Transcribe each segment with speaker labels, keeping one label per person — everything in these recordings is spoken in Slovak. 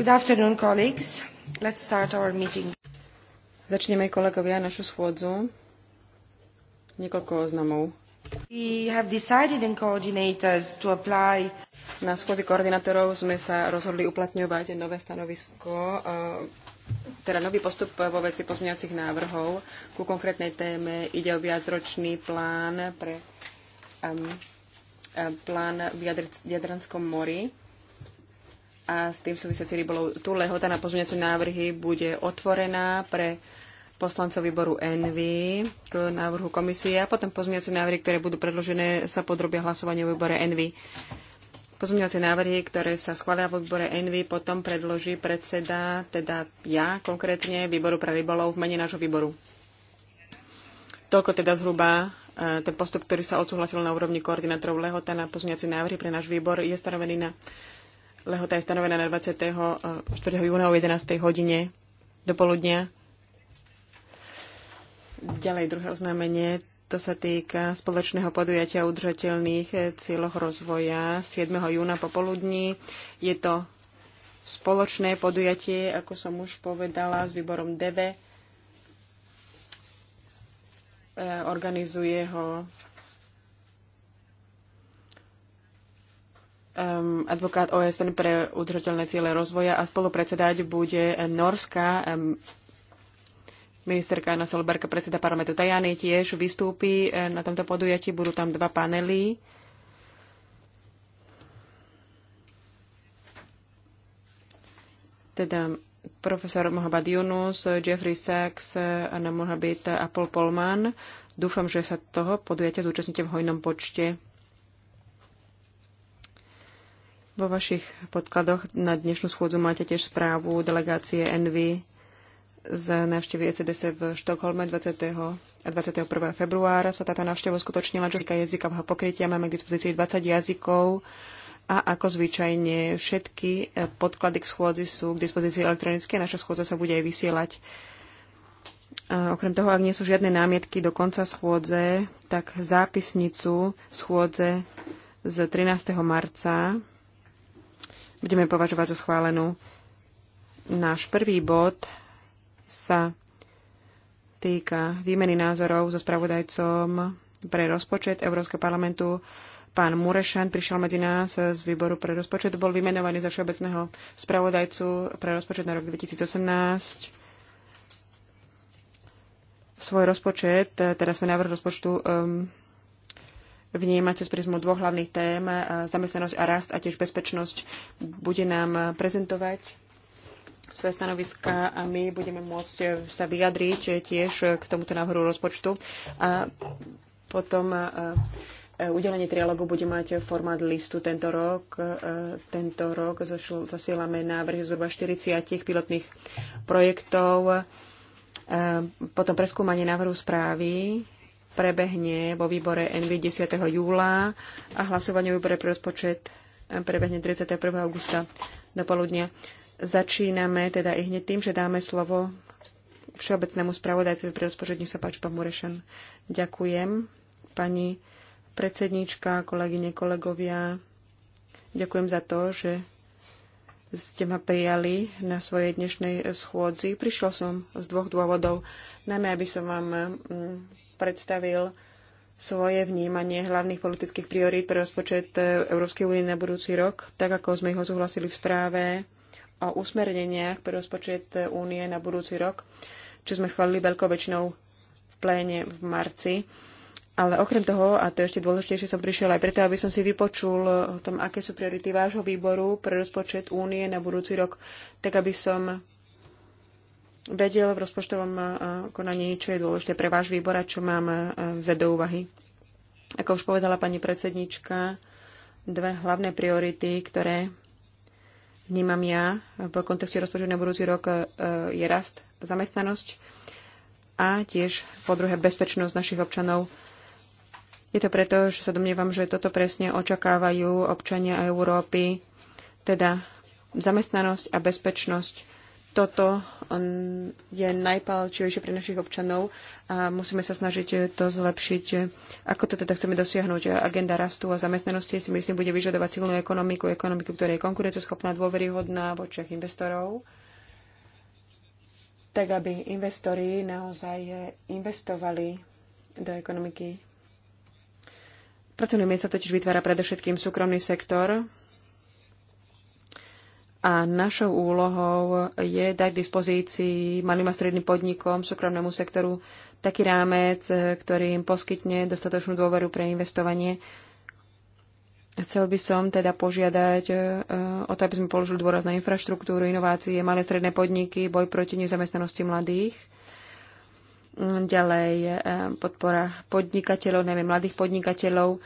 Speaker 1: Good afternoon, colleagues. Let's start our meeting. Začneme, kolegovia, našu schôdzu. Niekoľko oznamov. We have decided in coordinators to apply na schôdzi koordinátorov sme sa rozhodli uplatňovať nové stanovisko, eh, teda nový postup vo veci pozmeňacích návrhov. Ku konkrétnej téme ide o viacročný plán pre um, plán v Jadr Jadranskom mori a s tým súvisiaci rybolov. Tu lehota na pozmeňujúce návrhy bude otvorená pre poslancov výboru NV k návrhu komisie a potom pozmeňujúce návrhy, ktoré budú predložené, sa podrobia hlasovanie v výbore NV. Pozmeňovacie návrhy, ktoré sa schvália v výbore NV, potom predloží predseda, teda ja konkrétne, výboru pre rybolov v mene nášho výboru. Toľko teda zhruba e, ten postup, ktorý sa odsúhlasil na úrovni koordinátorov Lehota na pozmeňovacie návrhy pre náš výbor, je stanovený na Lehota je stanovená na 24. júna o 11. hodine do poludnia. Ďalej druhé oznámenie. To sa týka spoločného podujatia udržateľných cieľoch rozvoja 7. júna popoludní. Je to spoločné podujatie, ako som už povedala, s výborom DEVE. Organizuje ho um, advokát OSN pre udržateľné ciele rozvoja a spolupredsedať bude Norska um, ministerka Anna Solberka, predseda parlamentu Tajany, tiež vystúpi eh, na tomto podujatí. Budú tam dva panely. Teda profesor Mohabad Yunus, Jeffrey Sachs, Anna Mohabit a Paul Polman. Dúfam, že sa toho podujatia zúčastníte v hojnom počte. Vo vašich podkladoch na dnešnú schôdzu máte tiež správu delegácie Envy z návštevy ECDS v Štokholme 20. a 21. februára sa táto návšteva skutočnila, čo týka jazykového pokrytia. Máme k dispozícii 20 jazykov a ako zvyčajne všetky podklady k schôdzi sú k dispozícii elektronické. Naša schôdza sa bude aj vysielať. A okrem toho, ak nie sú žiadne námietky do konca schôdze, tak zápisnicu schôdze z 13. marca budeme považovať za schválenú. Náš prvý bod sa týka výmeny názorov so spravodajcom pre rozpočet Európskeho parlamentu. Pán Murešan prišiel medzi nás z výboru pre rozpočet, bol vymenovaný za všeobecného spravodajcu pre rozpočet na rok 2018. Svoj rozpočet, eh, teda svoj návrh rozpočtu um, vnímať cez prizmu dvoch hlavných tém, zamestnanosť a rast a tiež bezpečnosť, bude nám prezentovať svoje stanoviska a my budeme môcť sa vyjadriť tiež k tomuto návrhu rozpočtu. A potom udelenie trialogu bude mať formát listu tento rok. Tento rok zasielame návrhy zhruba 40 pilotných projektov. Potom preskúmanie návrhu správy prebehne vo výbore NV 10. júla a hlasovanie o výbore pre rozpočet eh, prebehne 31. augusta do poludnia. Začíname teda i hneď tým, že dáme slovo všeobecnému spravodajcovi pre rozpočet. Nech sa páči, pán Murešan. Ďakujem, pani predsedníčka, kolegyne, kolegovia. Ďakujem za to, že ste ma prijali na svojej dnešnej schôdzi. Prišla som z dvoch dôvodov. Najmä, aby som vám mm, predstavil svoje vnímanie hlavných politických priorít pre rozpočet e, Európskej únie na budúci rok, tak ako sme ho súhlasili v správe o usmerneniach pre rozpočet e, únie na budúci rok, čo sme schválili veľkou väčšinou v pléne v marci. Ale okrem toho, a to je ešte dôležitejšie, som prišiel aj preto, aby som si vypočul e, o tom, aké sú priority vášho výboru pre rozpočet únie na budúci rok, tak aby som vedel v rozpočtovom eh, konaní, čo je dôležité pre váš výbor a čo mám eh, vzať do úvahy. Ako už povedala pani predsednička, dve hlavné priority, ktoré vnímam ja v kontexte rozpočtu na budúci rok eh, je rast, zamestnanosť a tiež po druhé bezpečnosť našich občanov. Je to preto, že sa domnievam, že toto presne očakávajú občania Európy, teda zamestnanosť a bezpečnosť toto mm, je najpálčivejšie pre našich občanov a musíme sa snažiť to zlepšiť. Ako to teda chceme dosiahnuť? Agenda rastu a zamestnanosti si myslím bude vyžadovať silnú ekonomiku, ekonomiku, ktorá je konkurenceschopná, dôveryhodná v očiach investorov tak aby investori naozaj investovali do ekonomiky. Pracovné miesta totiž vytvára predovšetkým súkromný sektor, a našou úlohou je dať dispozícii malým a stredným podnikom, súkromnému sektoru taký rámec, ktorý im poskytne dostatočnú dôveru pre investovanie. Chcel by som teda požiadať e, o to, aby sme položili dôraz na infraštruktúru, inovácie, malé stredné podniky, boj proti nezamestnanosti mladých. Ďalej e, podpora podnikateľov, najmä mladých podnikateľov,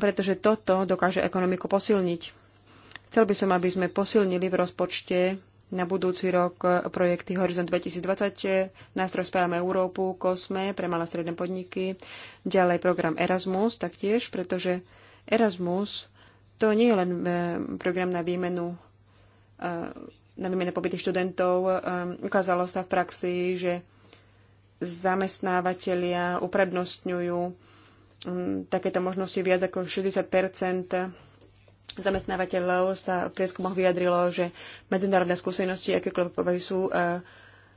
Speaker 1: pretože toto dokáže ekonomiku posilniť Chcel by som, aby sme posilnili v rozpočte na budúci rok projekty Horizon 2020, nástroj Spájame Európu, Kosme pre malé stredné podniky, ďalej program Erasmus taktiež, pretože Erasmus to nie je len e, program na výmenu e, na výmene pobytých študentov. E, ukázalo sa v praxi, že zamestnávateľia uprednostňujú takéto možnosti viac ako 60 zamestnávateľov sa v prieskumoch vyjadrilo, že medzinárodné skúsenosti, akékoľvek povahy sú e,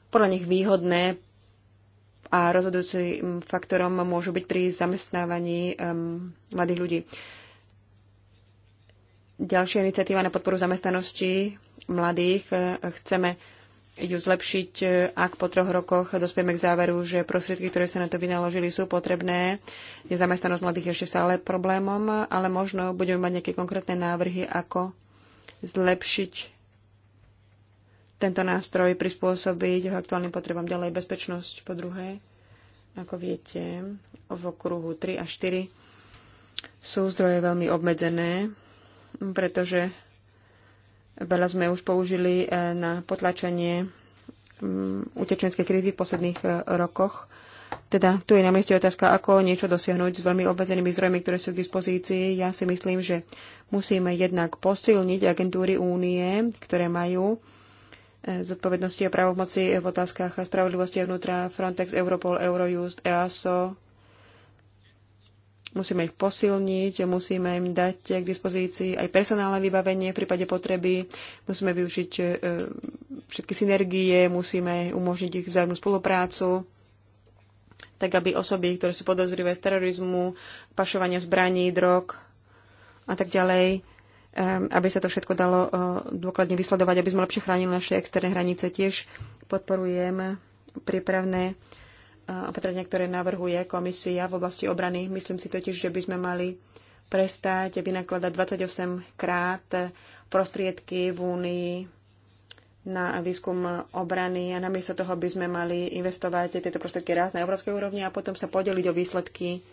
Speaker 1: podľa nich výhodné a rozhodujúcim faktorom môžu byť pri zamestnávaní um, mladých ľudí. Ďalšia iniciatíva na podporu zamestnanosti mladých. E, chceme ju zlepšiť, e, ak po troch rokoch dospieme k záveru, že prostriedky, ktoré sa na to vynaložili, sú potrebné. zamestnanosť mladých ešte stále problémom, ale možno budeme mať nejaké konkrétne návrhy, ako zlepšiť tento nástroj, prispôsobiť ho aktuálnym potrebám ďalej bezpečnosť po druhé. Ako viete, v okruhu 3 a 4 sú zdroje veľmi obmedzené, pretože Veľa sme už použili e, na potlačenie utečenskej krízy v posledných e, rokoch. Teda tu je na mieste otázka, ako niečo dosiahnuť s veľmi obmedzenými zdrojmi, ktoré sú k dispozícii. Ja si myslím, že musíme jednak posilniť agentúry únie, ktoré majú e, zodpovednosti a právomoci v otázkach spravodlivosti vnútra Frontex, Europol, Eurojust, EASO, Musíme ich posilniť, musíme im dať k dispozícii aj personálne vybavenie v prípade potreby, musíme využiť e, všetky synergie, musíme umožniť ich vzájomnú spoluprácu tak aby osoby, ktoré sú podozrivé z terorizmu, pašovania zbraní, drog a tak ďalej, e, aby sa to všetko dalo e, dôkladne vysledovať, aby sme lepšie chránili naše externé hranice. Tiež podporujem prípravné opatrenia, ktoré navrhuje komisia v oblasti obrany. Myslím si totiž, že by sme mali prestať vynakladať 28 krát prostriedky v Únii na výskum obrany a namiesto toho by sme mali investovať tieto prostriedky raz na európskej úrovni a potom sa podeliť o výsledky,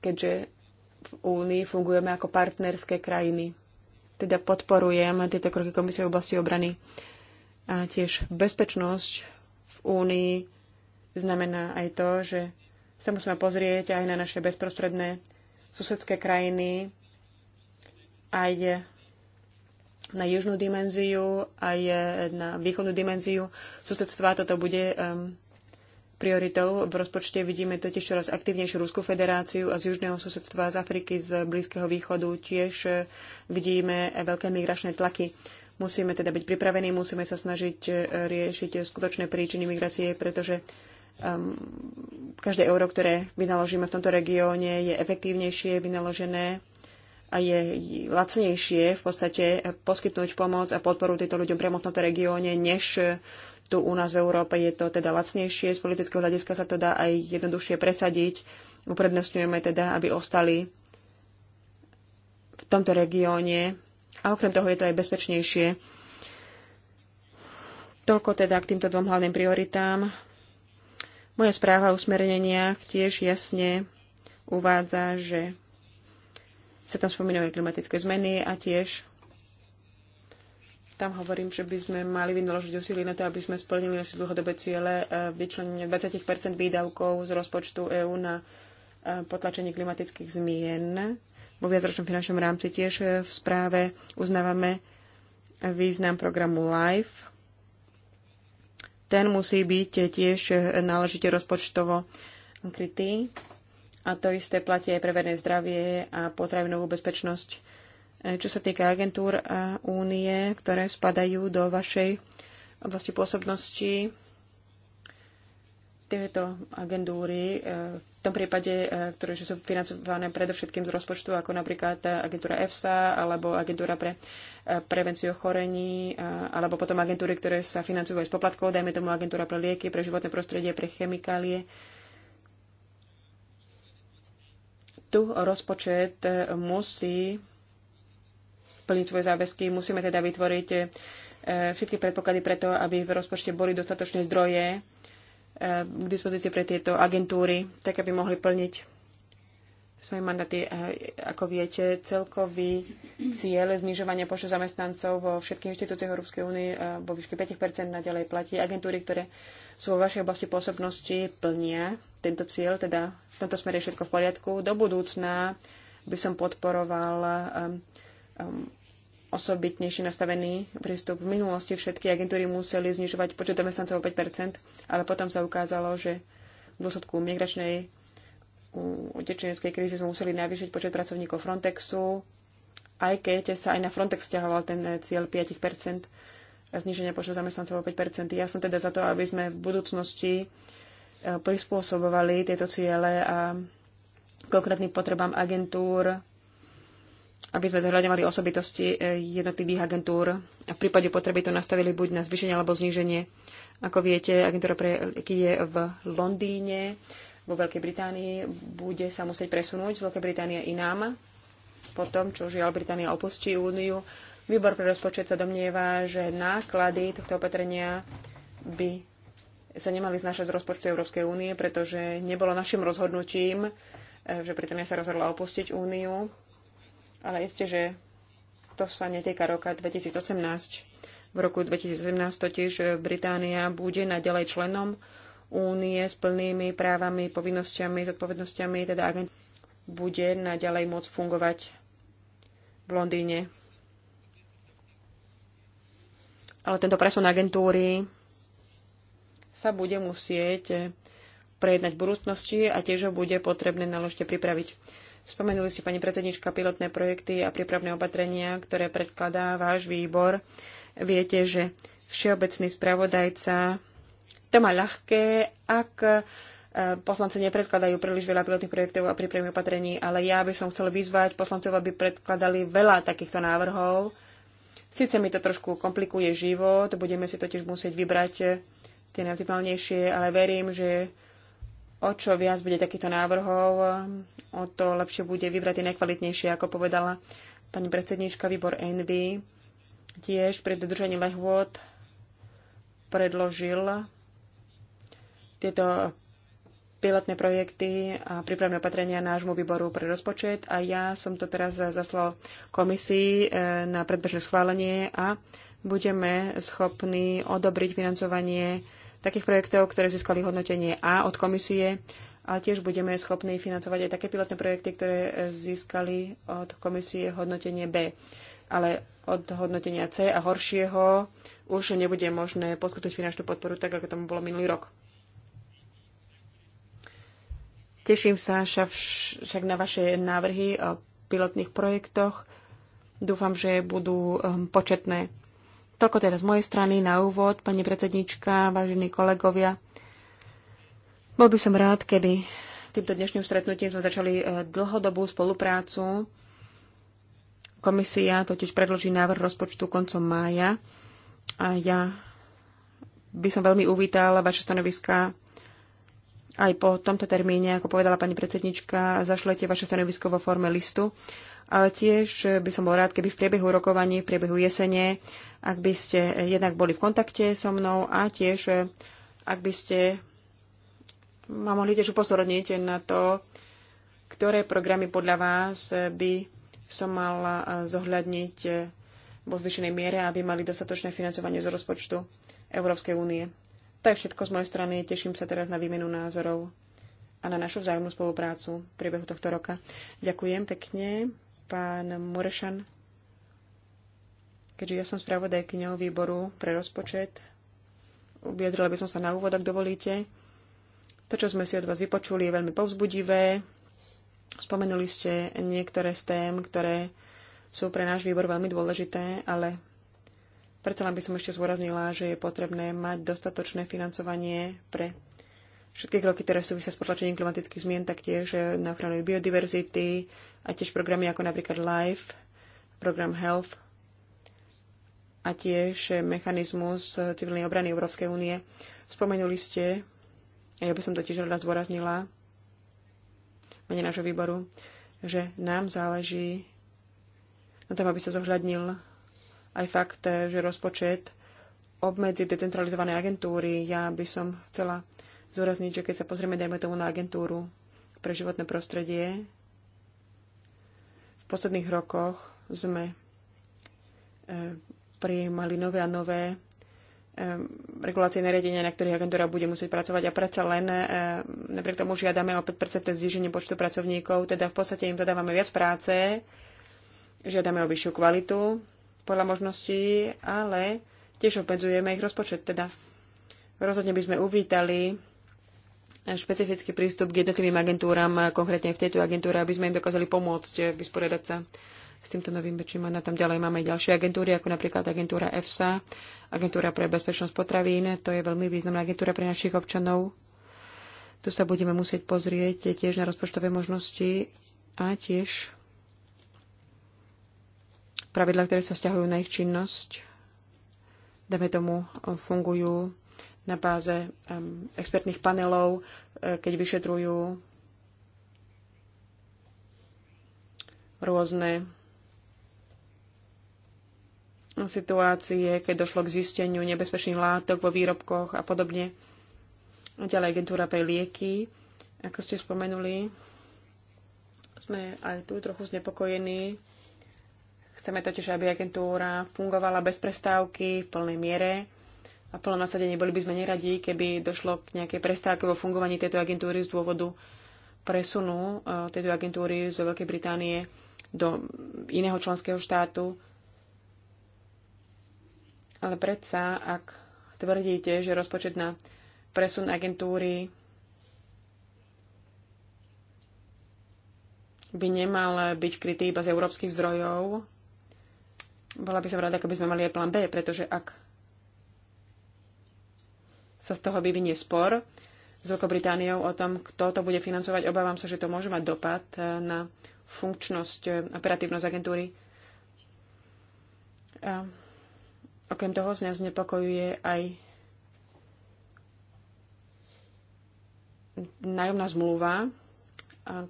Speaker 1: keďže v Únii fungujeme ako partnerské krajiny. Teda podporujem tieto kroky Komisie v oblasti obrany. A tiež bezpečnosť v Únii. Znamená aj to, že sa musíme pozrieť aj na naše bezprostredné susedské krajiny, aj na južnú dimenziu, aj na východnú dimenziu susedstva. Toto bude um, prioritou. V rozpočte vidíme totiž čoraz aktívnejšiu Ruskú federáciu a z južného susedstva z Afriky, z Blízkeho východu tiež uh, vidíme uh, veľké migračné tlaky. Musíme teda byť pripravení, musíme sa snažiť e, riešiť skutočné príčiny migrácie, pretože um, každé euro, ktoré vynaložíme v tomto regióne, je efektívnejšie vynaložené a je lacnejšie v podstate poskytnúť pomoc a podporu týmto ľuďom priamo v tomto regióne, než tu u nás v Európe je to teda lacnejšie, z politického hľadiska sa to dá aj jednoduchšie presadiť. Uprednostňujeme teda, aby ostali v tomto regióne a okrem toho je to aj bezpečnejšie. Toľko teda k týmto dvom hlavným prioritám. Moja správa o usmerneniach tiež jasne uvádza, že sa tam spomínajú klimatické zmeny a tiež tam hovorím, že by sme mali vynaložiť úsilie na to, aby sme splnili naše dlhodobé ciele e, vyčlenenie 20 výdavkov z rozpočtu EÚ na e, potlačenie klimatických zmien vo viacročnom finančnom rámci tiež e, v správe uznávame význam programu LIFE. Ten musí byť tiež e, náležite rozpočtovo krytý. A to isté platí aj pre verejné zdravie a potravinovú bezpečnosť. E, čo sa týka agentúr a únie, ktoré spadajú do vašej oblasti pôsobnosti, tieto agentúry, e, v tom prípade, e, ktoré sú financované predovšetkým z rozpočtu, ako napríklad e, agentúra EFSA alebo agentúra pre prevenciu ochorení, alebo potom agentúry, ktoré sa financujú aj z poplatkov, dajme tomu agentúra pre lieky, pre životné prostredie, pre chemikálie. Tu rozpočet musí plniť svoje záväzky, musíme teda vytvoriť všetky predpoklady preto, aby v rozpočte boli dostatočné zdroje, Eh, k dispozícii pre tieto agentúry, tak aby mohli plniť svoje mandaty, eh, ako viete, celkový cieľ znižovania počtu zamestnancov vo všetkých inštitúciách Európskej únie eh, vo výške 5 naďalej platí. Agentúry, ktoré sú vo vašej oblasti pôsobnosti, plnia tento cieľ, teda v tomto smere je všetko v poriadku. Do budúcna by som podporoval um, um, osobitnejšie nastavený prístup. V minulosti všetky agentúry museli znižovať počet zamestnancov o 5 ale potom sa ukázalo, že v dôsledku migračnej utečeneckej krízy sme museli navýšiť počet pracovníkov Frontexu, aj keď sa aj na Frontex ťahoval ten cieľ 5 a zniženia počtu zamestnancov o 5 Ja som teda za to, aby sme v budúcnosti e, prispôsobovali tieto ciele a konkrétnym potrebám agentúr aby sme zohľadňovali osobitosti e, jednotlivých agentúr a v prípade potreby to nastavili buď na zvýšenie alebo zníženie. Ako viete, agentúra pre lieky je v Londýne, vo Veľkej Británii, bude sa musieť presunúť z Veľkej Británie inám, po tom, čo žiaľ Británia opustí úniu. Výbor pre rozpočet sa domnieva, že náklady tohto opatrenia by sa nemali znašať z rozpočtu Európskej únie, pretože nebolo našim rozhodnutím, e, že Británia sa rozhodla opustiť úniu ale isté, že to sa netýka roka 2018. V roku 2017 totiž Británia bude naďalej členom únie s plnými právami, povinnosťami, zodpovednosťami, teda agent bude naďalej môcť fungovať v Londýne. Ale tento presun agentúry sa bude musieť prejednať v budúcnosti a tiež ho bude potrebné naložte pripraviť. Spomenuli ste, pani predsednička, pilotné projekty a prípravné opatrenia, ktoré predkladá váš výbor. Viete, že všeobecný spravodajca to má ľahké, ak e, poslanci nepredkladajú príliš veľa pilotných projektov a prípravných opatrení, ale ja by som chcel vyzvať poslancov, aby predkladali veľa takýchto návrhov. Sice mi to trošku komplikuje život, budeme si totiž musieť vybrať tie najoptimálnejšie, ale verím, že o čo viac bude takýchto návrhov, o to lepšie bude vybrať tie najkvalitnejšie, ako povedala pani predsednička výbor Envy. Tiež pri dodržaní lehôd predložil tieto pilotné projekty a prípravné opatrenia nášmu výboru pre rozpočet a ja som to teraz zaslal komisii eh, na predbežné schválenie a budeme schopní odobriť financovanie takých projektov, ktoré získali hodnotenie A od komisie, ale tiež budeme schopní financovať aj také pilotné projekty, ktoré získali od komisie hodnotenie B. Ale od hodnotenia C a horšieho už nebude možné poskytnúť finančnú podporu tak, ako tomu bolo minulý rok. Teším sa však na vaše návrhy o pilotných projektoch. Dúfam, že budú um, početné. Toľko teda z mojej strany na úvod, pani predsednička, vážení kolegovia. Bol by som rád, keby týmto dnešným stretnutím sme začali e, dlhodobú spoluprácu. Komisia totiž predloží návrh rozpočtu koncom mája a ja by som veľmi uvítala vaše stanoviska aj po tomto termíne, ako povedala pani predsednička, zašlete vaše stanovisko vo forme listu ale tiež eh, by som bol rád, keby v priebehu rokovaní, v priebehu jesene, ak by ste eh, jednak boli v kontakte so mnou a tiež eh, ak by ste ma mohli tiež upozorniť na to, ktoré programy podľa vás by som mala zohľadniť vo zvyšenej miere, aby mali dostatočné financovanie z rozpočtu Európskej únie. To je všetko z mojej strany. Teším sa teraz na výmenu názorov a na našu vzájomnú spoluprácu v priebehu tohto roka. Ďakujem pekne pán Murešan. Keďže ja som spravodajkyňou výboru pre rozpočet, vyjadrila by som sa na úvod, ak dovolíte. To, čo sme si od vás vypočuli, je veľmi povzbudivé. Spomenuli ste niektoré z tém, ktoré sú pre náš výbor veľmi dôležité, ale preto len by som ešte zúraznila, že je potrebné mať dostatočné financovanie pre všetky kroky, ktoré súvisia s potlačením klimatických zmien, taktiež na ochranu biodiverzity, a tiež programy ako napríklad LIFE, program Health a tiež mechanizmus civilnej obrany Európskej únie. Spomenuli ste, a ja by som to tiež rada zdôraznila, mene nášho výboru, že nám záleží na tom, aby sa zohľadnil aj fakt, že rozpočet obmedzi decentralizované agentúry. Ja by som chcela zúrazniť, že keď sa pozrieme, dajme tomu na agentúru pre životné prostredie, posledných rokoch sme e, prijímali nové a nové e, regulácie nariadenia, na ktorých agentúra bude musieť pracovať a predsa len e, napriek tomu žiadame o 5% zvýšenie počtu pracovníkov, teda v podstate im dodávame viac práce, žiadame o vyššiu kvalitu podľa možností, ale tiež obmedzujeme ich rozpočet. Teda rozhodne by sme uvítali špecifický prístup k jednotlivým agentúram, konkrétne v tejto agentúre, aby sme im dokázali pomôcť eh, vysporiadať sa s týmto novým väčším tam Ďalej máme ďalšie agentúry, ako napríklad agentúra EFSA, agentúra pre bezpečnosť potravín. To je veľmi významná agentúra pre našich občanov. Tu sa budeme musieť pozrieť tiež na rozpočtové možnosti a tiež pravidla, ktoré sa vzťahujú na ich činnosť. Dáme tomu, eh, fungujú na báze expertných panelov, e, keď vyšetrujú rôzne situácie, keď došlo k zisteniu nebezpečných látok vo výrobkoch a podobne. Ďalej agentúra pre lieky, ako ste spomenuli, sme aj tu trochu znepokojení. Chceme totiž, aby agentúra fungovala bez prestávky v plnej miere a plnom nasadení. Boli by sme neradi, keby došlo k nejakej prestávke vo fungovaní tejto agentúry z dôvodu presunu e, tejto agentúry zo Veľkej Británie do iného členského štátu. Ale predsa, ak tvrdíte, že rozpočet na presun agentúry by nemal byť krytý iba z európskych zdrojov, bola by som rada, keby sme mali aj plán B, pretože ak sa z toho vyvinie spor s Veľkou Britániou o tom, kto to bude financovať. Obávam sa, že to môže mať dopad eh, na funkčnosť, eh, operatívnosť agentúry. A okrem toho z nás znepokojuje aj nájomná zmluva, eh,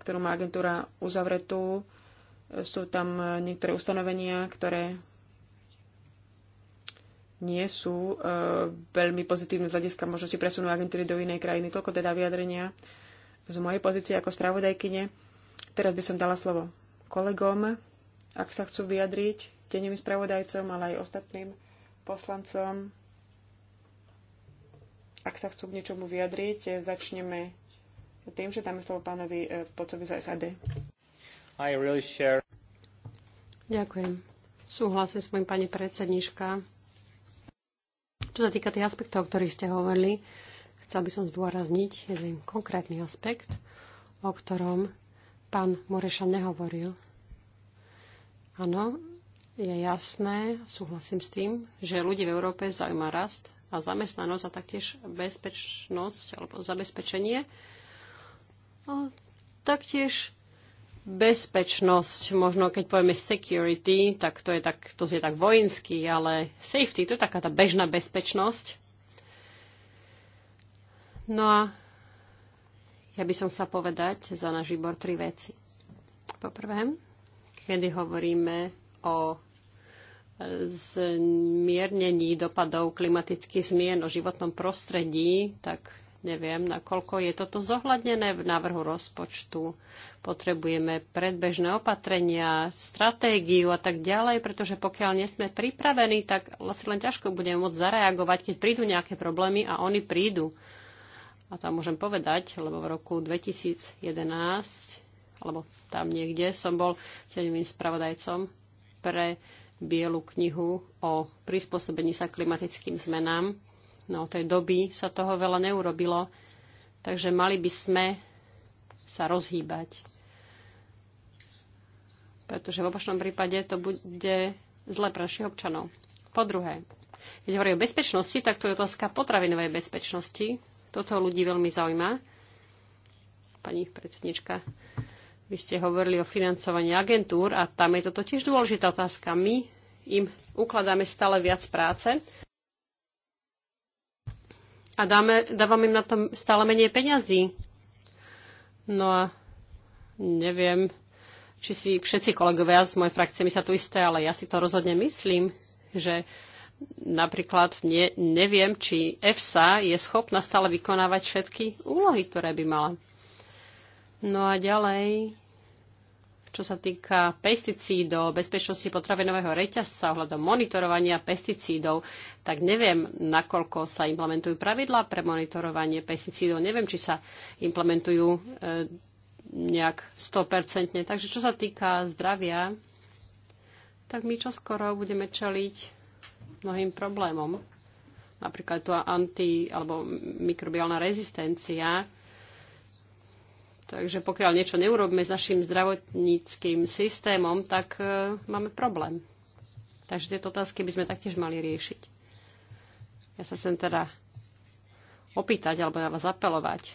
Speaker 1: ktorú má agentúra uzavretú. Sú tam niektoré ustanovenia, ktoré nie sú e, veľmi pozitívne z hľadiska možnosti presunúť agentúry do inej krajiny. Toľko teda vyjadrenia z mojej pozície ako spravodajkyne. Teraz by som dala slovo kolegom, ak sa chcú vyjadriť, teným spravodajcom, ale aj ostatným poslancom. Ak sa chcú k niečomu vyjadriť, e, začneme tým, že
Speaker 2: dáme slovo pánovi e, Pocovi z SAD.
Speaker 3: I really share.
Speaker 2: Ďakujem. Súhlasím s mojim pani predsednička čo sa týka tých aspektov, o ktorých ste hovorili, chcel by som zdôrazniť jeden konkrétny aspekt, o ktorom pán Moreša nehovoril. Áno, je jasné, súhlasím s tým, že ľudí v Európe zaujíma rast a zamestnanosť a taktiež bezpečnosť alebo zabezpečenie. A taktiež bezpečnosť, možno keď povieme security, tak to je tak, to je tak vojenský, ale safety, to je taká tá bežná bezpečnosť. No a ja by som sa povedať za náš výbor tri veci. Poprvé, kedy hovoríme o e, zmiernení dopadov klimatických zmien o životnom prostredí, tak neviem, nakoľko je toto zohľadnené v návrhu rozpočtu. Potrebujeme predbežné opatrenia, stratégiu a tak ďalej, pretože pokiaľ nie sme pripravení, tak vlastne len ťažko budeme môcť zareagovať, keď prídu nejaké problémy a oni prídu. A tam môžem povedať, lebo v roku 2011, alebo tam niekde, som bol tieňovým spravodajcom pre Bielu knihu o prispôsobení sa klimatickým zmenám. No tej doby sa toho veľa neurobilo, takže mali by sme sa rozhýbať. Pretože v opačnom prípade to bude zle pre našich občanov. Po druhé, keď hovorí o bezpečnosti, tak to je otázka potravinovej bezpečnosti. Toto ľudí veľmi zaujíma. Pani predsednička, vy ste hovorili o financovaní agentúr a tam je toto tiež dôležitá otázka. My im ukladáme stále viac práce a dáme, dávam im na to stále menej peňazí. No a neviem, či si všetci kolegovia z mojej frakcie myslia to isté, ale ja si to rozhodne myslím, že napríklad ne, neviem, či EFSA je schopná stále vykonávať všetky úlohy, ktoré by mala. No a ďalej čo sa týka pesticídov, bezpečnosti potravinového reťazca ohľadom monitorovania pesticídov, tak neviem, nakoľko sa implementujú pravidlá pre monitorovanie pesticídov. Neviem, či sa implementujú e, nejak 100%. Takže čo sa týka zdravia, tak my čo skoro budeme čeliť mnohým problémom. Napríklad tu anti- alebo mikrobiálna rezistencia, Takže pokiaľ niečo neurobíme s našim zdravotníckým systémom, tak e, máme problém. Takže tieto otázky by sme taktiež mali riešiť. Ja sa sem teda opýtať alebo na vás apelovať.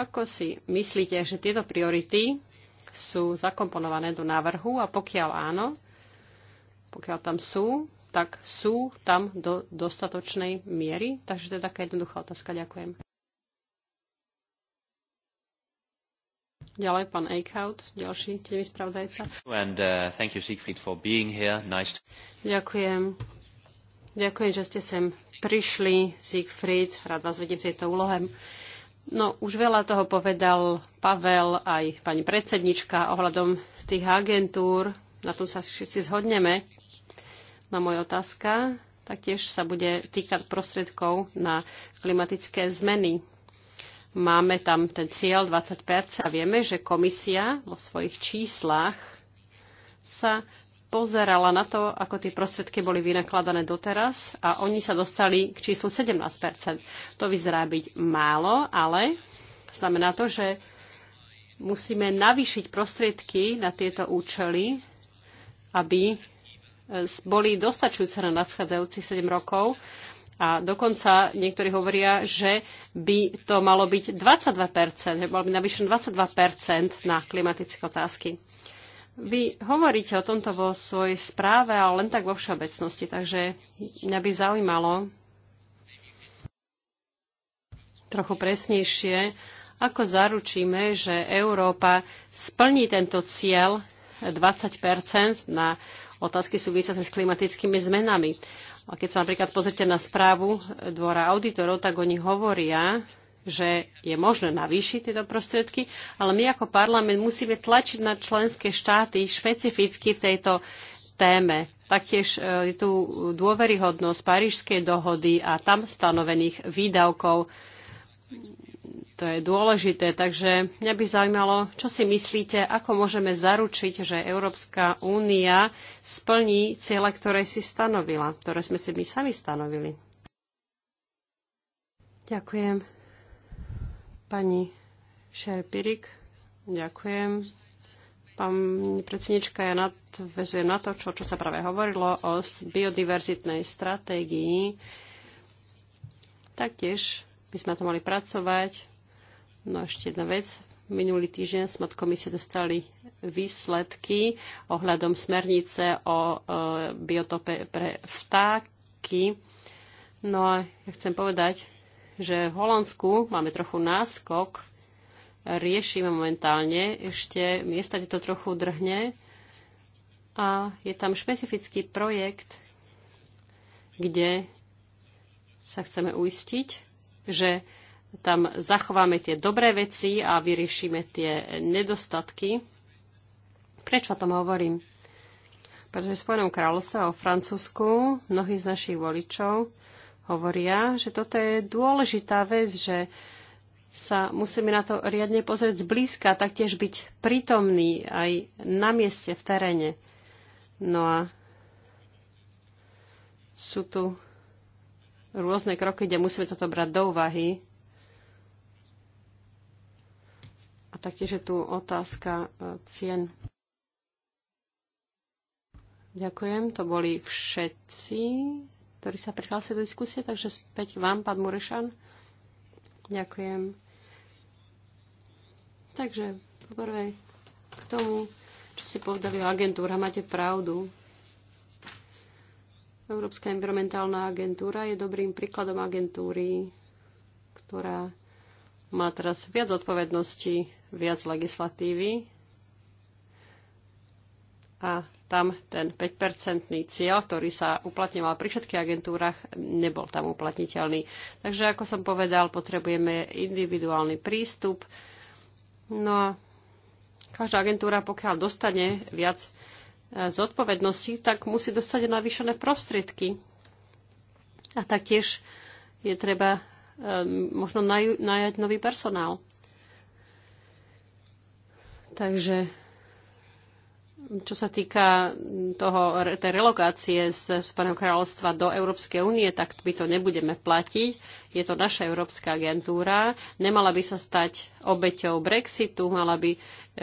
Speaker 2: Ako si myslíte, že tieto priority sú zakomponované do návrhu a pokiaľ áno, pokiaľ tam sú, tak sú tam do dostatočnej miery? Takže to je taká jednoduchá otázka. Ďakujem. Ďalej pán Eichhout, ďalší tiež spravodajca.
Speaker 1: And, uh, thank you, Siegfried, for being here. Nice.
Speaker 2: Ďakujem. Ďakujem, že ste sem prišli, Siegfried. Rád vás vidím v tejto úlohe. No, už veľa toho povedal Pavel aj pani predsednička ohľadom tých agentúr. Na tom sa všetci zhodneme. Na no, moja otázka taktiež sa bude týkať prostriedkov na klimatické zmeny. Máme tam ten cieľ 20 a vieme, že komisia vo svojich číslach sa pozerala na to, ako tie prostriedky boli vynakladané doteraz a oni sa dostali k číslu 17 To vyzerá byť málo, ale znamená to, že musíme navýšiť prostriedky na tieto účely, aby e, boli dostačujúce na nadchádzajúcich 7 rokov. A dokonca niektorí hovoria, že by to malo byť 22%, že by malo byť navýšené 22% na klimatické otázky. Vy hovoríte o tomto vo svojej správe, ale len tak vo všeobecnosti, takže mňa by zaujímalo trochu presnejšie, ako zaručíme, že Európa splní tento cieľ 20 na otázky súvisiace s klimatickými zmenami. A keď sa napríklad pozrite na správu dvora auditorov, tak oni hovoria, že je možné navýšiť tieto prostriedky, ale my ako parlament musíme tlačiť na členské štáty špecificky v tejto téme. Taktiež e, je tu dôveryhodnosť Parížskej dohody a tam stanovených výdavkov to je dôležité. Takže mňa by zaujímalo, čo si myslíte, ako môžeme zaručiť, že Európska únia splní cieľa, ktoré si stanovila, ktoré sme si my sami stanovili. Ďakujem. Pani Šerpirik, ďakujem. Pani predsednička, ja nadvezujem na to, čo, čo sa práve hovorilo o biodiverzitnej stratégii. Taktiež my sme na to mali pracovať. No a ešte jedna vec. Minulý týždeň sme od komisie dostali výsledky ohľadom smernice o e, biotope pre vtáky. No a ja chcem povedať, že v Holandsku máme trochu náskok, riešime momentálne ešte miesta, kde to trochu drhne a je tam špecifický projekt, kde sa chceme uistiť, že tam zachováme tie dobré veci a vyriešime tie nedostatky. Prečo o tom hovorím? Pretože v Spojenom kráľovstve a o Francúzsku mnohí z našich voličov hovoria, že toto je dôležitá vec, že sa musíme na to riadne pozrieť zblízka, taktiež byť prítomný aj na mieste, v teréne. No a sú tu rôzne kroky, kde musíme toto brať do úvahy. A taktiež je tu otázka e, cien. Ďakujem, to boli všetci, ktorí sa prihlásili do diskusie, takže späť vám, pán Murešan. Ďakujem. Takže, poprvé, k tomu, čo si povedali o agentúra, máte pravdu. Európska environmentálna agentúra je dobrým príkladom agentúry, ktorá má teraz viac odpovedností, viac legislatívy a tam ten 5-percentný cieľ, ktorý sa uplatňoval pri všetkých agentúrach, nebol tam uplatniteľný. Takže, ako som povedal, potrebujeme individuálny prístup. No a každá agentúra, pokiaľ dostane viac zodpovednosti, tak musí dostať navýšené prostriedky. A taktiež je treba e, možno najať nový personál. Takže čo sa týka toho, tej relokácie z Spojeného kráľovstva do Európskej únie, tak my to nebudeme platiť. Je to naša európska agentúra. Nemala by sa stať obeťou Brexitu, mala by e,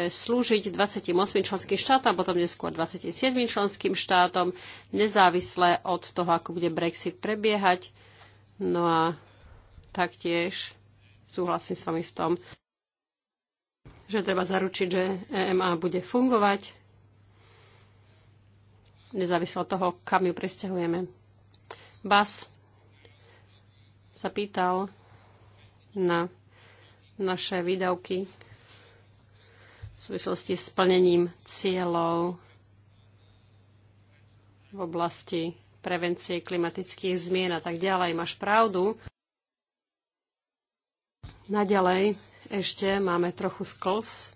Speaker 2: slúžiť 28 členským štátom, potom neskôr 27 členským štátom, nezávisle od toho, ako bude Brexit prebiehať. No a taktiež súhlasím s vami v tom, že treba zaručiť, že EMA bude fungovať nezávisle od toho, kam ju presťahujeme. Bas sa pýtal na naše výdavky v súvislosti s plnením cieľov v oblasti prevencie klimatických zmien a tak ďalej. Máš pravdu. Naďalej ešte máme trochu sklz.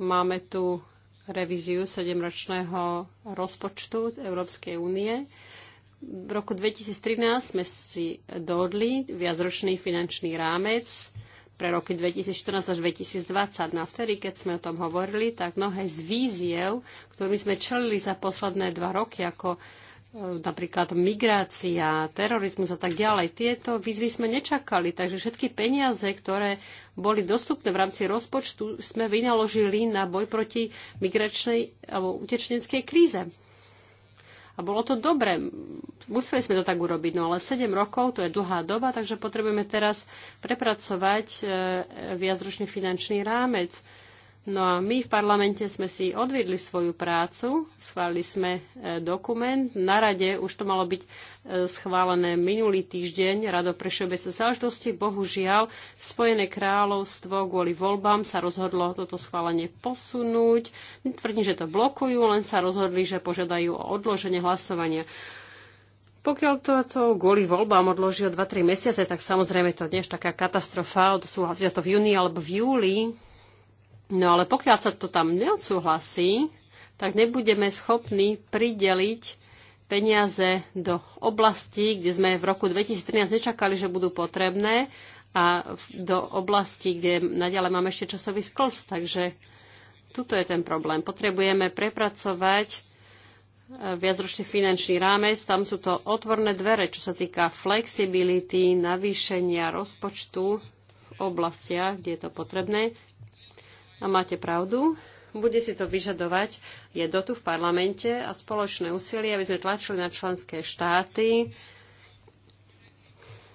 Speaker 2: Máme tu revíziu sedemročného rozpočtu Európskej únie. V roku 2013 sme si dohodli viacročný finančný rámec pre roky 2014 až 2020. No a vtedy, keď sme o tom hovorili, tak mnohé z víziev, ktorými sme čelili za posledné dva roky, ako napríklad migrácia, terorizmus a tak ďalej. Tieto výzvy sme nečakali, takže všetky peniaze, ktoré boli dostupné v rámci rozpočtu, sme vynaložili na boj proti migračnej alebo utečeneckej kríze. A bolo to dobre. Museli sme to tak urobiť, no ale 7 rokov to je dlhá doba, takže potrebujeme teraz prepracovať e, viacročný finančný rámec. No a my v parlamente sme si odvidli svoju prácu, schválili sme e, dokument. Na rade už to malo byť e, schválené minulý týždeň, Rado pre všeobecné záležitosti. Bohužiaľ, Spojené kráľovstvo kvôli voľbám sa rozhodlo toto schválenie posunúť. Tvrdím, že to blokujú, len sa rozhodli, že požiadajú o odloženie hlasovania. Pokiaľ to, to kvôli voľbám odložia 2-3 mesiace, tak samozrejme to nie je taká katastrofa, odsúhlasia to v júni alebo v júli, No ale pokiaľ sa to tam neodsúhlasí, tak nebudeme schopní prideliť peniaze do oblasti, kde sme v roku 2013 nečakali, že budú potrebné a do oblasti, kde naďalej máme ešte časový sklz. Takže tuto je ten problém. Potrebujeme prepracovať e, viacročný finančný rámec. Tam sú to otvorné dvere, čo sa týka flexibility, navýšenia rozpočtu v oblastiach, kde je to potrebné a máte pravdu, bude si to vyžadovať jednotu v parlamente a spoločné úsilie, aby sme tlačili na členské štáty.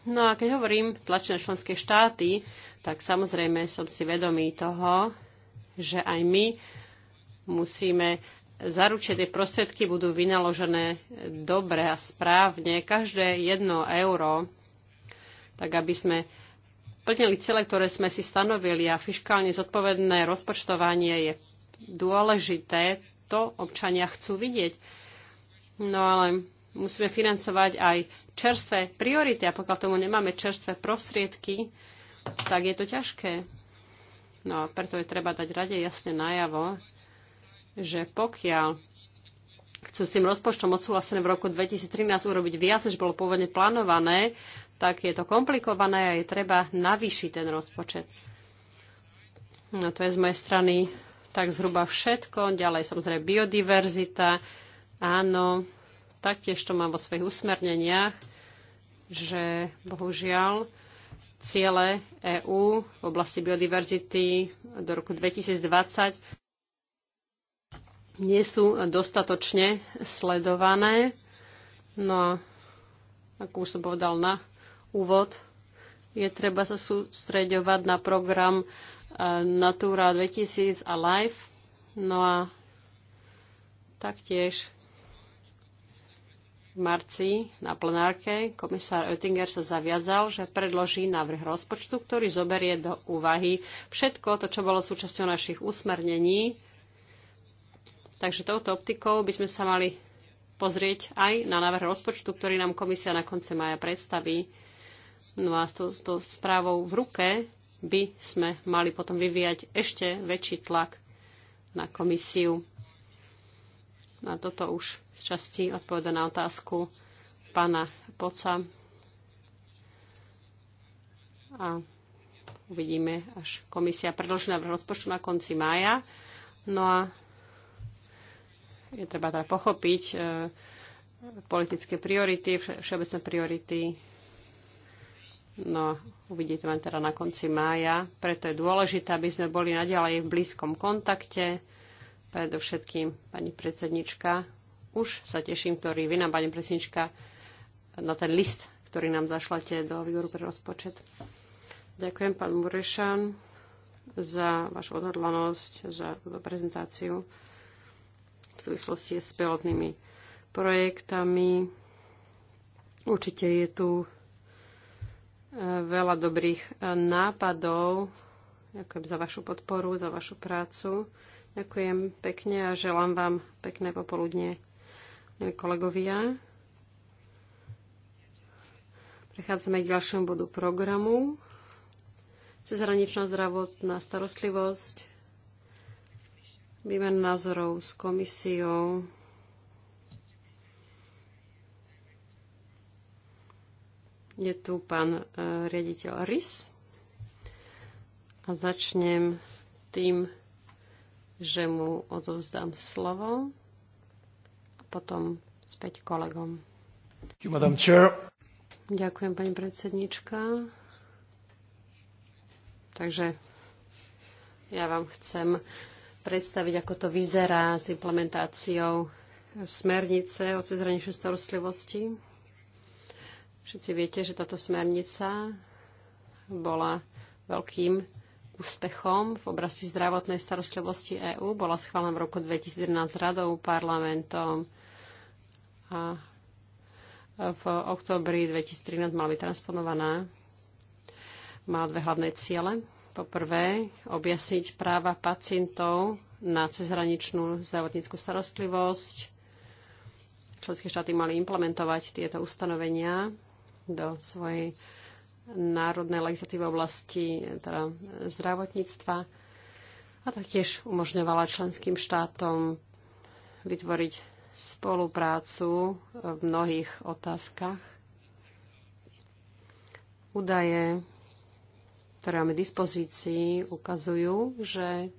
Speaker 2: No a keď hovorím tlačené na členské štáty, tak samozrejme som si vedomý toho, že aj my musíme zaručiť, tie prostriedky budú vynaložené dobre a správne, každé jedno euro, tak aby sme plnili cele, ktoré sme si stanovili a fiskálne zodpovedné rozpočtovanie je dôležité. To občania chcú vidieť. No ale musíme financovať aj čerstvé priority a pokiaľ tomu nemáme čerstvé prostriedky, tak je to ťažké. No a preto je treba dať rade jasne najavo, že pokiaľ chcú s tým rozpočtom odsúhlasené v roku 2013 urobiť viac, než bolo pôvodne plánované, tak je to komplikované a je treba navýšiť ten rozpočet. No to je z mojej strany tak zhruba všetko. Ďalej samozrejme biodiverzita. Áno, taktiež to mám vo svojich usmerneniach, že bohužiaľ ciele EÚ v oblasti biodiverzity do roku 2020 nie sú dostatočne sledované. No a ako už som povedal na úvod, je treba sa sústreďovať na program e, Natura 2000 a LIFE. No a taktiež v marci na plenárke komisár Oettinger sa zaviazal, že predloží návrh rozpočtu, ktorý zoberie do úvahy všetko to, čo bolo súčasťou našich usmernení. Takže touto optikou by sme sa mali pozrieť aj na návrh rozpočtu, ktorý nám komisia na konce maja predstaví. No a s tou, správou v ruke by sme mali potom vyvíjať ešte väčší tlak na komisiu. No a toto už z časti odpoveda na otázku pána Poca. A uvidíme, až komisia predloží návrh rozpočtu na konci mája. No a je treba teda pochopiť e, politické priority, vše, všeobecné priority No, uvidíte len teda na konci mája. Preto je dôležité, aby sme boli naďalej v blízkom kontakte. Predovšetkým, pani predsednička, už sa teším, ktorý vy nám, pani predsednička, na ten list, ktorý nám zašlete do výboru pre rozpočet. Ďakujem, pán Murešan, za vašu odhodlanosť, za prezentáciu v súvislosti s pilotnými projektami. Určite je tu veľa dobrých e, nápadov. Ďakujem za vašu podporu, za vašu prácu. Ďakujem pekne a želám vám pekné popoludne, milí kolegovia. Prechádzame k ďalšiemu bodu programu. Cezhraničná zdravotná starostlivosť, Výmen názorov s komisiou Je tu pán e, riaditeľ RIS. A začnem tým, že mu odovzdám slovo a potom späť kolegom. Ďakujem, pani predsednička. Takže ja vám chcem predstaviť, ako to vyzerá s implementáciou smernice o cezhraničnej starostlivosti Všetci viete, že táto smernica bola veľkým úspechom v oblasti zdravotnej starostlivosti EÚ. Bola schválená v roku 2011 radou, parlamentom a v oktobri 2013 mala byť transponovaná. Mala dve hlavné ciele. Po prvé, objasniť práva pacientov na cezhraničnú zdravotníckú starostlivosť. Členské štáty mali implementovať tieto ustanovenia do svojej národnej legislatívy oblasti teda zdravotníctva a taktiež umožňovala členským štátom vytvoriť spoluprácu v mnohých otázkach. Údaje, ktoré máme dispozícii, ukazujú, že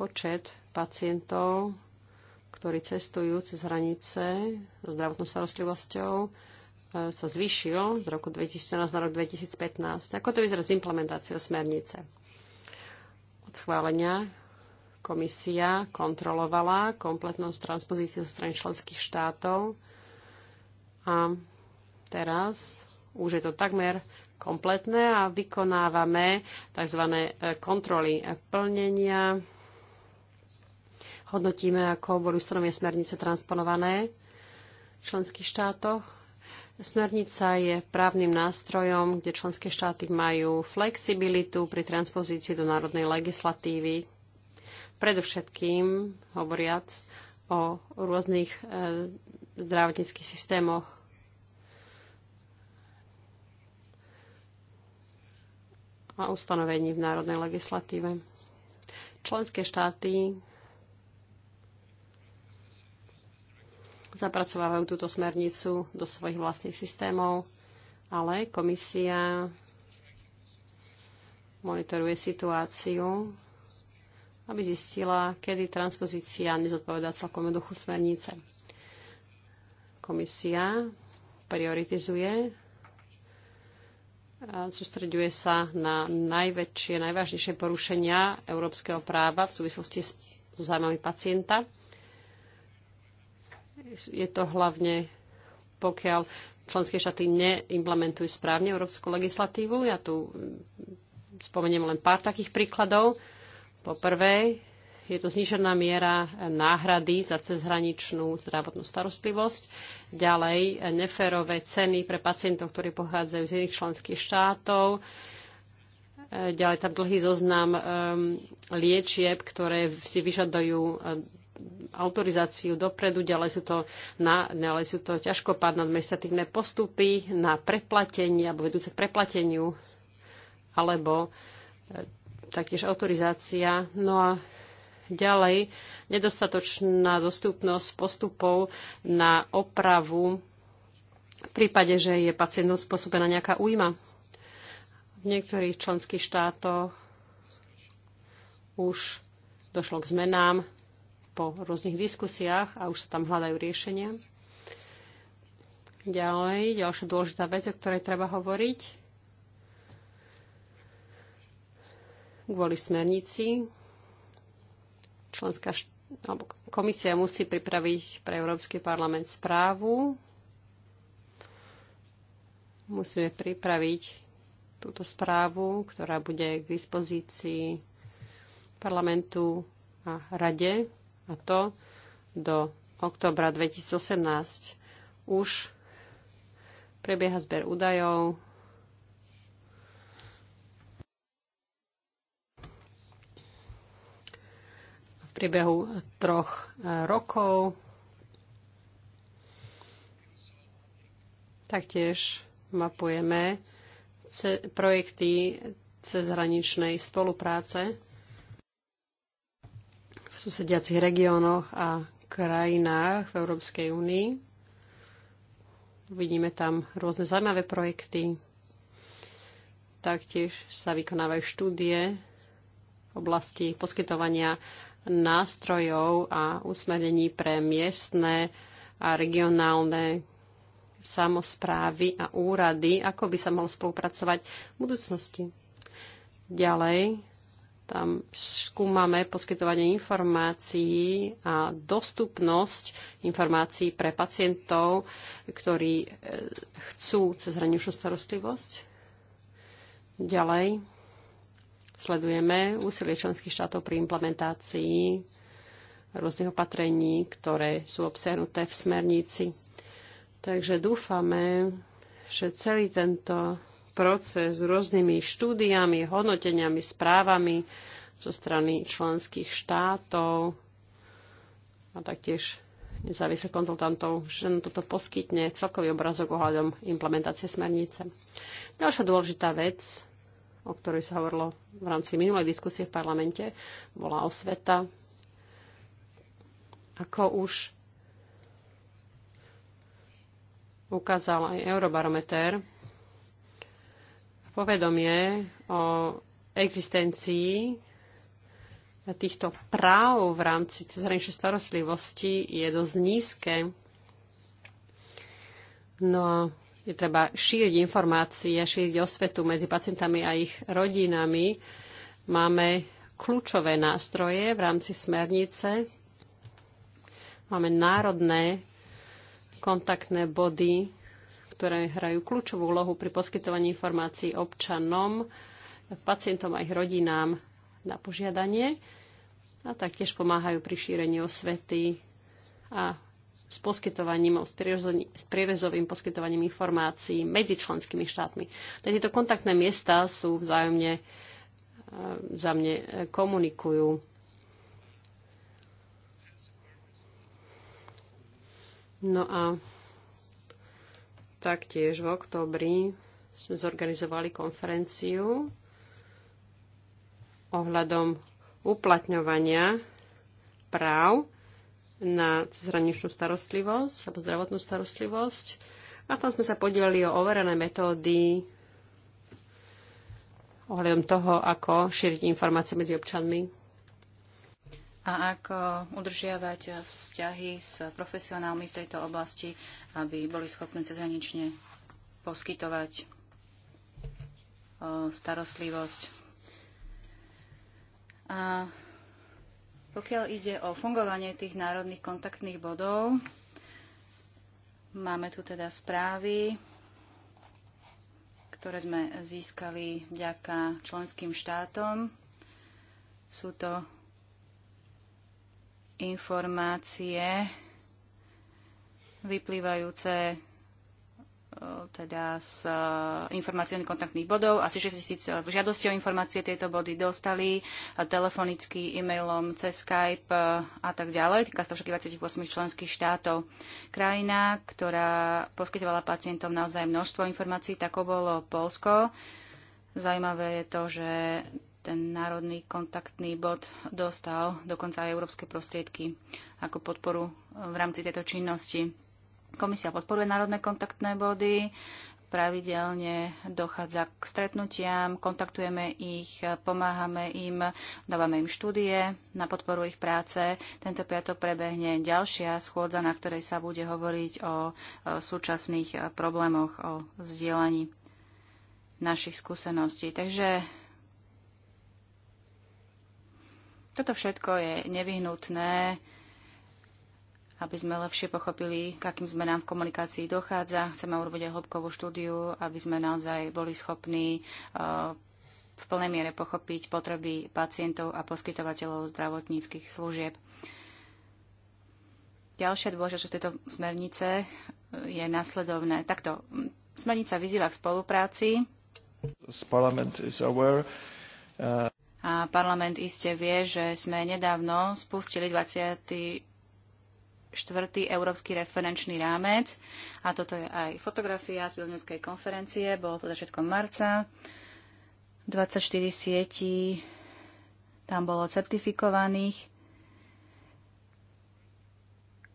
Speaker 2: počet pacientov, ktorí cestujú cez hranice so zdravotnou starostlivosťou, E, sa zvýšil z roku 2014 na rok 2015. Ako to vyzerá z implementáciou smernice? Od schválenia komisia kontrolovala kompletnosť transpozíciu strany členských štátov a teraz už je to takmer kompletné a vykonávame tzv. E, kontroly plnenia. Hodnotíme, ako boli ustanovenia smernice transponované v členských štátoch Smernica je právnym nástrojom, kde členské štáty majú flexibilitu pri transpozícii do národnej legislatívy, predovšetkým hovoriac o rôznych e, zdravotníckých systémoch. a ustanovení v národnej legislatíve. Členské štáty zapracovávajú túto smernicu do svojich vlastných systémov, ale komisia monitoruje situáciu, aby zistila, kedy transpozícia nezodpovedá celkom duchu smernice. Komisia prioritizuje a sústreďuje sa na najväčšie, najvážnejšie porušenia európskeho práva v súvislosti s zájmami pacienta je to hlavne, pokiaľ členské štáty neimplementujú správne európsku legislatívu. Ja tu spomeniem len pár takých príkladov. Po prvé, je to znižená miera náhrady za cezhraničnú zdravotnú starostlivosť. Ďalej, neférové ceny pre pacientov, ktorí pochádzajú z iných členských štátov. Ďalej tam dlhý zoznam ehm, liečieb, ktoré si vyžadujú autorizáciu dopredu, ďalej sú to, na, ďalej sú to ťažkopádne administratívne postupy na preplatenie alebo vedúce k preplateniu alebo e, taktiež autorizácia. No a ďalej nedostatočná dostupnosť postupov na opravu v prípade, že je pacientom spôsobená nejaká újma. V niektorých členských štátoch už došlo k zmenám po rôznych diskusiách a už sa tam hľadajú riešenia. Ďalej, ďalšia dôležitá vec, o ktorej treba hovoriť, kvôli smernici členská št- alebo komisia musí pripraviť pre Európsky parlament správu. Musíme pripraviť túto správu, ktorá bude k dispozícii parlamentu a rade a to do oktobra 2018 už prebieha zber údajov. V priebehu troch e, rokov taktiež mapujeme projekty cezhraničnej spolupráce susediacich regiónoch a krajinách v Európskej únii. Vidíme tam rôzne zaujímavé projekty. Taktiež sa vykonávajú štúdie v oblasti poskytovania nástrojov a usmernení pre miestne a regionálne samozprávy a úrady, ako by sa malo spolupracovať v budúcnosti. Ďalej tam skúmame poskytovanie informácií a dostupnosť informácií pre pacientov, ktorí e, chcú cezhraničnú starostlivosť. Ďalej sledujeme úsilie členských štátov pri implementácii rôznych opatrení, ktoré sú obsiahnuté v smernici. Takže dúfame, že celý tento proces s rôznymi štúdiami, hodnoteniami, správami zo strany členských štátov a taktiež nezávislých konzultantov, že nám toto poskytne celkový obrazok ohľadom implementácie smernice. Ďalšia dôležitá vec, o ktorej sa hovorilo v rámci minulej diskusie v parlamente, bola osveta. Ako už ukázal aj Eurobarometer, povedomie o existencii týchto práv v rámci cezhraničnej starostlivosti je dosť nízke. No a je treba šíriť informácie, šíriť osvetu medzi pacientami a ich rodinami. Máme kľúčové nástroje v rámci smernice. Máme národné kontaktné body ktoré hrajú kľúčovú úlohu pri poskytovaní informácií občanom, pacientom a ich rodinám na požiadanie a taktiež pomáhajú pri šírení osvety a s poskytovaním, s prierezovým poskytovaním informácií medzi členskými štátmi. Teda tieto kontaktné miesta sú vzájomne e, za mne e, komunikujú. No a Taktiež v oktobri sme zorganizovali konferenciu ohľadom uplatňovania práv na cezhraničnú starostlivosť alebo zdravotnú starostlivosť. A tam sme sa podielili o overené metódy ohľadom toho, ako šíriť informácie medzi občanmi
Speaker 3: a ako udržiavať vzťahy s profesionálmi v tejto oblasti, aby boli schopné cezhranične poskytovať e, starostlivosť. A pokiaľ ide o fungovanie tých národných kontaktných bodov, máme tu teda správy, ktoré sme získali vďaka členským štátom. Sú to informácie vyplývajúce e, teda z e, informačných kontaktných bodov. Asi 6 tisíc e, žiadosti o informácie tieto body dostali telefonicky, e-mailom, cez Skype a tak ďalej. Týka sa všetkých 28 členských štátov. Krajina, ktorá poskytovala pacientom naozaj množstvo informácií, tako bolo Polsko. Zajímavé je to, že ten národný kontaktný bod dostal dokonca aj európske prostriedky ako podporu e, v rámci tejto činnosti. Komisia podporuje národné kontaktné body, pravidelne dochádza k stretnutiam, kontaktujeme ich, pomáhame im, dávame im štúdie na podporu ich práce. Tento piatok prebehne ďalšia schôdza, na ktorej sa bude hovoriť o e, súčasných e, problémoch, o vzdielaní našich skúseností. Takže Toto všetko je nevyhnutné, aby sme lepšie pochopili, k akým zmenám v komunikácii dochádza. Chceme urobiť aj hĺbkovú štúdiu, aby sme naozaj boli schopní eh, v plnej miere pochopiť potreby pacientov a poskytovateľov zdravotníckých služieb. Ďalšia dôležitosť tejto smernice eh, je nasledovné. Takto, smernica vyzýva k spolupráci. parliament is aware, uh... A parlament iste vie, že sme nedávno spustili 24. európsky referenčný rámec. A toto je aj fotografia z Vilniuskej konferencie. Bolo to začiatkom marca. 24 sietí tam bolo certifikovaných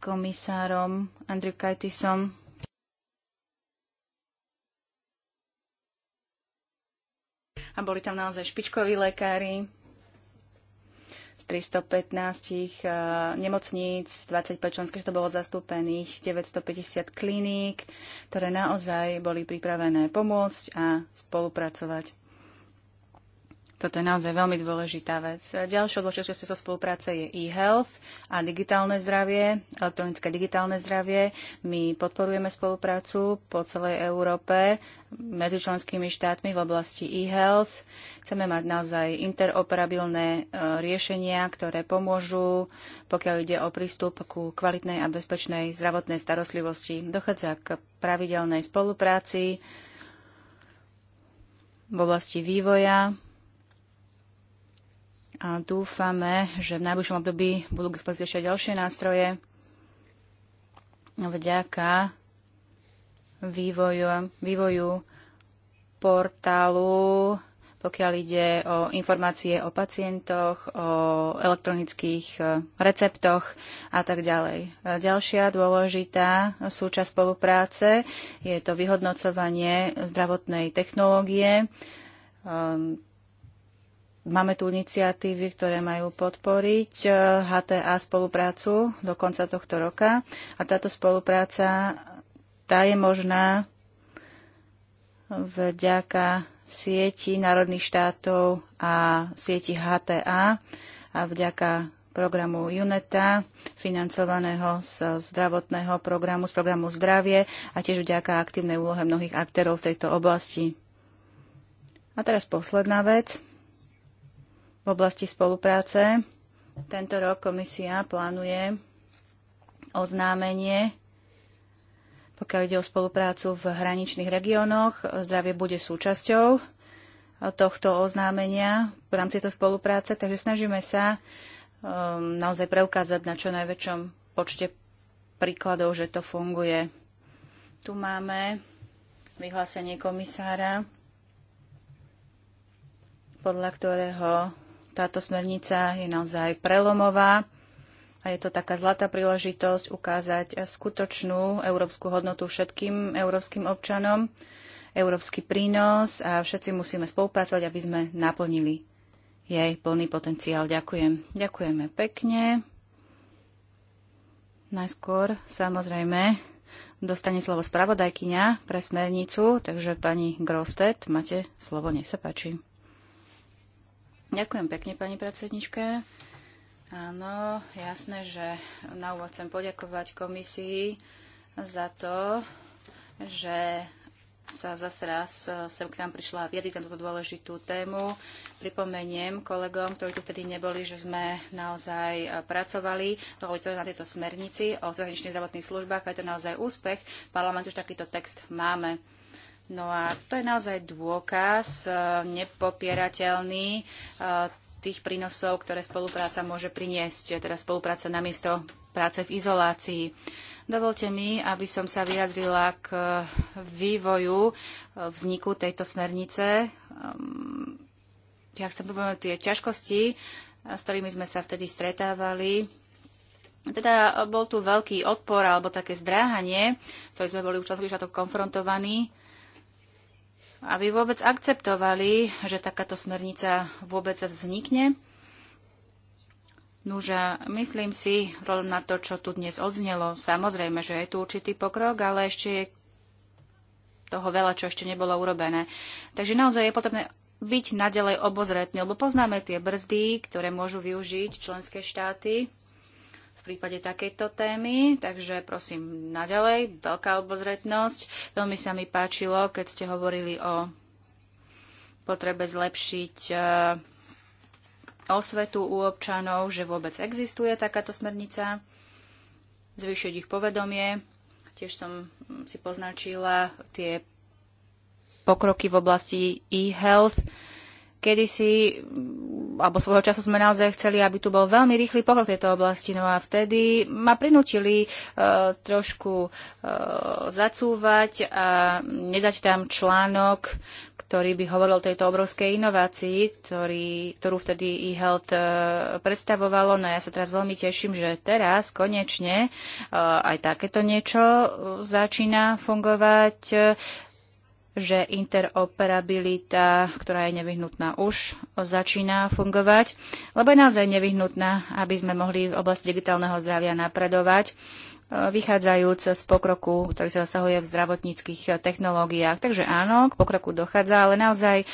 Speaker 3: komisárom Andrew Kajtisom a boli tam naozaj špičkoví lekári z 315 eh, nemocníc, 25 členských to bolo zastúpených, 950 kliník, ktoré naozaj boli pripravené pomôcť a spolupracovať. Toto je naozaj veľmi dôležitá vec. Ďalšou dôležitou časťou spolupráce je e-health a digitálne zdravie, elektronické digitálne zdravie. My podporujeme spoluprácu po celej Európe medzi členskými štátmi v oblasti e-health. Chceme mať naozaj interoperabilné e, riešenia, ktoré pomôžu, pokiaľ ide o prístup ku kvalitnej a bezpečnej zdravotnej starostlivosti. Dochádza k pravidelnej spolupráci v oblasti vývoja a dúfame, že v najbližšom období budú k dispozícii ešte ďalšie nástroje vďaka vývoju, vývoju portálu, pokiaľ ide o informácie o pacientoch, o elektronických e, receptoch a tak ďalej. E, ďalšia dôležitá súčasť spolupráce je to vyhodnocovanie zdravotnej technológie ehm, Máme tu iniciatívy, ktoré majú podporiť HTA eh, spoluprácu do konca tohto roka a táto spolupráca tá je možná vďaka sieti národných štátov a sieti HTA a vďaka programu UNETA, financovaného z zdravotného programu, z programu Zdravie a tiež vďaka aktívnej úlohe mnohých aktérov v tejto oblasti. A teraz posledná vec v oblasti spolupráce. Tento rok komisia plánuje oznámenie, pokiaľ ide o spoluprácu v hraničných regiónoch. Zdravie bude súčasťou tohto oznámenia v rámci tejto spolupráce, takže snažíme sa um, naozaj preukázať na čo najväčšom počte príkladov, že to funguje. Tu máme vyhlásenie komisára, podľa ktorého táto smernica je naozaj prelomová a je to taká zlatá príležitosť ukázať skutočnú európsku hodnotu všetkým európskym občanom, európsky prínos a všetci musíme spolupracovať, aby sme naplnili jej plný potenciál. Ďakujem. Ďakujeme pekne. Najskôr samozrejme dostane slovo spravodajkyňa pre smernicu, takže pani Grostet, máte slovo, nech sa páči. Ďakujem pekne, pani predsednička. Áno, jasné, že na úvod chcem poďakovať komisii za to, že sa zase raz sem k nám prišla vyjadriť na túto dôležitú tému. Pripomeniem kolegom, ktorí tu vtedy neboli, že sme naozaj pracovali na tejto smernici o zahraničných zdravotných službách a je to naozaj úspech. Parlament už takýto text máme. No a to je naozaj dôkaz e, nepopierateľný e, tých prínosov, ktoré spolupráca môže priniesť, teda spolupráca namiesto práce v izolácii. Dovolte mi, aby som sa vyjadrila k vývoju e, vzniku tejto smernice. Ehm, ja chcem povedať tie ťažkosti, s ktorými sme sa vtedy stretávali. Teda bol tu veľký odpor alebo také zdráhanie, ktorý sme boli už často konfrontovaní aby vôbec akceptovali, že takáto smernica vôbec vznikne. Nuže, myslím si, vzhľadom na to, čo tu dnes odznelo, samozrejme, že je tu určitý pokrok, ale ešte je toho veľa, čo ešte nebolo urobené. Takže naozaj je potrebné byť nadalej obozretný, lebo poznáme tie brzdy, ktoré môžu využiť členské štáty v prípade takejto témy, takže prosím naďalej, veľká obozretnosť. Veľmi sa mi páčilo, keď ste hovorili o potrebe zlepšiť e, osvetu u občanov, že vôbec existuje takáto smernica, zvýšiť ich povedomie. Tiež som mm, si poznačila tie pokroky v oblasti e-health, kedysi, alebo svojho času sme naozaj chceli, aby tu bol veľmi rýchly pokrok tejto oblasti. No a vtedy ma prinútili uh, trošku uh, zacúvať a nedať tam článok, ktorý by hovoril o tejto obrovskej inovácii, ktorý, ktorú vtedy e-health e, predstavovalo. No ja sa teraz veľmi teším, že teraz konečne aj takéto niečo začína fungovať že interoperabilita, ktorá je nevyhnutná, už začína fungovať, lebo je naozaj nevyhnutná, aby sme mohli v oblasti digitálneho zdravia napredovať e, vychádzajúc z pokroku, ktorý sa zasahuje v zdravotníckých technológiách. Takže áno, k pokroku dochádza, ale naozaj e,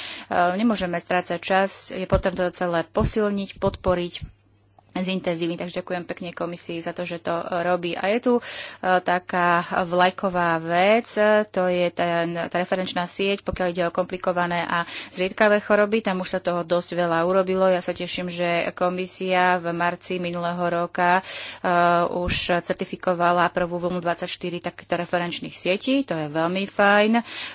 Speaker 3: nemôžeme strácať čas. Je potom to celé posilniť, podporiť, zintenzívni. Takže ďakujem pekne komisii za to, že to robí. A je tu e, taká vlajková vec, to je ten, tá referenčná sieť, pokiaľ ide o komplikované a zriedkavé choroby. Tam už sa toho dosť veľa urobilo. Ja sa teším, že komisia v marci minulého roka uh, už certifikovala prvú vlnu 24 takýchto referenčných sietí. To je veľmi fajn.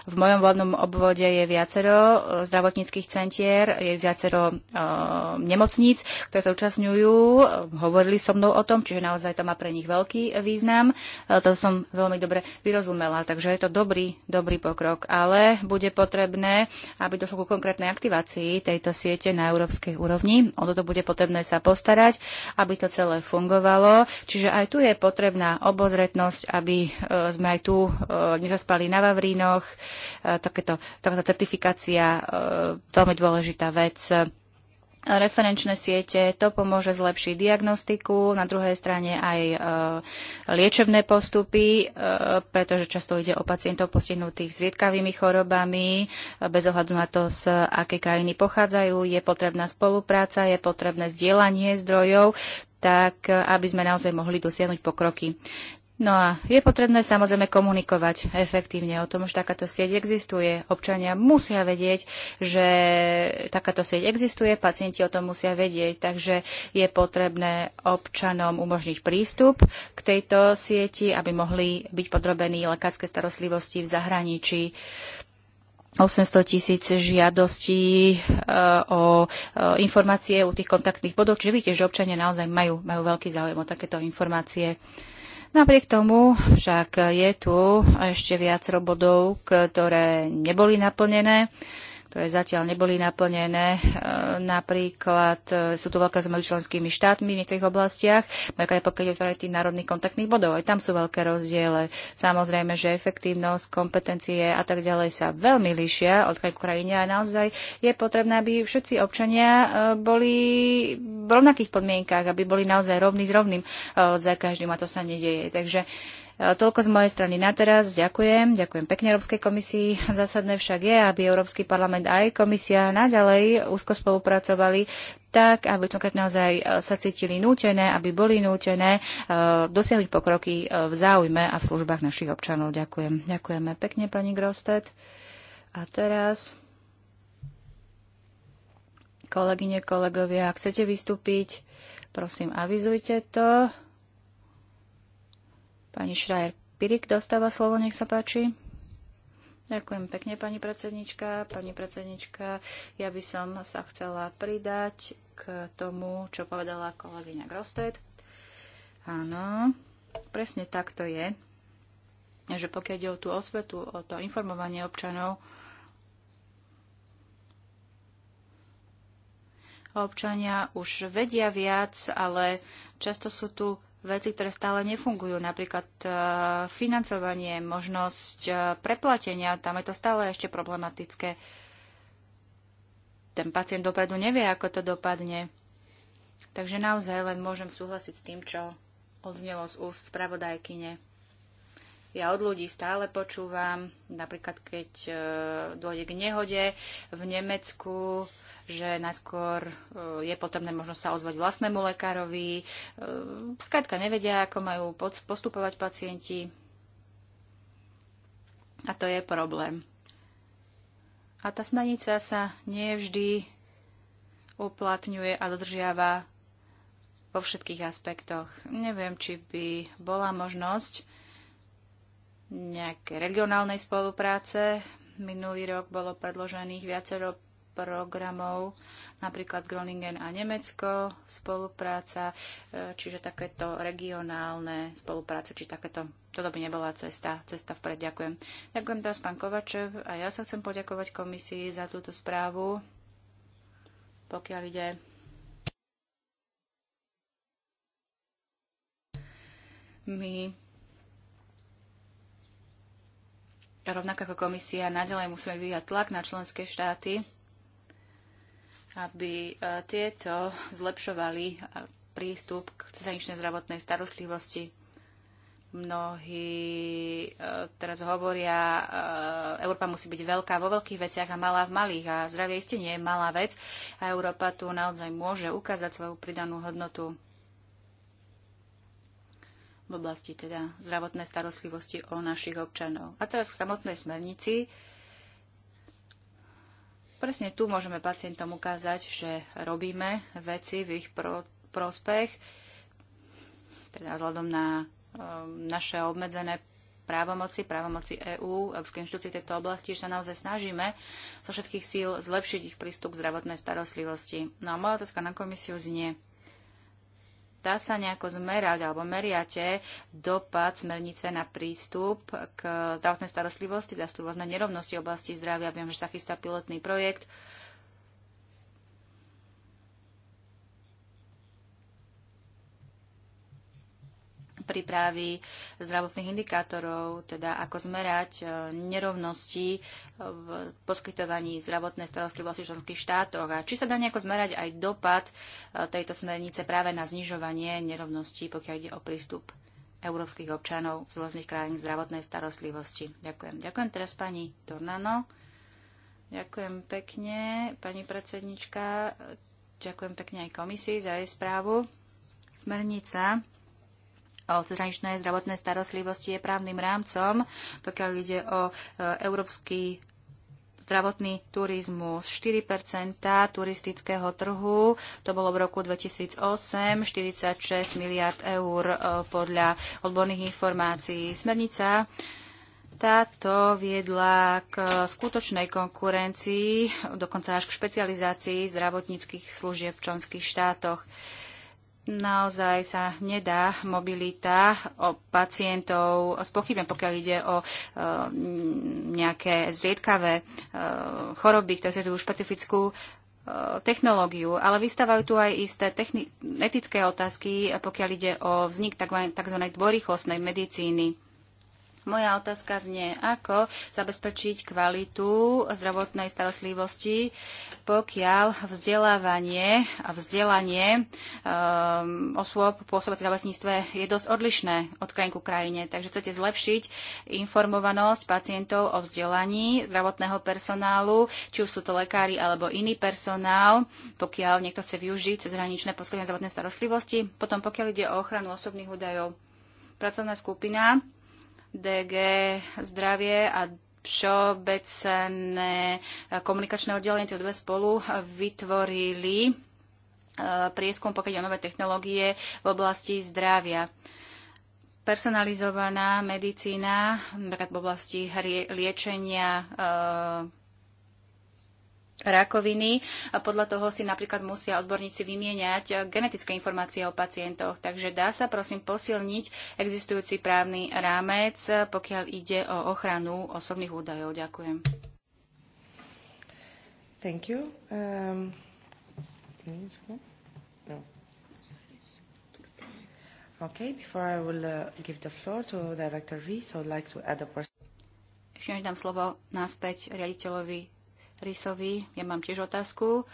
Speaker 3: V mojom vládnom obvode je viacero e, zdravotníckých centier, je viacero uh, nemocníc, ktoré sa účastňujú hovorili so mnou o tom, čiže naozaj to má pre nich veľký význam. E, to som veľmi dobre vyrozumela, takže je to dobrý, dobrý pokrok, ale bude potrebné, aby došlo ku konkrétnej aktivácii tejto siete na európskej úrovni. O toto bude potrebné sa postarať, aby to celé fungovalo. Čiže aj tu je potrebná obozretnosť, aby e, sme aj tu e, nezaspali na Vavrínoch. Takéto, takáto certifikácia, veľmi dôležitá vec referenčné siete, to pomôže zlepšiť diagnostiku, na druhej strane aj e, liečebné postupy, e, pretože často ide o pacientov postihnutých zriedkavými chorobami, e, bez ohľadu na to, z akej krajiny pochádzajú, je potrebná spolupráca, je potrebné zdieľanie zdrojov, tak aby sme naozaj mohli dosiahnuť pokroky. No a je potrebné samozrejme komunikovať efektívne. O tom už takáto sieť existuje. Občania musia vedieť, že takáto sieť existuje, pacienti o tom musia vedieť, takže je potrebné občanom umožniť prístup k tejto sieti, aby mohli byť podrobení lekárskej starostlivosti v zahraničí. 800 tisíc žiadostí eh, o eh, informácie u tých kontaktných bodov. Čiže vidíte, že občania naozaj majú, majú veľký záujem o takéto informácie. Napriek tomu však je tu ešte viacero bodov, ktoré neboli naplnené ktoré zatiaľ neboli naplnené. E, napríklad e, sú tu veľké medzi členskými štátmi v niektorých oblastiach, napríklad pokiaľ je tých národných kontaktných bodov. Aj tam sú veľké rozdiele. Samozrejme, že efektívnosť, kompetencie a tak ďalej sa veľmi líšia od krajiny k krajine a naozaj je potrebné, aby všetci občania e, boli v rovnakých podmienkách, aby boli naozaj rovní s rovným za každým a to sa nedieje. Takže E, toľko z mojej strany na teraz. Ďakujem. Ďakujem pekne Európskej komisii. Zásadné však je, aby Európsky parlament aj komisia naďalej úzko spolupracovali tak, aby členkrát naozaj e, sa cítili nútené, aby boli nútené e, dosiahnuť pokroky v záujme a v službách našich občanov. Ďakujem. Ďakujeme pekne, pani Grostet. A teraz, kolegyne, kolegovia, ak chcete vystúpiť, prosím, avizujte to. Pani Šrajer Pirik dostáva slovo, nech sa páči. Ďakujem pekne, pani predsednička. Pani predsednička, ja by som sa chcela pridať k tomu, čo povedala kolegyňa Grosted. Áno, presne tak to je, že pokiaľ ide o tú osvetu, o to informovanie občanov, občania už vedia viac, ale často sú tu veci, ktoré stále nefungujú, napríklad e, financovanie, možnosť e, preplatenia, tam je to stále ešte problematické. Ten pacient dopredu nevie, ako to dopadne. Takže naozaj len môžem súhlasiť s tým, čo odznelo z úst spravodajkyne. Ja od ľudí stále počúvam, napríklad keď e, dôjde k nehode v Nemecku, že najskôr e, je potrebné možno sa ozvať vlastnému lekárovi. E, skrátka nevedia, ako majú postupovať pacienti. A to je problém. A tá smanica sa nevždy uplatňuje a dodržiava vo všetkých aspektoch. Neviem, či by bola možnosť nejaké regionálnej spolupráce. Minulý rok bolo predložených viacero programov, napríklad Groningen a Nemecko, spolupráca, e, čiže takéto regionálne spolupráce, či takéto, toto by nebola cesta, cesta vpred. Ďakujem. Ďakujem teraz pán Kovačev a ja sa chcem poďakovať komisii za túto správu, pokiaľ ide my rovnako ako komisia, naďalej musíme vyvíjať tlak na členské štáty, aby e, tieto zlepšovali e, prístup k cezaničnej zdravotnej starostlivosti. Mnohí e, teraz hovoria, Európa musí byť veľká vo veľkých veciach a malá v malých. A zdravie isté nie je malá vec. A Európa tu naozaj môže ukázať svoju pridanú hodnotu oblasti teda zdravotnej starostlivosti o našich občanov. A teraz k samotnej smernici. Presne tu môžeme pacientom ukázať, že robíme veci v ich pro- prospech, teda vzhľadom na um, naše obmedzené právomoci, právomoci EÚ, Európskej inštitúcie tejto oblasti, že sa naozaj snažíme zo všetkých síl zlepšiť ich prístup k zdravotnej starostlivosti. No a moja otázka na komisiu znie, dá sa nejako zmerať alebo meriate dopad smernice na prístup k zdravotnej starostlivosti, dá teda sú rôzne nerovnosti v oblasti zdravia. Viem, že sa chystá pilotný projekt, prípravy zdravotných indikátorov, teda ako zmerať e, nerovnosti e, v poskytovaní zdravotnej starostlivosti v členských štátoch a či sa dá nejako zmerať aj dopad e, tejto smernice práve na znižovanie nerovností, pokiaľ ide o prístup európskych občanov z rôznych krajín zdravotnej starostlivosti. Ďakujem. Ďakujem teraz pani Tornano. Ďakujem pekne, pani predsednička. Ďakujem pekne aj komisii za jej správu. Smernica o cezhraničné zdravotné starostlivosti je právnym rámcom, pokiaľ ide o e, európsky zdravotný turizmus. 4 turistického trhu, to bolo v roku 2008, 46 miliard eur e, podľa odborných informácií. Smernica táto viedla k skutočnej konkurencii, dokonca až k špecializácii zdravotníckých služieb v členských štátoch naozaj sa nedá mobilita o pacientov spochybne, pokiaľ ide o e, nejaké zriedkavé e, choroby, ktoré sú špecifickú e, technológiu, ale vystávajú tu aj isté etické otázky, pokiaľ ide o vznik tzv. dvorýchlostnej medicíny. Moja otázka znie, ako zabezpečiť kvalitu zdravotnej starostlivosti, pokiaľ vzdelávanie a vzdelanie um, osôb pôsobiacich v zdravotníctve je dosť odlišné od krajín ku krajine. Takže chcete zlepšiť informovanosť pacientov o vzdelaní zdravotného personálu, či už sú to lekári alebo iný personál, pokiaľ niekto chce využiť cezhraničné poskytovanie zdravotnej starostlivosti. Potom pokiaľ ide o ochranu osobných údajov, pracovná skupina DG zdravie a všeobecné komunikačné oddelenie, tie dve spolu vytvorili e, prieskum, pokiaľ o nové technológie v oblasti zdravia personalizovaná medicína, napríklad v oblasti liečenia e, rakoviny podľa toho si napríklad musia odborníci vymieňať genetické informácie o pacientoch. Takže dá sa prosím posilniť existujúci právny rámec, pokiaľ ide o ochranu osobných údajov. Ďakujem.
Speaker 1: Thank you. Um, Okay, before I will uh,
Speaker 3: give the floor to Director Rees, I would like to add a person. Ešte než dám slovo náspäť riaditeľovi Risovi, ja mám tiež otázku.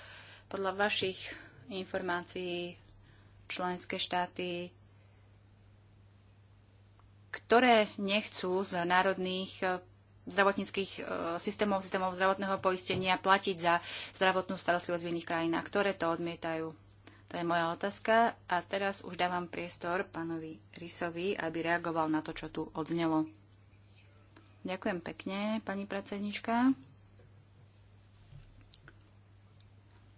Speaker 3: Podľa vašich informácií členské štáty, ktoré nechcú z národných e, zdravotníckých e, systémov, systémov zdravotného poistenia platiť za zdravotnú starostlivosť v iných krajinách, ktoré to odmietajú. To je moja otázka a teraz už dávam priestor pánovi Rysovi, aby reagoval na to, čo tu odznelo. Ďakujem pekne, pani predsednička.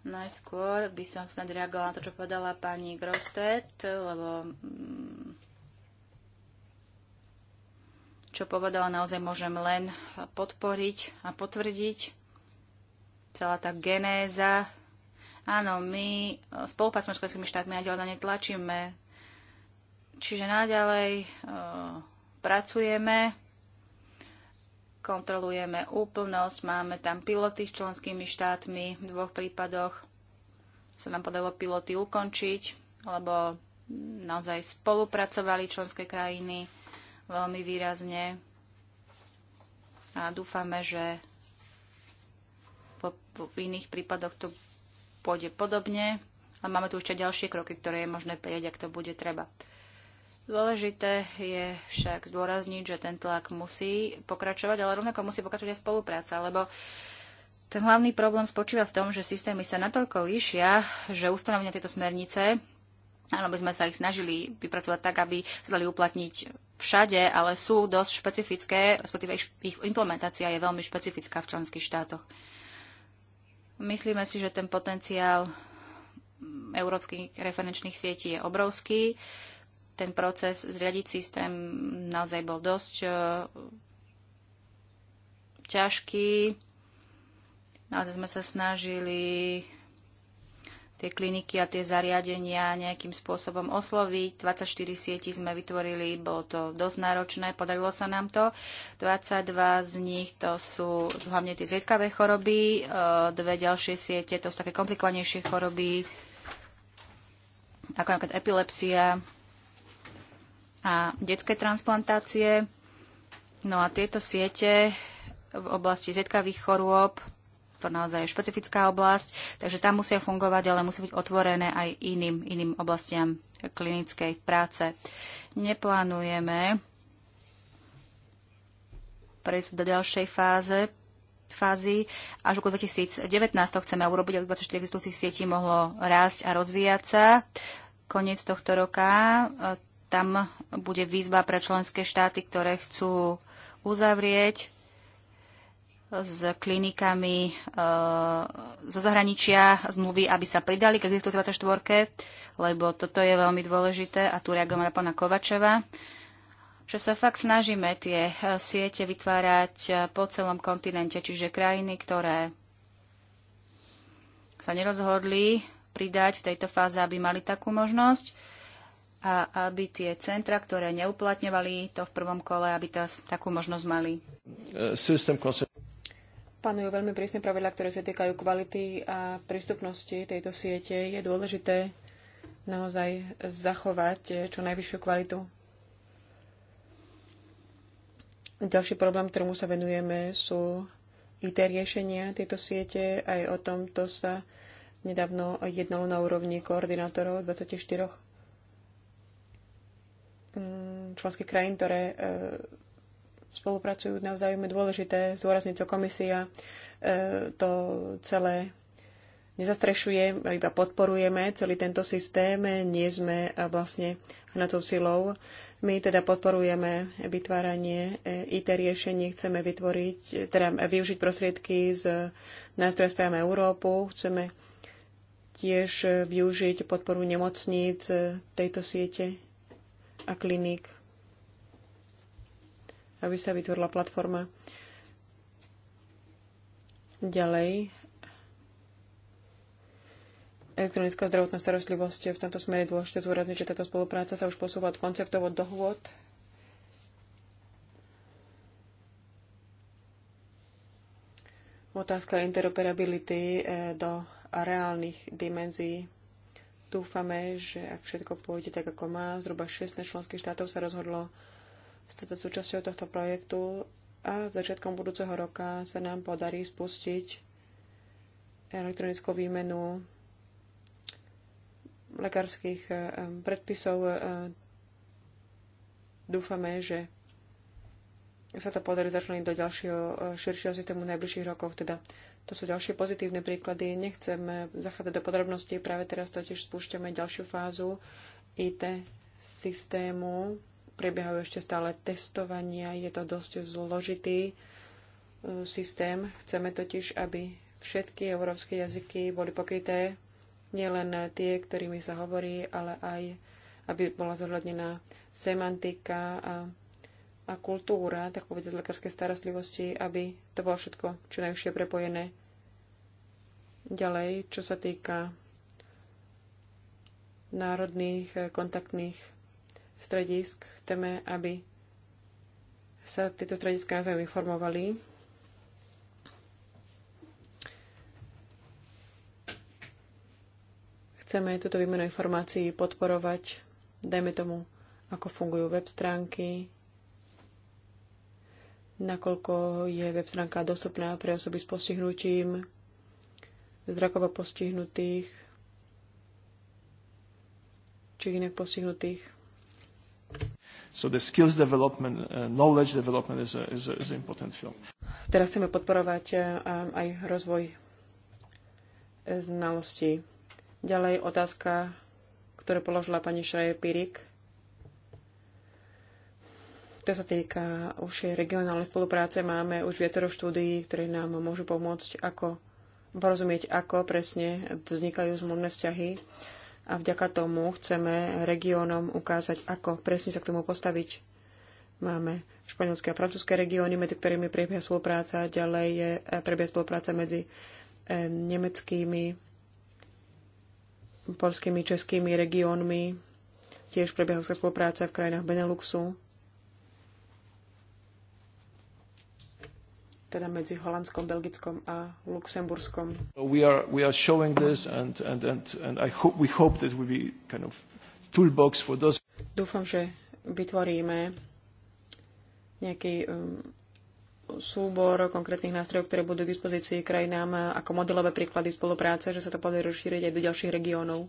Speaker 3: Najskôr by som snad reagovala na to, čo povedala pani Grostet, lebo mm, čo povedala naozaj môžem len podporiť a potvrdiť. Celá tá genéza. Áno, my spolupracujeme s členskými štátmi a ďalej na ne tlačíme. Čiže naďalej e, pracujeme kontrolujeme úplnosť, máme tam piloty s členskými štátmi, v dvoch prípadoch sa nám podalo piloty ukončiť, lebo naozaj spolupracovali členské krajiny veľmi výrazne a dúfame, že v iných prípadoch to pôjde podobne. A máme tu ešte ďalšie kroky, ktoré je možné prijať, ak to bude treba. Dôležité je však zdôrazniť, že ten tlak musí pokračovať, ale rovnako musí pokračovať aj spolupráca, lebo ten hlavný problém spočíva v tom, že systémy sa natoľko líšia, že ustanovenia tejto smernice, áno, by sme sa ich snažili vypracovať tak, aby sa dali uplatniť všade, ale sú dosť špecifické, respektíve ich, implementácia je veľmi špecifická v členských štátoch. Myslíme si, že ten potenciál európskych referenčných sietí je obrovský ten proces zriadiť systém naozaj bol dosť e, ťažký. Naozaj sme sa snažili tie kliniky a tie zariadenia nejakým spôsobom osloviť. 24 sieti sme vytvorili, bolo to dosť náročné, podarilo sa nám to. 22 z nich to sú hlavne tie zriedkavé choroby, e, dve ďalšie siete to sú také komplikovanejšie choroby, ako napríklad epilepsia, a detské transplantácie. No a tieto siete v oblasti zriedkavých chorôb, to naozaj je špecifická oblasť, takže tam musia fungovať, ale musí byť otvorené aj iným, iným oblastiam klinickej práce. Neplánujeme prejsť do ďalšej fáze fázy. Až roku 2019 to chceme urobiť, aby 24 existujúcich sietí mohlo rásť a rozvíjať sa. Koniec tohto roka tam bude výzva pre členské štáty, ktoré chcú uzavrieť s klinikami e, zo zahraničia zmluvy, aby sa pridali k existujúcej 24, lebo toto je veľmi dôležité a tu reagujeme na pána Kovačeva, že sa fakt snažíme tie e, siete vytvárať e, po celom kontinente, čiže krajiny, ktoré sa nerozhodli pridať v tejto fáze, aby mali takú možnosť a aby tie centra, ktoré neuplatňovali
Speaker 1: to v prvom kole, aby to, takú možnosť mali.
Speaker 3: Eh,
Speaker 1: Panujú veľmi prísne pravidla, ktoré sa týkajú kvality a prístupnosti tejto siete. Je dôležité naozaj zachovať eh, čo najvyššiu kvalitu. Ďalší problém, ktorému sa venujeme, sú IT riešenia tejto siete. Aj o tomto sa nedávno jednalo na úrovni koordinátorov 24 Mm, členských krajín, ktoré e, spolupracujú navzájom, je dôležité zdôrazniť, co komisia e, to celé nezastrešuje, iba podporujeme celý tento systém, nie sme vlastne hnacou silou. My teda podporujeme vytváranie e, IT riešení, chceme vytvoriť, teda využiť prostriedky z nástroja Spájame Európu, chceme tiež využiť podporu nemocníc tejto siete a kliník, aby sa vytvorila platforma. Ďalej, elektronická zdravotná starostlivosť v tomto smere dôležité zúrazniť, že táto spolupráca sa už posúva od konceptov od dohôd. Otázka interoperability eh, do reálnych dimenzií Dúfame, že ak všetko pôjde tak, ako má, zhruba 16 členských štátov sa rozhodlo stať súčasťou tohto projektu a začiatkom budúceho roka sa nám podarí spustiť elektronickú výmenu lekárskych eh, predpisov. Eh, dúfame, že sa to podarí začleniť do ďalšieho eh, širšieho systému v najbližších rokoch, teda to sú ďalšie pozitívne príklady. Nechcem zachádzať do podrobností. Práve teraz totiž spúšťame ďalšiu fázu IT systému. Prebiehajú ešte stále testovania. Je to dosť zložitý e, systém. Chceme totiž, aby všetky európske jazyky boli pokryté, nielen tie, ktorými sa hovorí, ale aj, aby bola zohľadnená semantika a a kultúra, tak povedať, z lekárskej starostlivosti, aby to bolo všetko čo najvyššie prepojené. Ďalej, čo sa týka národných eh, kontaktných stredisk, chceme, aby sa tieto strediska naozaj informovali. Chceme túto výmenu informácií podporovať, dajme tomu, ako fungujú web stránky, nakoľko je web stránka dostupná pre osoby s postihnutím, zrakovo postihnutých či inak postihnutých. So the skills
Speaker 2: development, uh, knowledge development is, a, is, a, is an important film.
Speaker 1: Teraz chceme podporovať uh, aj rozvoj e, znalostí. Ďalej otázka, ktorú položila pani Šraje Pirik to sa týka už regionálnej spolupráce. Máme už viacero štúdií, ktoré nám môžu pomôcť, ako porozumieť, ako presne vznikajú zmluvné vzťahy. A vďaka tomu chceme regiónom ukázať, ako presne sa k tomu postaviť. Máme španielské a francúzske regióny, medzi ktorými prebieha spolupráca. Ďalej je, e, prebieha spolupráca medzi e, nemeckými, polskými, českými regiónmi. Tiež prebieha spolupráca v krajinách Beneluxu teda medzi Holandskom, Belgickom a Luxemburskom.
Speaker 2: We are, we are showing this and, and, and, and I hope, we hope that be kind of toolbox for those.
Speaker 1: Dúfam, že vytvoríme nejaký um, súbor konkrétnych nástrojov, ktoré budú k dispozícii krajinám uh, ako modelové príklady spolupráce, že sa to podarí rozšíriť aj do ďalších regiónov.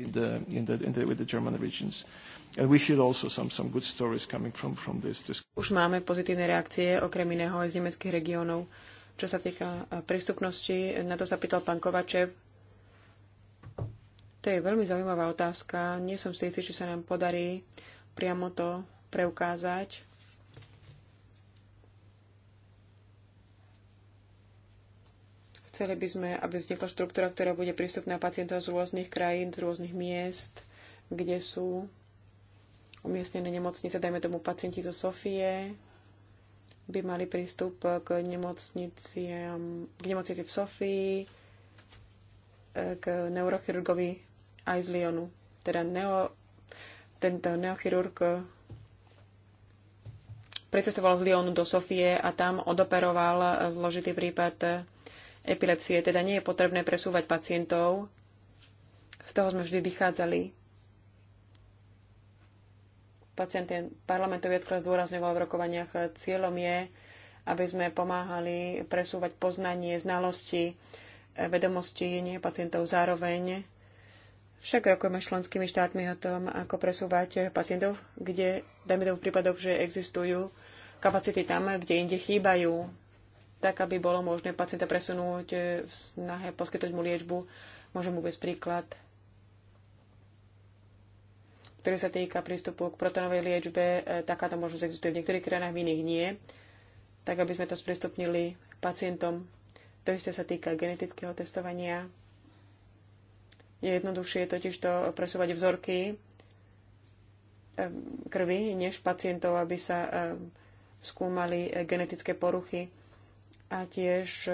Speaker 2: In the, in the, in the, with the German regions. And we also some, some good stories coming from, from this.
Speaker 1: Už máme pozitívne reakcie, okrem iného aj z nemeckých regiónov. Čo sa týka prístupnosti, na to sa pýtal pán Kovačev. To je veľmi zaujímavá otázka. Nie som si istý, či sa nám podarí priamo to preukázať. Chceli by sme, aby vznikla štruktúra, ktorá bude prístupná pacientom z rôznych krajín, z rôznych miest, kde sú umiestnené nemocnice, dajme tomu pacienti zo Sofie, by mali prístup k nemocnici, k nemocnici v Sofii, k neurochirurgovi aj z Lyonu. Teda neo, tento neochirurg precestoval z Lyonu do Sofie a tam odoperoval zložitý prípad epilepsie. Teda nie je potrebné presúvať pacientov. Z toho sme vždy vychádzali Pacienty parlamentu viackrát zdôrazňoval v rokovaniach. E, cieľom je, aby sme pomáhali presúvať poznanie, znalosti, e, vedomosti nie pacientov zároveň. Však rokujeme s členskými štátmi o tom, ako presúvať pacientov, kde, dajme tomu v prípadoch, že existujú kapacity tam, kde inde chýbajú, tak aby bolo možné pacienta presunúť e, v snahe poskytnúť mu liečbu. Môžem uvieť príklad ktorý sa týka prístupu k protonovej liečbe. E, takáto možnosť existuje v niektorých krajinách, v iných nie. Tak, aby sme to sprístupnili pacientom. To isté sa týka genetického testovania. Je jednoduchšie totiž to presúvať vzorky e, krvi, než pacientov, aby sa e, skúmali genetické poruchy a tiež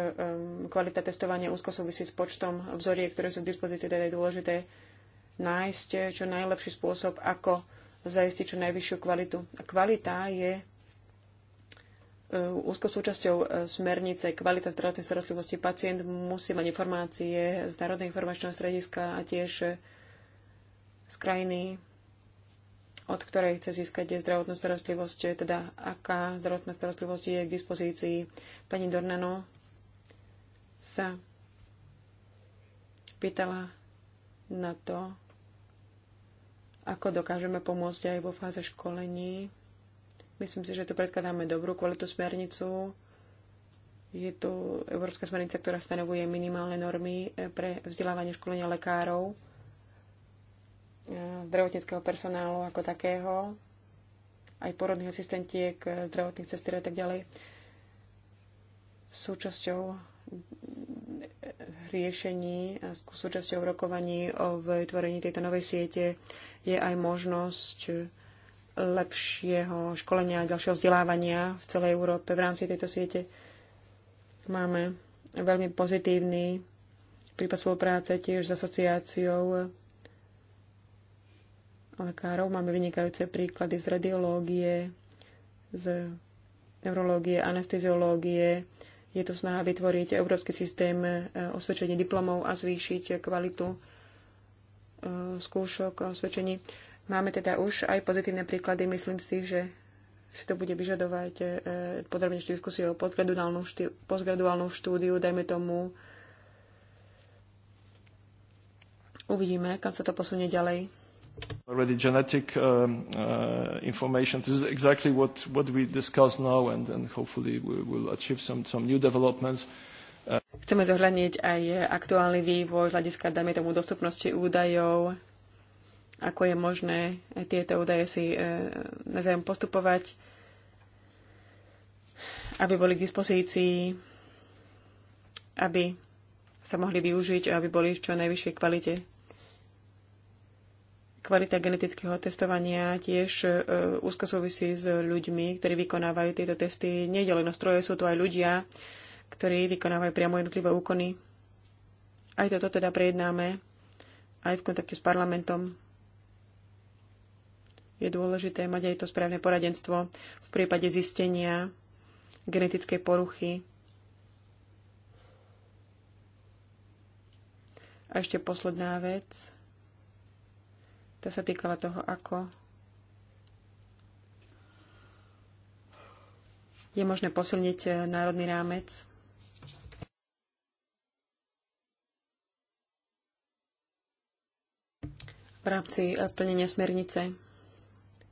Speaker 1: kvalita testovania úzko súvisí s počtom vzoriek, ktoré sú k dispozícii, teda je dôležité nájsť čo najlepší spôsob, ako zaistiť čo najvyššiu kvalitu. A kvalita je e, úzkou súčasťou e, smernice kvalita zdravotnej starostlivosti. Pacient musí mať informácie z Národného informačného strediska a tiež e, z krajiny, od ktorej chce získať zdravotnú starostlivosť, teda aká zdravotná starostlivosť je k dispozícii. Pani Dornano sa pýtala na to, ako dokážeme pomôcť aj vo fáze školení. Myslím si, že tu predkladáme dobrú kvalitu smernicu. Je tu Európska smernica, ktorá stanovuje minimálne normy eh, pre vzdelávanie školenia lekárov, eh, zdravotníckého personálu ako takého, aj porodných asistentiek, eh, zdravotných sestier a tak ďalej. Súčasťou riešení a súčasťou rokovaní o vytvorení tejto novej siete je aj možnosť lepšieho školenia a ďalšieho vzdelávania v celej Európe. V rámci tejto siete máme veľmi pozitívny prípad spolupráce tiež s asociáciou lekárov. Máme vynikajúce príklady z radiológie, z neurológie, anesteziológie. Je tu snaha vytvoriť európsky systém eh, osvedčenia diplomov a zvýšiť kvalitu skúšok, osvedčení. Máme teda už aj pozitívne príklady. Myslím si, že si to bude vyžadovať e, podrobnejšiu diskusie o postgraduálnom, ští, postgraduálnu štúdiu, dajme tomu. Uvidíme, kam sa to posunie ďalej.
Speaker 2: Already genetic um, uh, information. This is exactly what, what we discuss now and, and hopefully we will achieve some, some new developments. Uh,
Speaker 1: Chceme zohľadniť aj aktuálny vývoj z hľadiska, dajme tomu, dostupnosti údajov, ako je možné tieto údaje si e, navzájom postupovať, aby boli k dispozícii, aby sa mohli využiť a aby boli v čo najvyššej kvalite. Kvalita genetického testovania tiež e, úzko súvisí s ľuďmi, ktorí vykonávajú tieto testy. Nie len stroje, sú tu aj ľudia, ktorí vykonávajú priamo jednotlivé úkony. Aj toto teda prejednáme, aj v kontakte s parlamentom. Je dôležité mať aj to správne poradenstvo v prípade zistenia genetickej poruchy. A ešte posledná vec. Tá sa týkala toho, ako je možné posilniť národný rámec v rámci eh, plnenia smernice.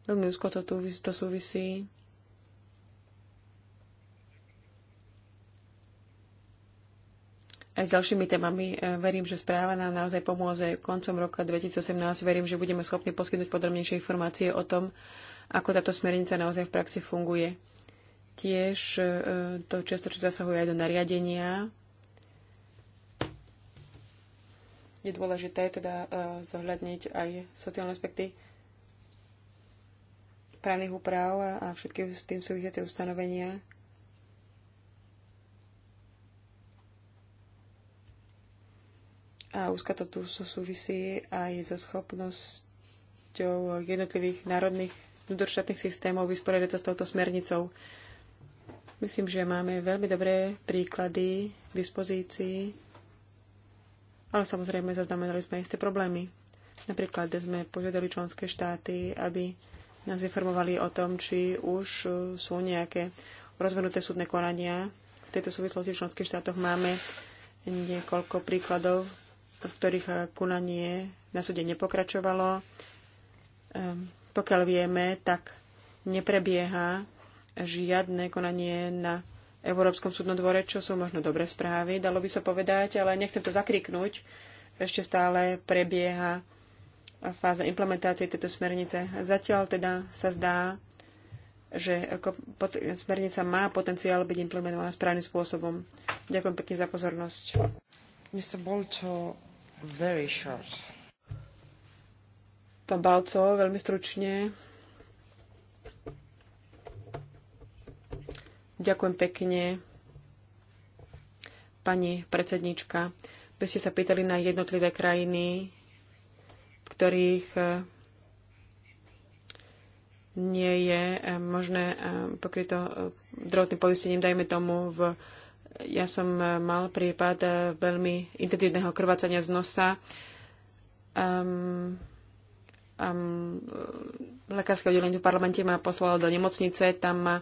Speaker 1: Veľmi úzko to, tu, to súvisí. Aj s ďalšími témami eh, verím, že správa nám naozaj pomôže koncom roka 2018. Verím, že budeme schopní poskytnúť podrobnejšie informácie o tom, ako táto smernica naozaj v praxi funguje. Tiež eh, to často zasahuje aj do nariadenia Je dôležité teda e, zohľadniť aj sociálne aspekty právnych úprav a všetky s tým súvisiace ustanovenia. A úzka to tu súvisí aj so schopnosťou jednotlivých národných vnútorštátnych systémov vysporiadať sa s touto smernicou. Myslím, že máme veľmi dobré príklady k dispozícii ale samozrejme zaznamenali sme isté problémy. Napríklad sme požiadali členské štáty, aby nás informovali o tom, či už e, sú nejaké rozvinuté súdne konania. V tejto súvislosti v členských štátoch máme niekoľko príkladov, v ktorých e, konanie na súde nepokračovalo. Ehm, pokiaľ vieme, tak neprebieha žiadne konanie na Európskom súdnom dvore, čo sú možno dobré správy, dalo by sa povedať, ale nechcem to zakriknúť. Ešte stále prebieha fáza implementácie tejto smernice. Zatiaľ teda sa zdá, že smernica má potenciál byť implementovaná správnym spôsobom. Ďakujem pekne za pozornosť. Mr. Bolto, uh, very short. Pán Balco, veľmi stručne. Ďakujem pekne, pani predsednička. Vy ste sa pýtali na jednotlivé krajiny, v ktorých eh, nie je eh, možné eh, pokryto zdravotným poistením, dajme tomu v ja som mal prípad veľmi intenzívneho krvácania z nosa. Um, um, lekárske oddelenie v parlamente ma poslalo do nemocnice, tam ma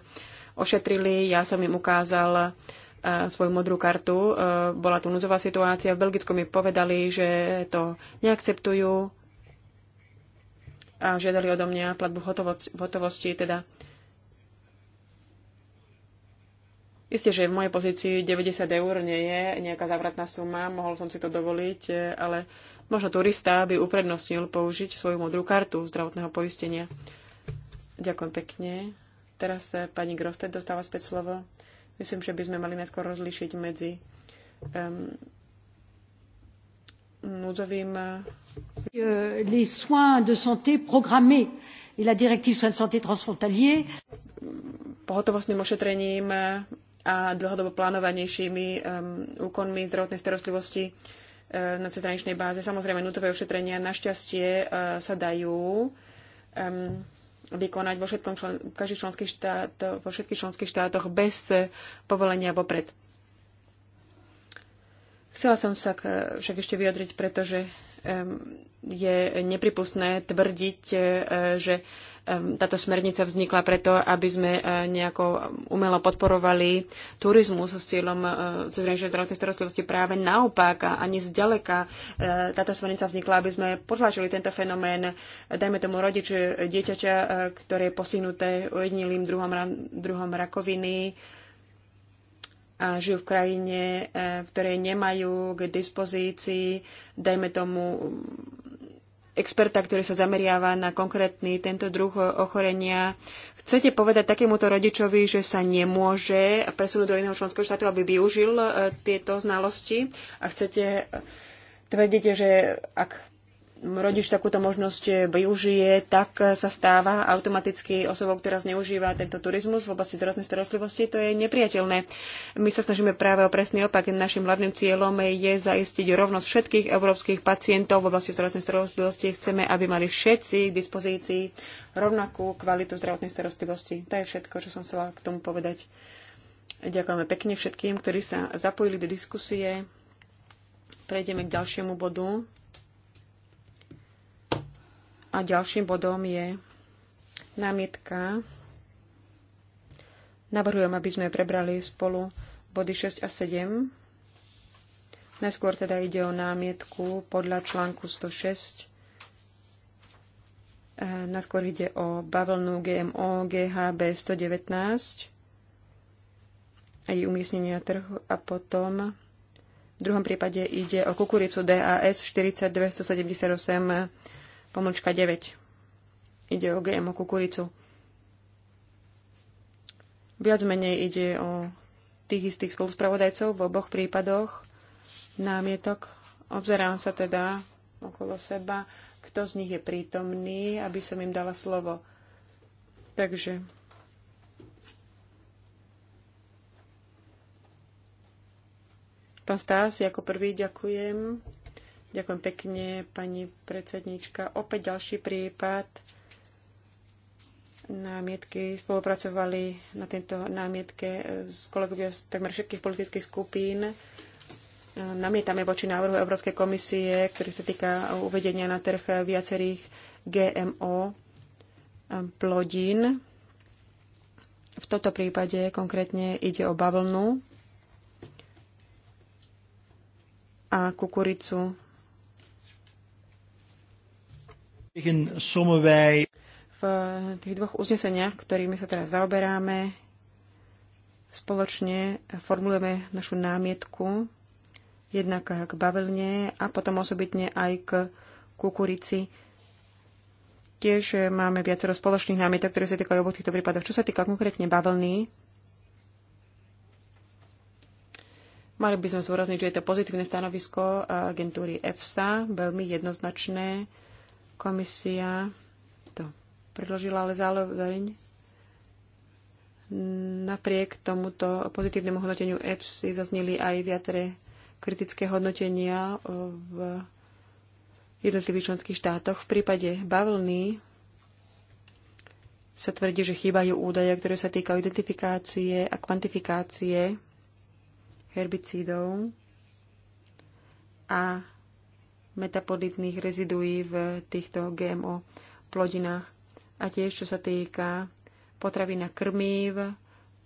Speaker 1: ošetrili. Ja som im ukázal e, svoju modrú kartu. E, bola tu núzová situácia. V Belgicku mi povedali, že to neakceptujú a žiadali odo mňa platbu v hotovosti, teda Isté, že v mojej pozícii 90 eur nie je nejaká závratná suma, mohol som si to dovoliť, e, ale možno turista by uprednostnil použiť svoju modrú kartu zdravotného poistenia. Ďakujem pekne. Teraz eh, pani Grosted dostáva späť slovo. Myslím, že by sme mali najskôr rozlišiť medzi
Speaker 2: um, núdzovým... Eh, euh, les soins de santé programmés et la directive soins de santé transfrontalier. Pohotovostným
Speaker 1: ošetrením eh, a dlhodobo plánovanejšími um, úkonmi zdravotnej starostlivosti na cezhraničnej báze. Samozrejme, nutové ošetrenia našťastie uh, sa dajú um, vykonať vo všetkom člen, každý členský štát, vo všetkých členských štátoch bez eh, povolenia vopred. Chcela som sa však ešte vyjadriť, pretože Ehm, je nepripustné tvrdiť, e, že ehm, táto smernica vznikla preto, aby sme e, nejako umelo podporovali turizmus s cieľom cezhraničnej zdravotnej starostlivosti. Práve naopak, a ani zďaleka e, táto smernica vznikla, aby sme potlačili tento fenomén, dajme tomu rodič dieťaťa, ktoré je postihnuté ojedinilým druhom, druhom rakoviny, a žijú v krajine, e, v ktorej nemajú k dispozícii, dajme tomu, experta, ktorý sa zameriava na konkrétny tento druh ochorenia. Chcete povedať takémuto rodičovi, že sa nemôže presunúť do iného členského štátu, aby využil e, tieto znalosti? A chcete e, tvrdiť, že ak rodič takúto možnosť využije, tak sa stáva automaticky osobou, ktorá zneužíva tento turizmus v oblasti zdravotnej starostlivosti. To je nepriateľné. My sa snažíme práve o presný opak. Našim hlavným cieľom je zaistiť rovnosť všetkých európskych pacientov v oblasti zdravotnej starostlivosti. Chceme, aby mali všetci k dispozícii rovnakú kvalitu zdravotnej starostlivosti. To je všetko, čo som chcela k tomu povedať. Ďakujeme pekne všetkým, ktorí sa zapojili do diskusie. Prejdeme k ďalšiemu bodu. A ďalším bodom je námietka. Navrhujem, aby sme prebrali spolu body 6 a 7. Najskôr teda ide o námietku podľa článku 106. E, najskôr ide o bavlnu GMO GHB 119 a jej umiestnenie na trhu a potom v druhom prípade ide o kukuricu DAS 4278 Pomočka 9. Ide o GMO kukuricu. Viac menej ide o tých istých spoluspravodajcov v oboch prípadoch námietok. Obzerám sa teda okolo seba, kto z nich je prítomný, aby som im dala slovo. Takže Pán Stás, ako prvý ďakujem. Ďakujem pekne, pani predsednička. Opäť ďalší prípad. Námietky spolupracovali na tento námietke s kolegovia z takmer všetkých politických skupín. Namietame voči návrhu Európskej komisie, ktorý sa týka uvedenia na trh viacerých GMO plodín. V tomto prípade konkrétne ide o bavlnu a kukuricu v tých dvoch uzneseniach, ktorými sa teraz zaoberáme, spoločne formulujeme našu námietku jednak k bavlne a potom osobitne aj k kukurici. Tiež máme viacero spoločných námietok, ktoré sa týkajú oboch týchto prípadov. Čo sa týka konkrétne bavlny, Mali by sme zúrazniť, že je to pozitívne stanovisko agentúry EFSA, veľmi jednoznačné. Komisia to predložila, ale zároveň napriek tomuto pozitívnemu hodnoteniu EFSI zazneli aj viaceré kritické hodnotenia eh, v jednotlivých členských štátoch. V prípade bavlny sa tvrdí, že chýbajú údaje, ktoré sa týkajú identifikácie a kvantifikácie herbicídov a metapoditných reziduí v týchto GMO plodinách a tiež čo sa týka potravy na krmív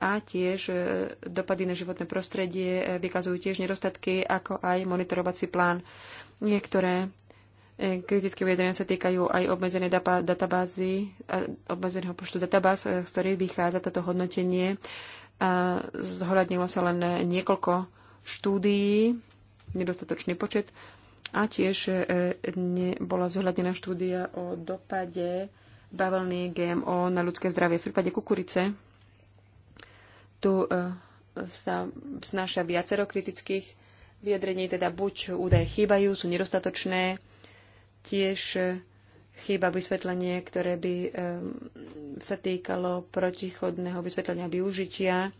Speaker 1: a tiež e, dopady na životné prostredie e, vykazujú tiež nedostatky, ako aj monitorovací plán. Niektoré e, kritické vyjadrenia sa týkajú aj obmedzenej databázy, obmedzeného počtu databáz, z ktorých vychádza toto hodnotenie. A zhľadnilo sa len niekoľko štúdií, nedostatočný počet. A tiež e, nebola zohľadnená štúdia o dopade bavlny GMO na ľudské zdravie. V prípade kukurice tu e, sa snáša viacero kritických vyjadrení, teda buď údaje chýbajú, sú nedostatočné, tiež e, chýba vysvetlenie, ktoré by sa týkalo protichodného vysvetlenia využitia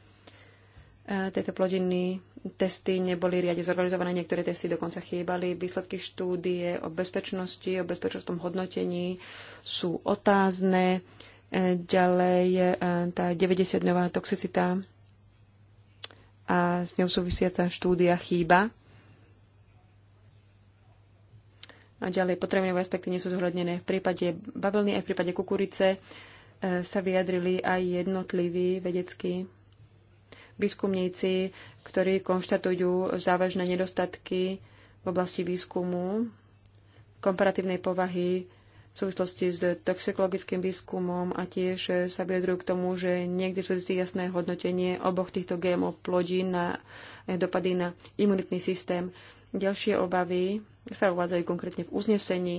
Speaker 1: E, tieto plodiny testy neboli riade zorganizované, niektoré testy dokonca chýbali. Výsledky štúdie o bezpečnosti, o bezpečnostnom hodnotení sú otázne. E, ďalej e, tá 90 dňová toxicita a s ňou súvisiaca štúdia chýba. A ďalej potravinové aspekty nie sú zohľadnené. V prípade bavlny aj v prípade kukurice sa vyjadrili aj jednotliví vedeckí výskumníci, ktorí konštatujú závažné nedostatky v oblasti výskumu komparatívnej povahy v súvislosti s toxikologickým výskumom a tiež sa vyjadrujú k tomu, že niekde sú jasné hodnotenie oboch týchto GMO plodí na eh, dopady na imunitný systém. Ďalšie obavy sa uvádzajú konkrétne v uznesení.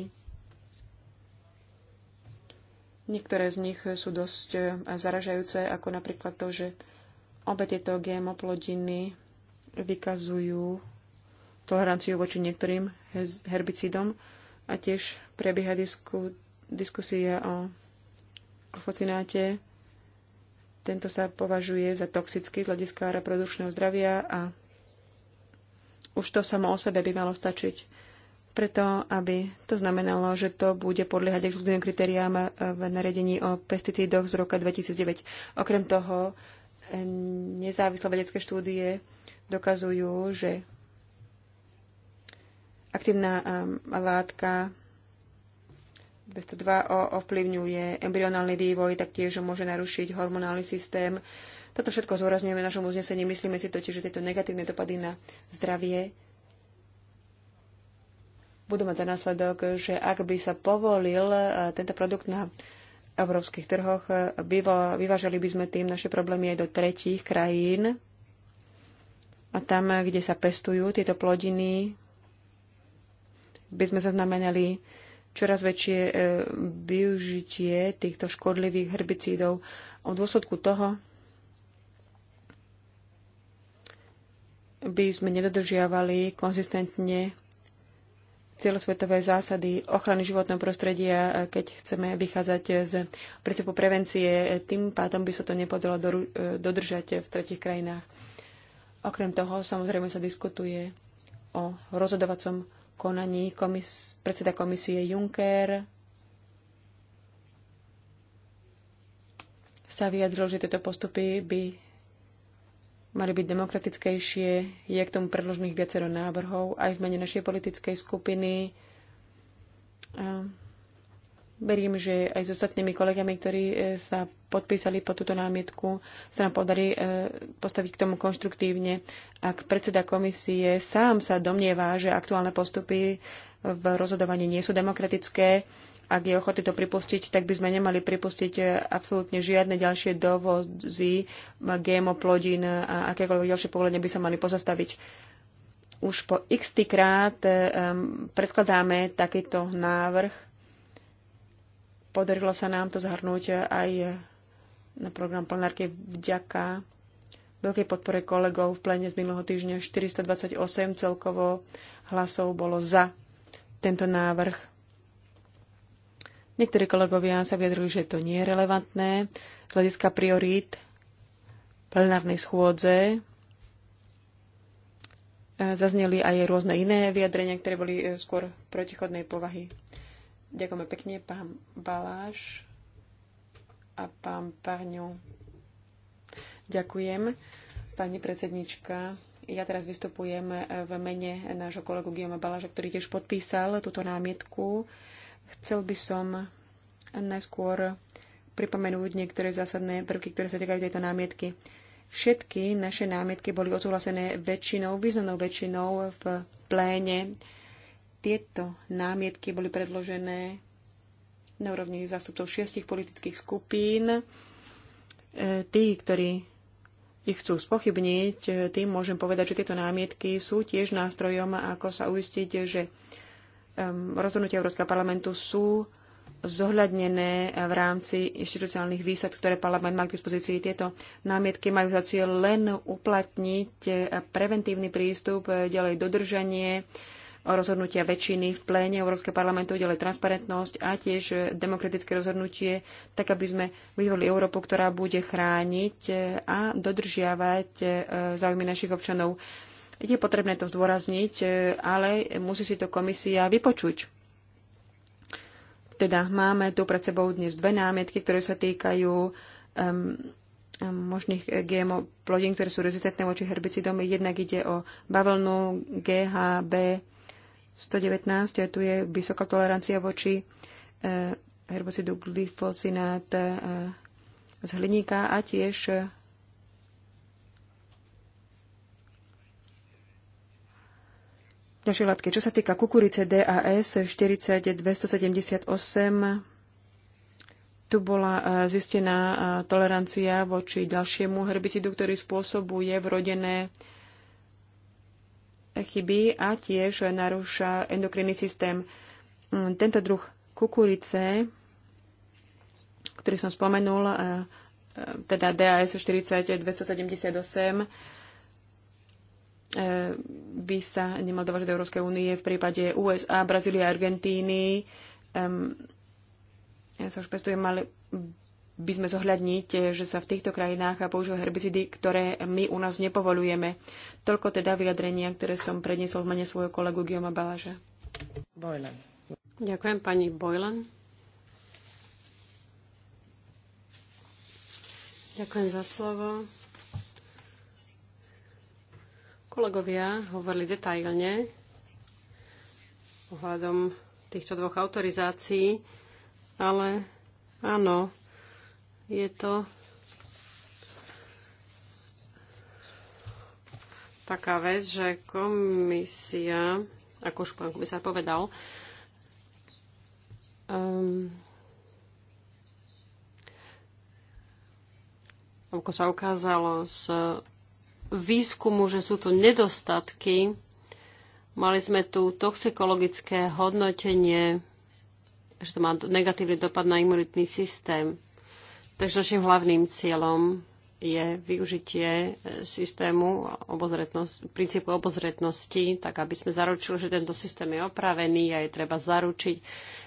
Speaker 1: Niektoré z nich sú dosť eh, zaražajúce, ako napríklad to, že Obe tieto GMO plodiny vykazujú toleranciu voči niektorým herbicidom a tiež prebieha disku, diskusia o glufocináte. Tento sa považuje za toxický z hľadiska reprodukčného zdravia a už to samo o sebe by malo stačiť. Preto, aby to znamenalo, že to bude podliehať exkluzívnym kritériám v naredení o pesticídoch z roka 2009. Okrem toho nezávislé vedecké štúdie dokazujú, že aktívna um, látka 202 ovplyvňuje embryonálny vývoj, taktiež môže narušiť hormonálny systém. Toto všetko zúrazňujeme v našom uznesení. Myslíme si totiž, že tieto negatívne dopady na zdravie budú mať za následok, že ak by sa povolil uh, tento produkt na európskych trhoch, vyvážali by sme tým naše problémy aj do tretích krajín. A tam, kde sa pestujú tieto plodiny, by sme zaznamenali čoraz väčšie e, využitie týchto škodlivých herbicídov. A v dôsledku toho by sme nedodržiavali konzistentne celosvetové zásady ochrany životného prostredia, e, keď chceme vychádzať z princípu prevencie, e, tým pádom by sa to nepodalo e, dodržať v tretich krajinách. Okrem toho, samozrejme, sa diskutuje o rozhodovacom konaní komis- predseda komisie Juncker sa vyjadril, že tieto postupy by mali byť demokratickejšie. Je k tomu predložených viacero návrhov aj v mene našej politickej skupiny. A verím, že aj s ostatnými kolegami, ktorí e, sa podpísali po túto námietku, sa nám podarí e, postaviť k tomu konštruktívne. Ak predseda komisie sám sa domnieva, že aktuálne postupy v rozhodovaní nie sú demokratické, ak je ochotný to pripustiť, tak by sme nemali pripustiť e, absolútne žiadne ďalšie dovozy GMO plodín a akékoľvek ďalšie povolenia by sa mali pozastaviť. Už po x krát um, predkladáme takýto návrh. Podarilo sa nám to zhrnúť aj na program plenárky vďaka veľkej podpore kolegov v plene z minulého týždňa 428 celkovo hlasov bolo za tento návrh Niektorí kolegovia sa vyjadrujú, že to nie je relevantné z hľadiska priorít plenárnej schôdze. E, zazneli aj rôzne iné vyjadrenia, ktoré boli e, skôr protichodnej povahy. Ďakujeme pekne, pán Baláš a pán Parňu. Ďakujem, pani predsednička. Ja teraz vystupujem e, v mene nášho kolegu Guillaume Balaža, ktorý tiež podpísal túto námietku. Chcel by som najskôr pripomenúť niektoré zásadné prvky, ktoré sa týkajú tejto námietky. Všetky naše námietky boli odsúhlasené väčšinou, významnou väčšinou v pléne. Tieto námietky boli predložené na úrovni zástupcov šiestich politických skupín. E, tí, ktorí ich chcú spochybniť, e, tým môžem povedať, že tieto námietky sú tiež nástrojom, ako sa uistiť, že rozhodnutia Európskeho parlamentu sú zohľadnené v rámci inštitucionálnych výsad, ktoré parlament má k dispozícii. Tieto námietky majú za cieľ len uplatniť preventívny prístup, ďalej dodržanie rozhodnutia väčšiny v pléne Európskeho parlamentu, ďalej transparentnosť a tiež demokratické rozhodnutie, tak aby sme vyhodli Európu, ktorá bude chrániť a dodržiavať eh, záujmy našich občanov. Je potrebné to zdôrazniť, e, ale musí si to komisia vypočuť. Teda máme tu pred sebou dnes dve námietky, ktoré sa týkajú um, možných GMO plodín, ktoré sú rezistentné voči herbicidom. Jednak ide o bavlnu GHB 119, tu je vysoká tolerancia voči uh, herbicidu glyfosinát uh, z hliníka a tiež Ďalšie látky. Čo sa týka kukurice DAS 40278, tu bola e, zistená e, tolerancia voči ďalšiemu herbicidu, ktorý spôsobuje vrodené chyby a tiež narúša endokrinný systém. Mm, tento druh kukurice, ktorý som spomenul, e, teda DAS 40278, by sa nemal dovážať do Európskej únie v prípade USA, Brazílie a Argentíny. Um, ja sa už pestujem, ale by sme zohľadniť, že sa v týchto krajinách používajú herbicidy, ktoré my u nás nepovolujeme. Toľko teda vyjadrenia, ktoré som
Speaker 2: predniesol v mene svojho kolegu Guillaume Baláža. Bojlen. Ďakujem pani Bojlan. Ďakujem za slovo. Kolegovia hovorili detailne ohľadom týchto dvoch autorizácií, ale áno, je to taká vec, že komisia, ako už pán komisár povedal, um, ako sa ukázalo z výskumu, že sú tu nedostatky. Mali sme tu toxikologické hodnotenie, že to má negatívny dopad na imunitný systém. Takže našim hlavným cieľom je využitie e, systému princípu obozretnosti, tak aby sme zaručili, že tento systém je opravený a je treba zaručiť,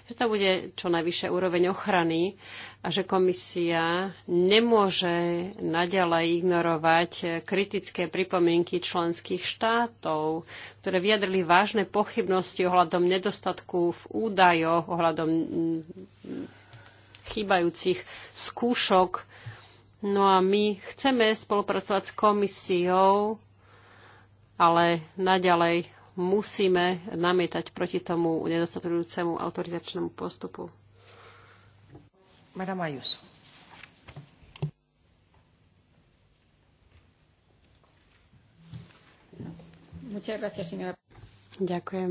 Speaker 2: že to bude čo najvyššia úroveň ochrany a že komisia nemôže naďalej ignorovať kritické pripomienky členských štátov, ktoré vyjadrili vážne pochybnosti ohľadom nedostatku v údajoch, ohľadom mm, chýbajúcich skúšok No a my chceme spolupracovať s komisiou, ale naďalej musíme namietať proti tomu nedostatujúcemu autorizačnému postupu. Madame Ayuso. Ďakujem.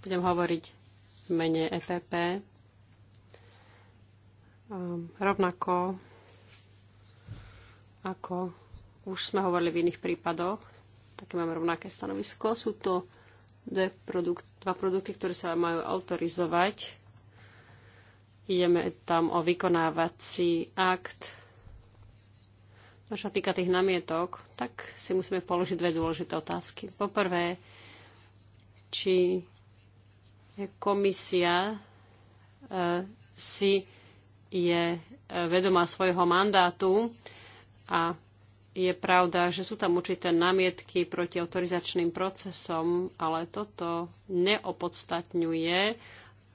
Speaker 2: Budem hovoriť v mene EPP. Ehm, rovnako ako už sme hovorili v iných prípadoch, také máme rovnaké stanovisko. Sú to dve produkt, dva produkty, ktoré sa majú autorizovať. Ideme tam o vykonávací akt. No čo týka tých namietok, tak si musíme položiť dve dôležité otázky. Poprvé, či komisia e, si je e, vedomá svojho mandátu a je pravda, že sú tam určité namietky proti autorizačným procesom, ale toto neopodstatňuje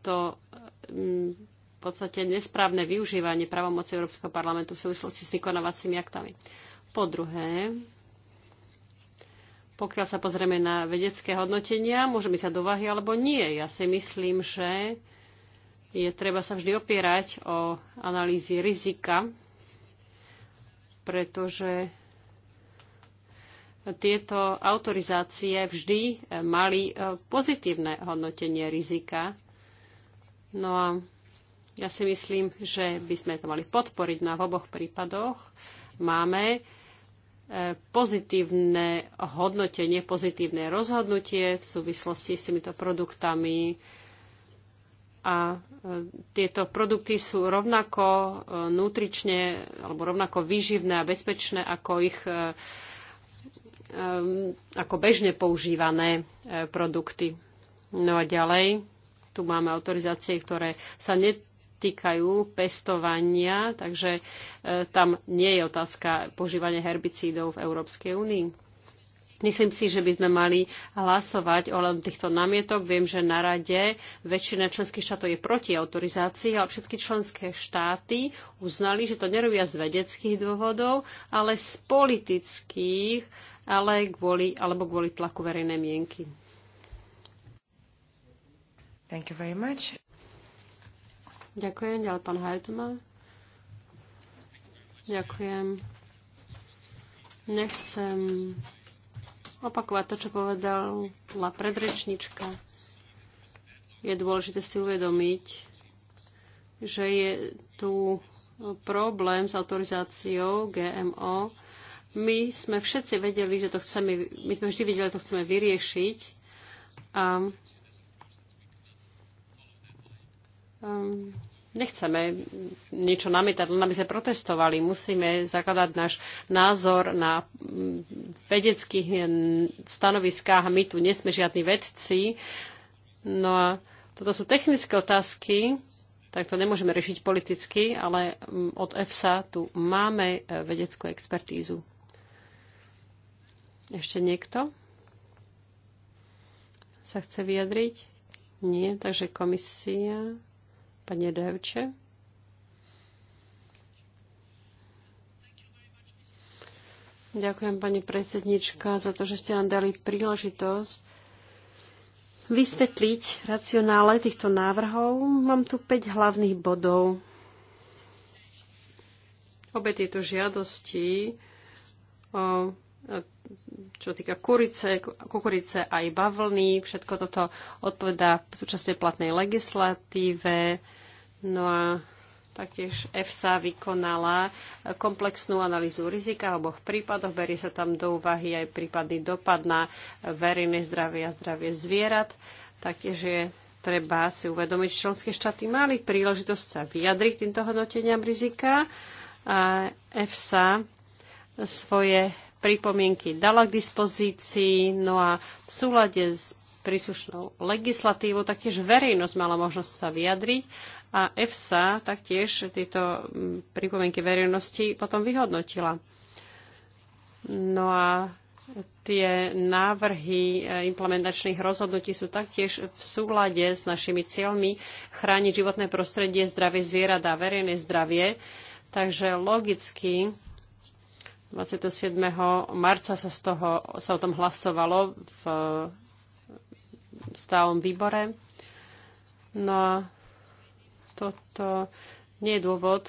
Speaker 2: to mm, v podstate nesprávne využívanie právomoci Európskeho parlamentu v súvislosti s vykonávacími aktami. Po druhé, pokiaľ sa pozrieme na vedecké hodnotenia, môže byť sa do alebo nie. Ja si myslím, že je treba sa vždy opierať o analýzy rizika, pretože tieto autorizácie vždy eh, mali eh, pozitívne hodnotenie rizika. No a ja si myslím, že by sme to mali podporiť na no v oboch prípadoch. Máme eh, pozitívne hodnotenie, pozitívne rozhodnutie v súvislosti s týmito produktami, a e, tieto produkty sú rovnako e, nutrične alebo rovnako výživné a bezpečné ako ich e, ako bežne používané produkty. No a ďalej, tu máme autorizácie, ktoré sa netýkajú pestovania, takže tam nie je otázka používania herbicídov v Európskej únii. Myslím si, že by sme mali hlasovať o len týchto namietok. Viem, že na rade väčšina členských štátov je proti autorizácii, ale všetky členské štáty uznali, že to nerobia z vedeckých dôvodov, ale z politických, ale kvôli, alebo kvôli tlaku verejnej mienky. Thank you very much. Ďakujem, ďalej pán Hajtuma. Ďakujem. Nechcem opakovať to, čo povedala predrečnička. Je dôležité si uvedomiť, že je tu problém s autorizáciou GMO. My sme všetci vedeli, že to chceme, my sme vždy vedeli, že to chceme vyriešiť. A um, nechceme niečo namietať, len aby sme protestovali. Musíme zakladať náš názor na mm, vedeckých mm, stanoviskách a my tu nesme žiadni vedci. No a toto sú technické otázky, tak to nemôžeme riešiť politicky, ale mm, od EFSA tu máme e, vedeckú expertízu. Ešte niekto sa chce vyjadriť? Nie, takže komisia. Panie Deutsche. Ďakujem, pani predsednička, za to, že ste nám dali príležitosť vysvetliť racionále týchto návrhov. Mám tu 5 hlavných bodov. Obe tieto žiadosti o čo týka kurice, kukurice aj bavlny. Všetko toto odpovedá súčasnej platnej legislatíve. No a Taktiež EFSA vykonala komplexnú analýzu rizika v oboch prípadoch. Berie sa tam do úvahy aj prípadný dopad na verejné zdravie a zdravie zvierat. Taktiež je treba si uvedomiť, že členské štáty mali príležitosť sa vyjadriť týmto hodnoteniam rizika. A EFSA svoje pripomienky dala k dispozícii, no a v súlade s príslušnou legislatívou taktiež verejnosť mala možnosť sa vyjadriť a EFSA taktiež tieto mm, pripomienky verejnosti potom vyhodnotila. No a tie návrhy eh, implementačných rozhodnutí sú taktiež v súlade s našimi cieľmi chrániť životné prostredie, zdravie zvierat a verejné zdravie. Takže logicky 27. marca sa, z toho, sa o tom hlasovalo v stálom výbore. No a toto nie je dôvod,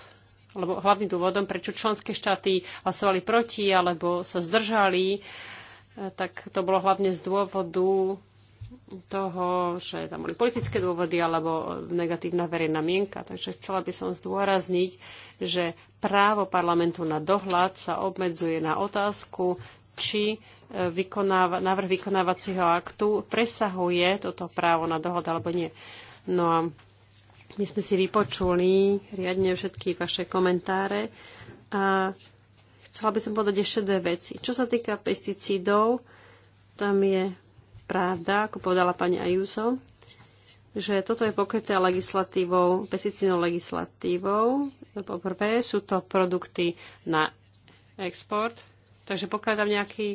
Speaker 2: alebo hlavným dôvodom, prečo členské štáty hlasovali proti alebo sa zdržali, eh, tak to bolo hlavne z dôvodu toho, že tam boli politické dôvody alebo negatívna verejná mienka. Takže chcela by som zdôrazniť, že právo parlamentu na dohľad sa obmedzuje na otázku, či e, vykonáva, návrh vykonávacieho aktu presahuje toto právo na dohľad alebo nie. No a my sme si vypočuli riadne všetky vaše komentáre a chcela by som povedať ešte dve veci. Čo sa týka pesticídov, tam je pravda, ako povedala pani Ajuso, že toto je pokryté legislatívou, pesticínou legislatívou. Po prvé, sú to produkty na export, takže pokiaľ tam nejaký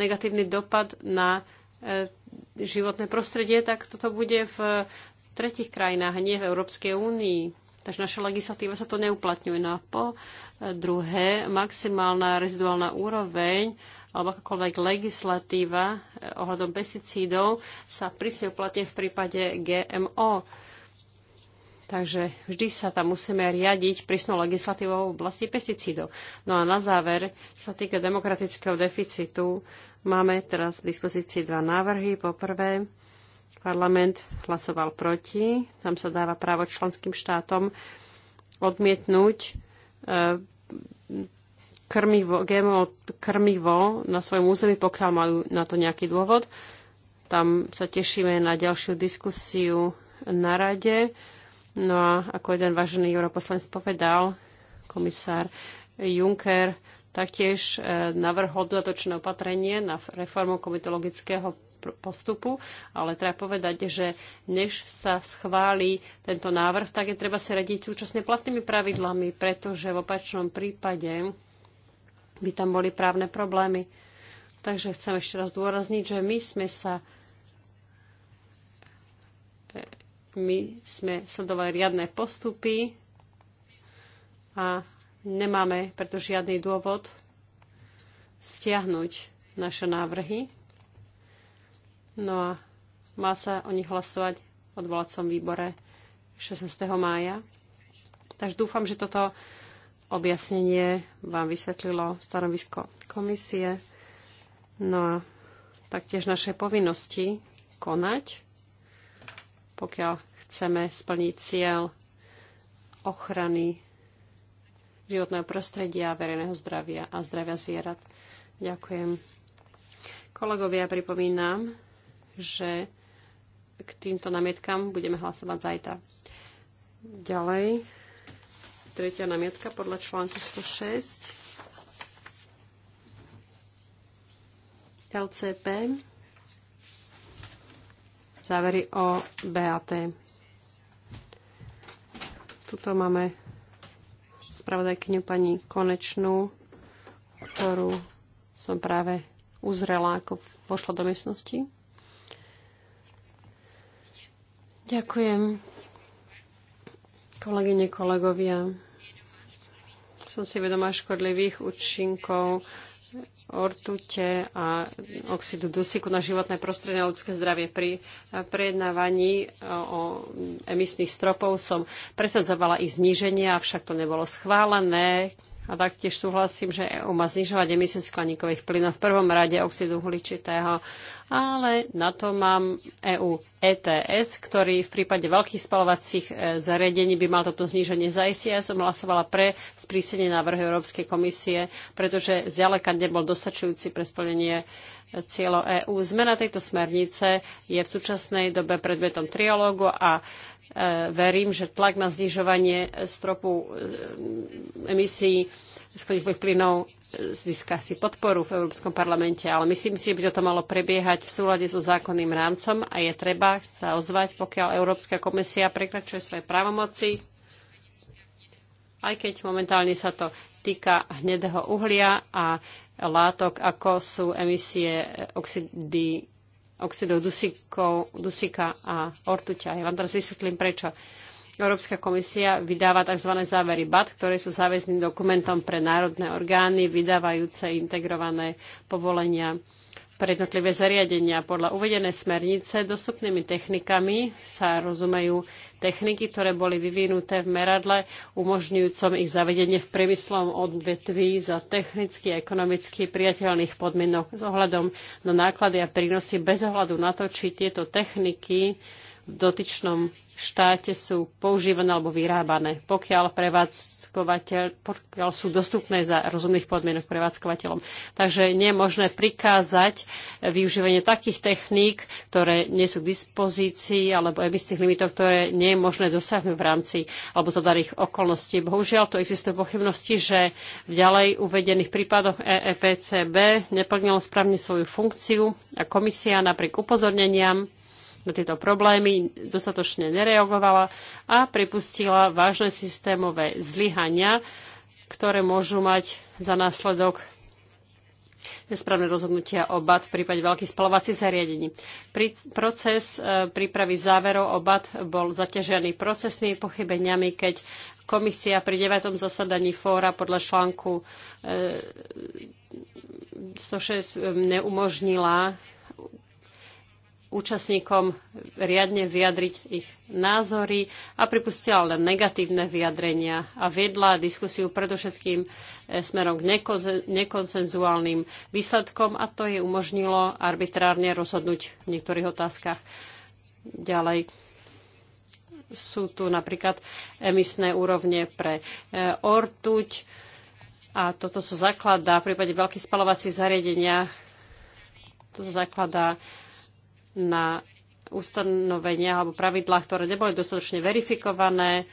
Speaker 2: negatívny dopad na e, životné prostredie, tak toto bude v tretich krajinách nie v Európskej únii. Takže naša legislatíva sa to neuplatňuje. No a po e, druhé, maximálna reziduálna úroveň alebo akákoľvek legislatíva eh, ohľadom pesticídov sa prísne uplatne v prípade GMO. Takže vždy sa tam musíme riadiť prísnou legislatívou v oblasti pesticídov. No a na záver, čo sa týka demokratického deficitu, máme teraz v dispozícii dva návrhy. Poprvé, parlament hlasoval proti. Tam sa dáva právo členským štátom odmietnúť e, krmivo, GMO krmivo na svojom území, pokiaľ majú na to nejaký dôvod. Tam sa tešíme na ďalšiu diskusiu na rade. No a ako jeden vážený europoslanec povedal, komisár Juncker taktiež e, navrhol dodatočné opatrenie na reformu komitologického postupu, ale treba povedať, že než sa schváli tento návrh, tak je treba si radiť súčasne platnými pravidlami, pretože v opačnom prípade by tam boli právne problémy. Takže chcem ešte raz dôrazniť, že my sme sa my sme sledovali riadne postupy a nemáme preto žiadny dôvod stiahnuť naše návrhy. No a má sa o nich hlasovať v odvolacom výbore 16. mája. Takže dúfam, že toto objasnenie vám vysvetlilo stanovisko komisie. No a taktiež naše povinnosti konať, pokiaľ chceme splniť cieľ ochrany životného prostredia, verejného zdravia a zdravia zvierat. Ďakujem. Kolegovia, pripomínam, že k týmto namietkam budeme hlasovať zajtra. Ďalej tretia namietka podľa článku 106 LCP závery o BAT. Tuto máme spravodajkyňu pani Konečnú, ktorú som práve uzrela, ako vošla do miestnosti. Ďakujem. Kolegyne, kolegovia, som si vedomá škodlivých účinkov ortute a oxidu dusíku na životné prostredie a ľudské zdravie. Pri prejednávaní e, o emisných stropov som presadzovala ich zníženie, avšak to nebolo schválené. A taktiež súhlasím, že EU má znižovať emisie skleníkových plynov v prvom rade oxidu uhličitého, ale na to mám EU ETS, ktorý v prípade veľkých spalovacích e, zariadení by mal toto zníženie zaistiť. Ja som hlasovala pre sprísenie návrhu Európskej komisie, pretože zďaleka nebol dostačujúci pre splnenie e, cieľo EÚ. Zmena tejto smernice je v súčasnej dobe predmetom trialógu a E, verím, že tlak na znižovanie stropu e, emisí skleníkových plynov e, získa si podporu v Európskom parlamente, ale myslím si, že by toto malo prebiehať v súlade so zákonným rámcom a je treba sa ozvať, pokiaľ Európska komisia prekračuje svoje právomoci, aj keď momentálne sa to týka hnedého uhlia a látok, ako sú emisie oxidy oxidov dusíkov, dusíka a ortuťa. Ja vám teraz vysvetlím prečo. Európska komisia vydáva tzv. závery BAT, ktoré sú záväzným dokumentom pre národné orgány, vydávajúce integrované povolenia pre jednotlivé zariadenia. Podľa uvedenej smernice dostupnými technikami sa rozumejú techniky, ktoré boli vyvinuté v meradle, umožňujúcom ich zavedenie v priemyslom odvetví za technicky a ekonomicky priateľných podmienok s ohľadom na náklady a prínosy bez ohľadu na to, či tieto techniky dotyčnom štáte sú používané alebo vyrábané, pokiaľ, prevádzkovateľ, pokiaľ sú dostupné za rozumných podmienok prevádzkovateľom. Takže nie je možné prikázať využívanie takých techník, ktoré nie sú k dispozícii, alebo emisných limitov, ktoré nie je možné dosiahnuť v rámci alebo za okolností. Bohužiaľ, tu existujú pochybnosti, že v ďalej uvedených prípadoch EEPCB neplnilo správne svoju funkciu a komisia napriek upozorneniam na tieto problémy, dostatočne nereagovala a pripustila vážne systémové zlyhania, ktoré môžu mať za následok nesprávne rozhodnutia o BAT v prípade veľkých spalovacích zariadení. Pri, proces e, prípravy záverov o BAT bol zaťažený procesnými pochybeniami, keď komisia pri 9. zasadaní fóra podľa článku e, 106 e, neumožnila účastníkom riadne vyjadriť ich názory a pripustila len negatívne vyjadrenia a viedla diskusiu predovšetkým eh, smerom k nekonsenzuálnym výsledkom a to jej umožnilo arbitrárne rozhodnúť v niektorých otázkach. Ďalej sú tu napríklad emisné úrovne pre eh, ortuť a toto sa zakladá v prípade veľkých spalovacích zariadeniach to sa zakladá na ustanovenia alebo pravidlá, ktoré neboli dostatočne verifikované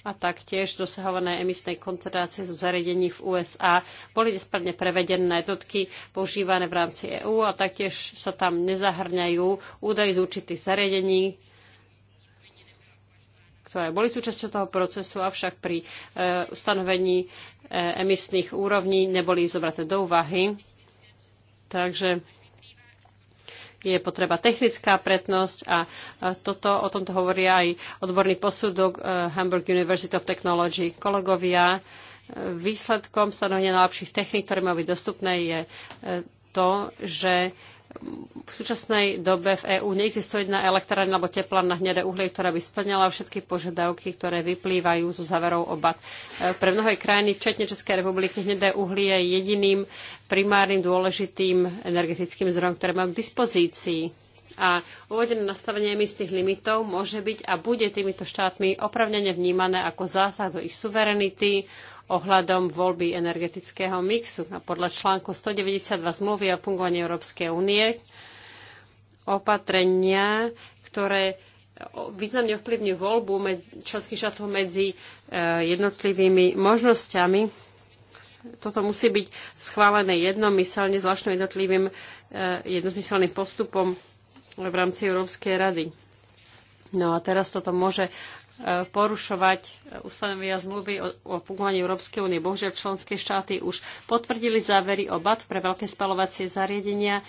Speaker 2: a taktiež dosahované emisnej koncentrácie zo zariadení v USA boli nesprávne prevedené na jednotky používané v rámci EÚ a taktiež sa tam nezahrňajú údaje z určitých zariadení, ktoré boli súčasťou toho procesu, avšak pri e, ustanovení e, emisných úrovní neboli zobraté do úvahy. Takže je potreba technická pretnosť a toto, o tomto hovorí aj odborný posudok e, Hamburg University of Technology. Kolegovia, e, výsledkom stanovenia najlepších techník, ktoré majú byť dostupné, je e, to, že v súčasnej dobe v EÚ neexistuje jedna elektrárna alebo na hnedé uhlie, ktorá by splňala všetky požiadavky, ktoré vyplývajú zo záverov obat. E, pre mnohé krajiny, včetne Českej republiky, hnedé uhlie je jediným primárnym dôležitým energetickým zdrojom, ktoré majú k dispozícii. A uvedené nastavenie emisných limitov môže byť a bude týmito štátmi opravnene vnímané ako zásah do ich suverenity, ohľadom voľby energetického mixu. A podľa článku 192 zmluvy o fungovaní Európskej únie opatrenia, ktoré významne ovplyvňujú voľbu členských štátov medzi e, jednotlivými možnosťami. Toto musí byť schválené jednomyselne, zvláštnym jednotlivým e, jednomyselným postupom v rámci Európskej rady. No a teraz toto môže porušovať ustanovenia zmluvy o, o fungovaní Európskej únie. Bohužiaľ, členské štáty už potvrdili závery o BAT pre veľké spalovacie zariadenia e,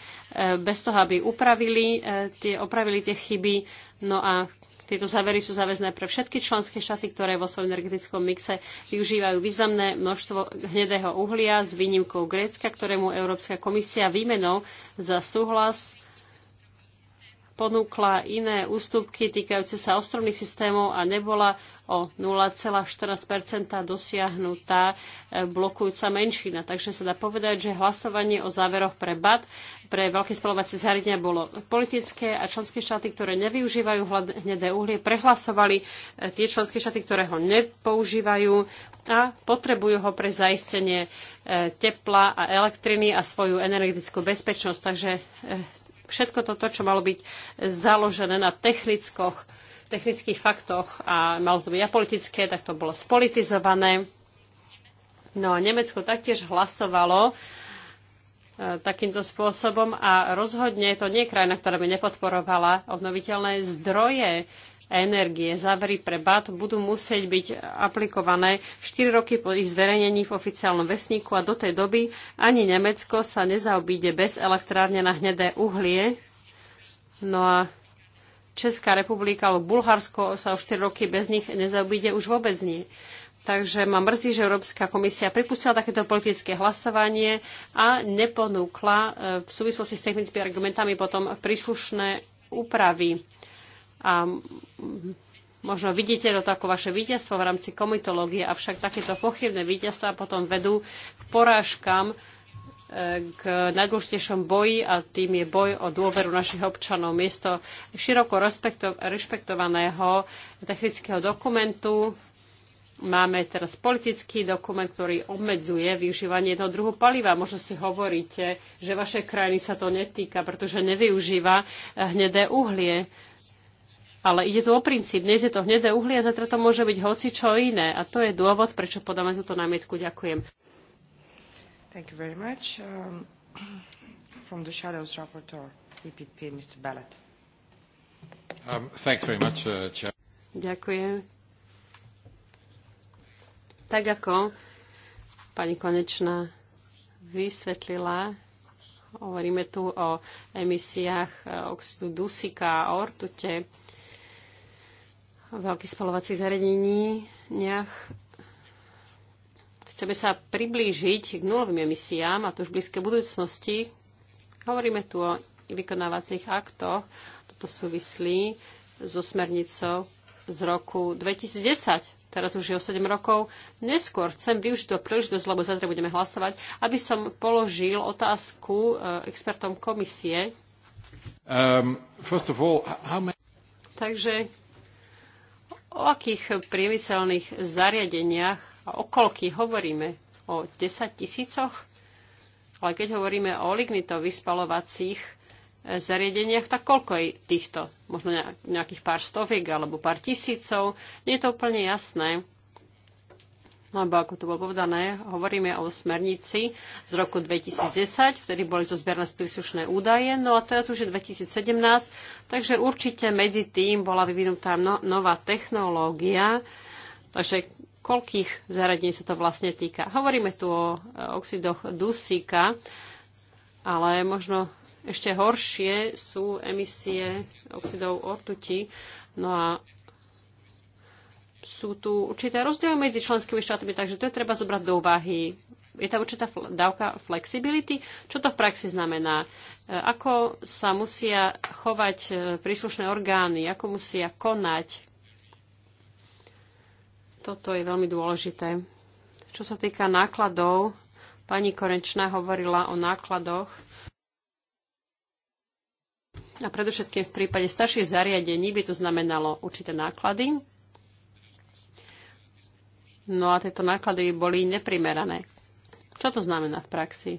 Speaker 2: bez toho, aby upravili e, tie, opravili tie chyby. No a tieto závery sú záväzné pre všetky členské štáty, ktoré vo svojom energetickom mixe využívajú významné množstvo hnedého uhlia s výnimkou Grécka, ktorému Európska komisia výmenou za súhlas ponúkla iné ústupky týkajúce sa ostrovných systémov a nebola o 0,14 dosiahnutá e, blokujúca menšina. Takže sa dá povedať, že hlasovanie o záveroch pre BAT pre veľké spalovacie zariadenia bolo politické a členské štáty, ktoré nevyužívajú hnedé uhlie, prehlasovali e, tie členské štáty, ktoré ho nepoužívajú a potrebujú ho pre zaistenie e, tepla a elektriny a svoju energetickú bezpečnosť. Takže všetko toto, čo malo byť založené na technickoch, technických faktoch a malo to byť apolitické, tak to bolo spolitizované. No a Nemecko taktiež hlasovalo e, takýmto spôsobom a rozhodne to nie je krajina, ktorá by nepodporovala obnoviteľné zdroje energie. Závery pre BAT budú musieť byť aplikované 4 roky po ich zverejnení v oficiálnom vesníku a do tej doby ani Nemecko sa nezaobíde bez elektrárne na hnedé uhlie. No a Česká republika alebo Bulharsko sa už 4 roky bez nich nezaobíde už vôbec nie. Takže ma mrzí, že Európska komisia pripustila takéto politické hlasovanie a neponúkla e, v súvislosti s technickými argumentami potom príslušné úpravy a Možno vidíte to ako vaše víťazstvo v rámci komitológie, avšak takéto pochybné víťazstva potom vedú k porážkam, e, k najdôležitejšom boji a tým je boj o dôveru našich občanov. Miesto široko rešpektovaného technického dokumentu máme teraz politický dokument, ktorý obmedzuje využívanie jednoho druhu paliva. Možno si hovoríte, že vaše krajiny sa to netýka, pretože nevyužíva hnedé uhlie ale ide tu o princíp, dnes je to hnedé uhlie a zatiaľ to môže byť hoci čo iné. A to je dôvod, prečo podáme túto námietku. Ďakujem.
Speaker 1: Thank you very much. Um, from the shadows rapporteur,
Speaker 2: EPP, Mr. Um, thanks very much, uh, Chair. Ďakujem. Tak ako pani Konečná vysvetlila, hovoríme tu o emisiách uh, oxidu dusika a ortute veľkých spalovacích zariadení. Nech chceme sa priblížiť k nulovým emisiám, a to už v blízkej budúcnosti. Hovoríme tu o vykonávacích aktoch. Toto súvislí so smernicou z roku 2010. Teraz už je o 7 rokov. Neskôr chcem využiť to príležitosť, lebo zatiaľ budeme hlasovať, aby som položil otázku eh, expertom komisie. Um, all, many... Takže O akých priemyselných zariadeniach a o koľkých hovoríme? O 10 tisícoch? Ale keď hovoríme o lignitových spalovacích e, zariadeniach, tak koľko je týchto? Možno nejakých pár stoviek alebo pár tisícov? Nie je to úplne jasné. No lebo ako to bolo povedané, hovoríme o smernici z roku 2010, vtedy boli to zbierne príslušné údaje, no a teraz už je 2017, takže určite medzi tým bola vyvinutá no, nová technológia, takže koľkých zariadení sa to vlastne týka. Hovoríme tu o e, oxidoch dusíka, ale možno ešte horšie sú emisie oxidov ortuti, no a sú tu určité rozdiely medzi členskými štátmi, takže to je treba zobrať do úvahy. Je tam určitá dávka flexibility. Čo to v praxi znamená? E, ako sa musia chovať e, príslušné orgány? Ako musia konať? Toto je veľmi dôležité. Čo sa týka nákladov, pani Korenčná hovorila o nákladoch. A predovšetkým v prípade starších zariadení by to znamenalo určité náklady. No a tieto náklady boli neprimerané. Čo to znamená v praxi?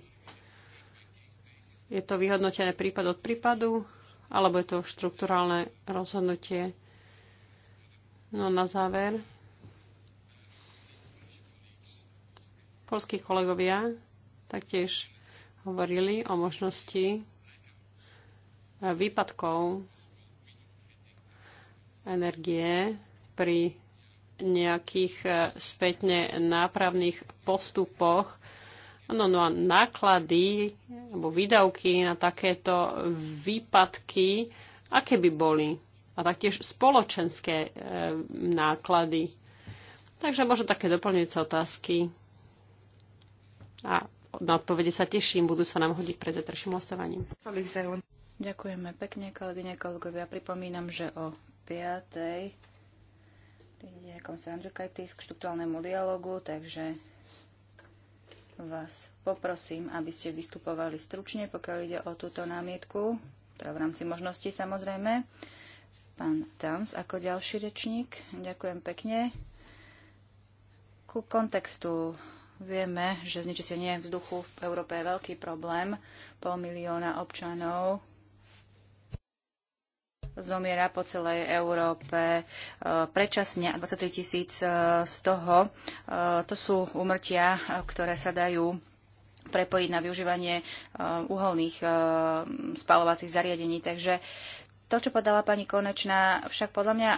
Speaker 2: Je to vyhodnotené prípad od prípadu, alebo je to štruktúrálne rozhodnutie? No na záver. Polskí kolegovia taktiež hovorili o možnosti výpadkov energie pri nejakých e, spätne nápravných postupoch. No, no a náklady alebo výdavky na takéto výpadky, aké by boli? A taktiež spoločenské e, náklady. Takže možno také doplňujúce otázky. A na odpovede sa teším, budú sa nám hodiť pred zetrším hlasovaním.
Speaker 3: Ďakujeme pekne, kolegyne, kolegovia. Pripomínam, že o 5 sa, komisár Kajtis, k štruktúrálnemu dialogu, takže vás poprosím, aby ste vystupovali stručne, pokiaľ ide o túto námietku, ktorá v rámci možností samozrejme. Pán Tans ako ďalší rečník, ďakujem pekne. Ku kontextu vieme, že znečistenie vzduchu v Európe je veľký problém. Pol milióna občanov zomiera po celej Európe e, predčasne a 23 tisíc e, z toho. E, to sú umrtia, ktoré sa dajú prepojiť na využívanie uholných spalovacích zariadení. Takže to, čo podala pani Konečná, však podľa mňa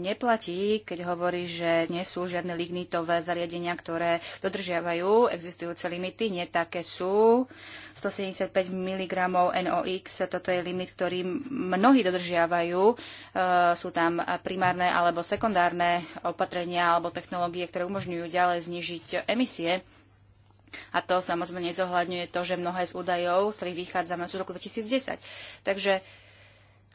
Speaker 3: neplatí, keď hovorí, že nie sú žiadne lignitové zariadenia, ktoré dodržiavajú existujúce limity. Nie také sú. 175 mg NOx, toto je limit, ktorý mnohí dodržiavajú. E, sú tam primárne alebo sekundárne opatrenia alebo technológie, ktoré umožňujú ďalej znižiť emisie. A to samozrejme nezohľadňuje to, že mnohé z údajov, z ktorých vychádzame, sú z roku 2010. Takže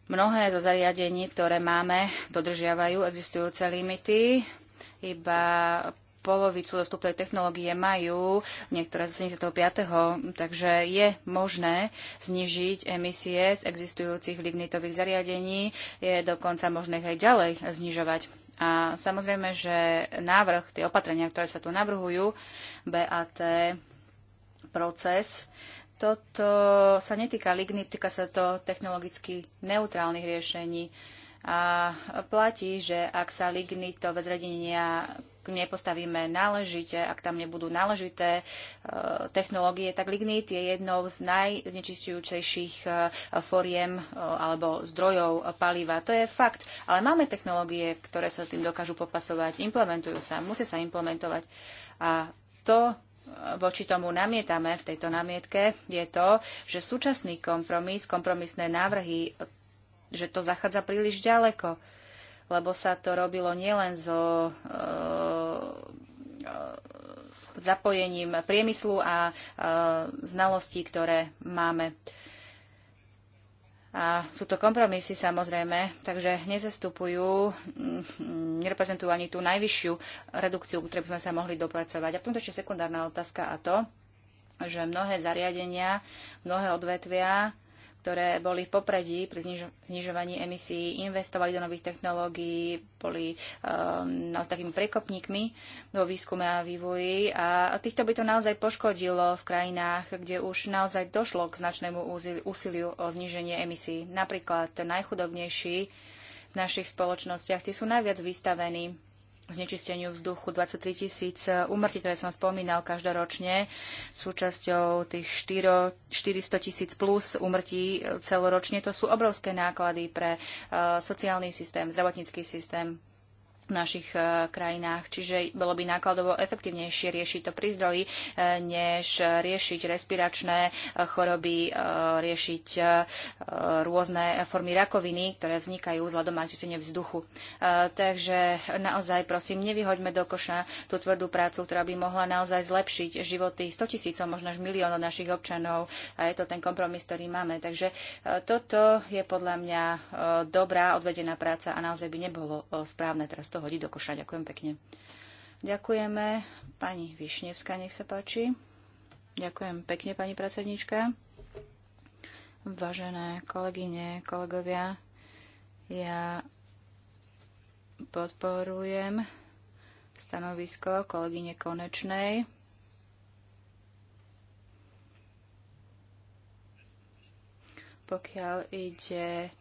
Speaker 3: Mnohé zo zariadení, ktoré máme, dodržiavajú existujúce limity, iba polovicu dostupnej technológie majú, niektoré z 75. Takže je možné znižiť emisie z existujúcich lignitových zariadení, je dokonca možné ich aj ďalej znižovať. A samozrejme, že návrh, tie opatrenia, ktoré sa tu navrhujú, BAT proces toto sa netýka ligny, týka sa to technologicky neutrálnych riešení. A platí, že ak sa lignitové zredenia nepostavíme náležite, ak tam nebudú náležité e, technológie, tak lignit je jednou z najznečistujúcejších e, foriem e, alebo zdrojov paliva. To je fakt. Ale máme technológie, ktoré sa tým dokážu popasovať, implementujú sa, musia sa implementovať. A to voči tomu namietame v tejto namietke, je to, že súčasný kompromis, kompromisné návrhy, že to zachádza príliš ďaleko, lebo sa to robilo nielen so e, e, zapojením priemyslu a e, znalostí, ktoré máme. E, a sú to kompromisy samozrejme, takže nezastupujú, mm, nereprezentujú ani tú najvyššiu redukciu, ktorej by sme sa mohli dopracovať. A v tomto ešte sekundárna otázka a to, že mnohé zariadenia, mnohé odvetvia ktoré boli v popredí pri znižovaní emisí, investovali do nových technológií, boli um, naozaj takými prekopníkmi vo výskume a vývoji. A týchto by to naozaj poškodilo v krajinách, kde už naozaj došlo k značnému úsiliu o zníženie emisí. Napríklad najchudobnejší v našich spoločnostiach, tí sú najviac vystavení znečisteniu vzduchu 23 tisíc eh, úmrtí, ktoré som spomínal každoročne, súčasťou tých 4, 400 tisíc plus úmrtí eh, celoročne. To sú obrovské náklady pre uh, sociálny systém, zdravotnícky systém, v našich e, krajinách. Čiže bolo by nákladovo efektívnejšie riešiť to pri zdroji, e, než riešiť respiračné e, choroby, riešiť rôzne formy rakoviny, ktoré vznikajú z na vzduchu. Takže naozaj prosím, nevyhoďme do koša tú tvrdú prácu, ktorá by mohla naozaj zlepšiť životy 100 tisícov, možno až miliónov našich občanov. A je to ten kompromis, ktorý máme. Takže toto je podľa mňa dobrá odvedená práca a naozaj by nebolo správne teraz to hodí do koša. Ďakujem pekne. Ďakujeme. Pani Višnevská, nech sa páči. Ďakujem pekne, pani predsednička. Vážené kolegyne, kolegovia, ja podporujem stanovisko kolegyne Konečnej. Pokiaľ ide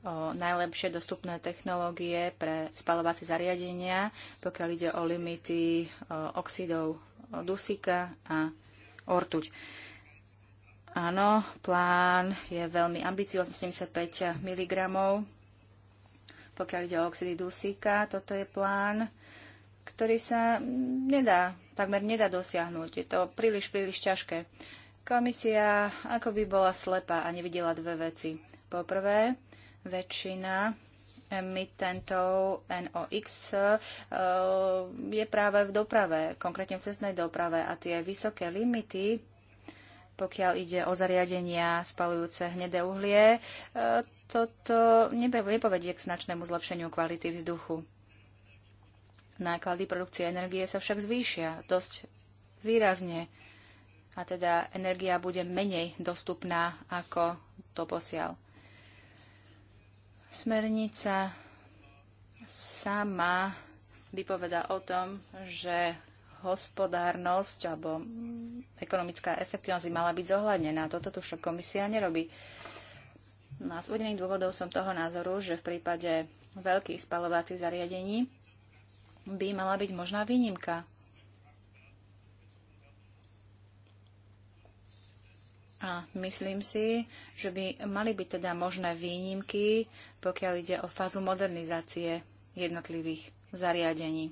Speaker 3: o najlepšie dostupné technológie pre spalovacie zariadenia, pokiaľ ide o limity oxidov dusíka a ortuť. Áno, plán je veľmi ambiciózny, 75 mg. Pokiaľ ide o oxidy dusíka, toto je plán, ktorý sa nedá, takmer nedá dosiahnuť. Je to príliš, príliš ťažké. Komisia ako by bola slepá a nevidela dve veci. Poprvé, väčšina emitentov NOx eh, je práve v doprave, konkrétne v cestnej doprave a tie vysoké limity, pokiaľ ide o zariadenia spalujúce hnedé uhlie, eh, toto nepovedie k značnému zlepšeniu kvality vzduchu. Náklady produkcie energie sa však zvýšia dosť výrazne a teda energia bude menej dostupná ako to posiaľ. Smernica sama vypoveda o tom, že hospodárnosť alebo ekonomická efektivnosť by mala byť zohľadnená. Toto tu však komisia nerobí. No a z údených dôvodov som toho názoru, že v prípade veľkých spalovacích zariadení by mala byť možná výnimka. A myslím si, že by mali byť teda možné výnimky, pokiaľ ide o fázu modernizácie jednotlivých zariadení.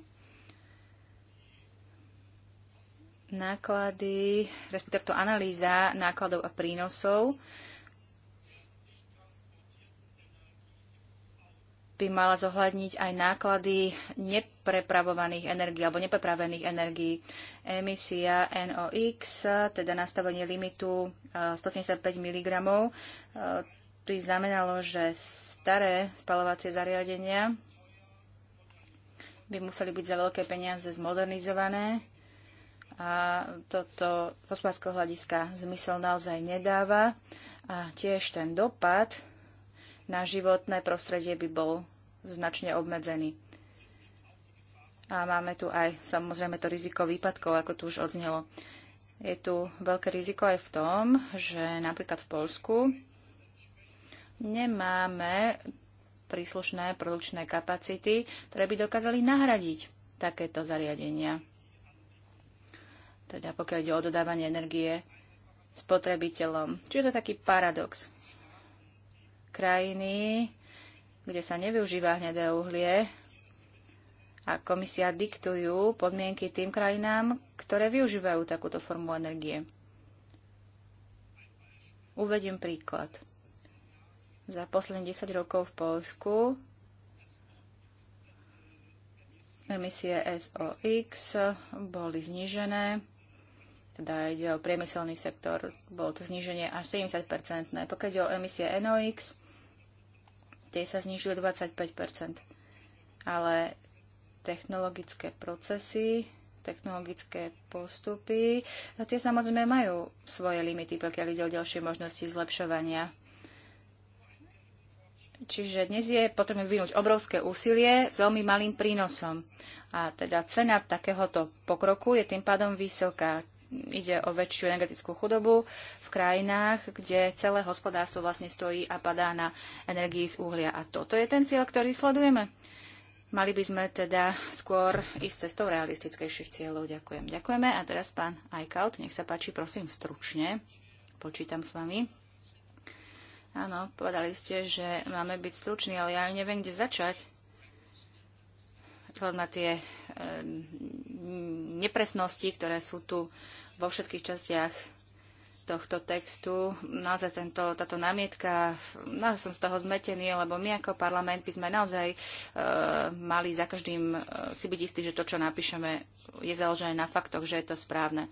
Speaker 3: Náklady, respektíve to analýza nákladov a prínosov by mala zohľadniť aj náklady neprepravovaných energií alebo neprepravených energií. Emisia NOx, teda nastavenie limitu 175 eh, mg, eh, to znamenalo, že staré spalovacie zariadenia by museli byť za veľké peniaze zmodernizované a toto z hospodárskeho hľadiska zmysel naozaj nedáva. A tiež ten dopad na životné prostredie by bol značne obmedzený. A máme tu aj samozrejme to riziko výpadkov, ako tu už odznelo. Je tu veľké riziko aj v tom, že napríklad v Polsku nemáme príslušné produkčné kapacity, ktoré by dokázali nahradiť takéto zariadenia. Teda pokiaľ ide o dodávanie energie spotrebiteľom. Čiže to je taký paradox krajiny, kde sa nevyužíva hnedé uhlie a komisia diktujú podmienky tým krajinám, ktoré využívajú takúto formu energie. Uvedím príklad. Za posledných 10 rokov v Polsku emisie SOX boli znížené teda ide o priemyselný sektor, bolo to zniženie až 70 no Pokiaľ ide o emisie NOx, tie sa znižili 25 Ale technologické procesy, technologické postupy, a tie samozrejme majú svoje limity, pokiaľ ide o ďalšie možnosti zlepšovania. Čiže dnes je potrebné vyvinúť obrovské úsilie s veľmi malým prínosom. A teda cena takéhoto pokroku je tým pádom vysoká. Ide o väčšiu energetickú chudobu v krajinách, kde celé hospodárstvo vlastne stojí a padá na energii z uhlia. A toto je ten cieľ, ktorý sledujeme. Mali by sme teda skôr ísť cestou realistickejších cieľov. Ďakujem. Ďakujeme. A teraz pán Eichhout, nech sa páči, prosím, stručne. Počítam s vami. Áno, povedali ste, že máme byť struční, ale ja neviem, kde začať na tie eh, nepresnosti, ktoré sú tu vo všetkých častiach tohto textu. Naozaj tento, táto námietka, naozaj som z toho zmetený, lebo my ako parlament by sme naozaj e, mali za každým e, si byť istí, že to, čo napíšeme, je založené na faktoch, že je to správne. E,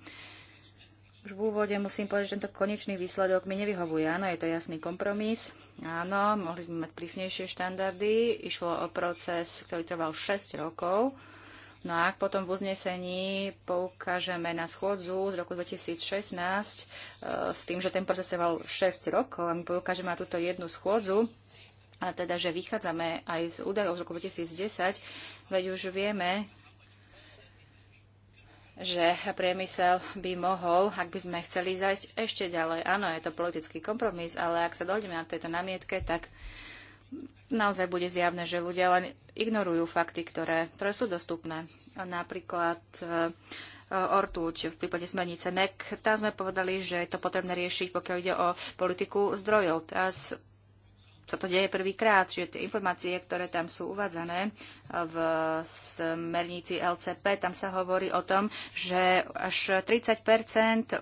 Speaker 3: už v úvode musím povedať, že tento konečný výsledok mi nevyhovuje. Áno, je to jasný kompromis. Áno, mohli sme mať prísnejšie štandardy. Išlo o proces, ktorý trval 6 rokov. No a ak potom v uznesení poukážeme na schôdzu z roku 2016 e, s tým, že ten proces trval 6 rokov a my poukážeme na túto jednu schôdzu, a teda, že vychádzame aj z údajov z roku 2010, veď už vieme, že priemysel by mohol, ak by sme chceli zajsť ešte ďalej. Áno, je to politický kompromis, ale ak sa dohodneme na tejto namietke, tak naozaj bude zjavné, že ľudia len ignorujú fakty, ktoré, ktoré sú dostupné. Napríklad Ortúť, e, ortuť v prípade smernice NEC. Tam sme povedali, že je to potrebné riešiť, pokiaľ ide o politiku zdrojov. Teraz sa to deje prvýkrát, čiže tie informácie, ktoré tam sú uvádzané e, v smernici LCP, tam sa hovorí o tom, že až 30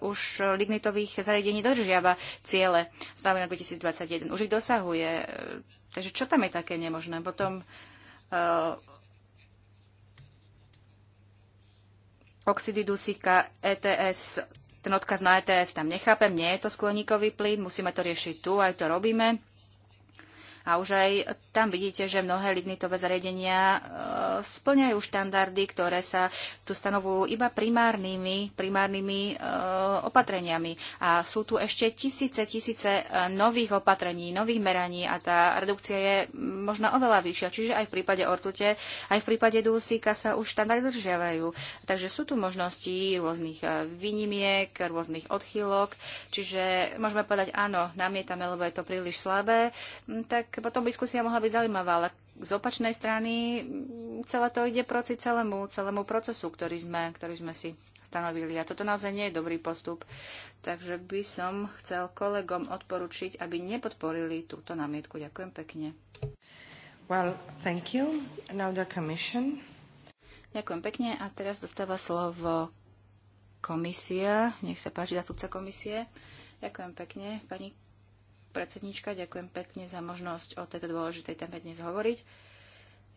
Speaker 3: už lignitových zariadení dodržiava ciele stále na 2021. Už ich dosahuje. Takže čo tam je také nemožné? Potom uh, oxidy dusíka, ETS, ten odkaz na ETS tam nechápem, nie je to skleníkový plyn, musíme to riešiť tu, aj to robíme a už aj tam vidíte, že mnohé lignitové zariadenia e, splňajú štandardy, ktoré sa tu stanovujú iba primárnymi, primárnymi e, opatreniami. A sú tu ešte tisíce, tisíce e, nových opatrení, nových meraní a tá redukcia je možno oveľa vyššia. Čiže aj v prípade ortute, aj v prípade dusíka sa už štandardy držiavajú. Takže sú tu možnosti rôznych výnimiek, rôznych odchýlok. Čiže môžeme povedať, áno, namietame, lebo je to príliš slabé. Tak potom diskusia mohla byť zaujímavá, ale z opačnej strany mm, celé to ide proti celému, celému procesu, ktorý sme, ktorý sme si stanovili. A toto naozaj nie je dobrý postup. Takže by som chcel kolegom odporučiť, aby nepodporili túto námietku. Ďakujem pekne.
Speaker 1: Well, thank you. Now the commission.
Speaker 3: Ďakujem pekne. A teraz dostáva slovo komisia. Nech sa páči, zastupca komisie. Ďakujem pekne, pani predsednička. Ďakujem pekne za možnosť o tejto dôležitej téme dnes hovoriť.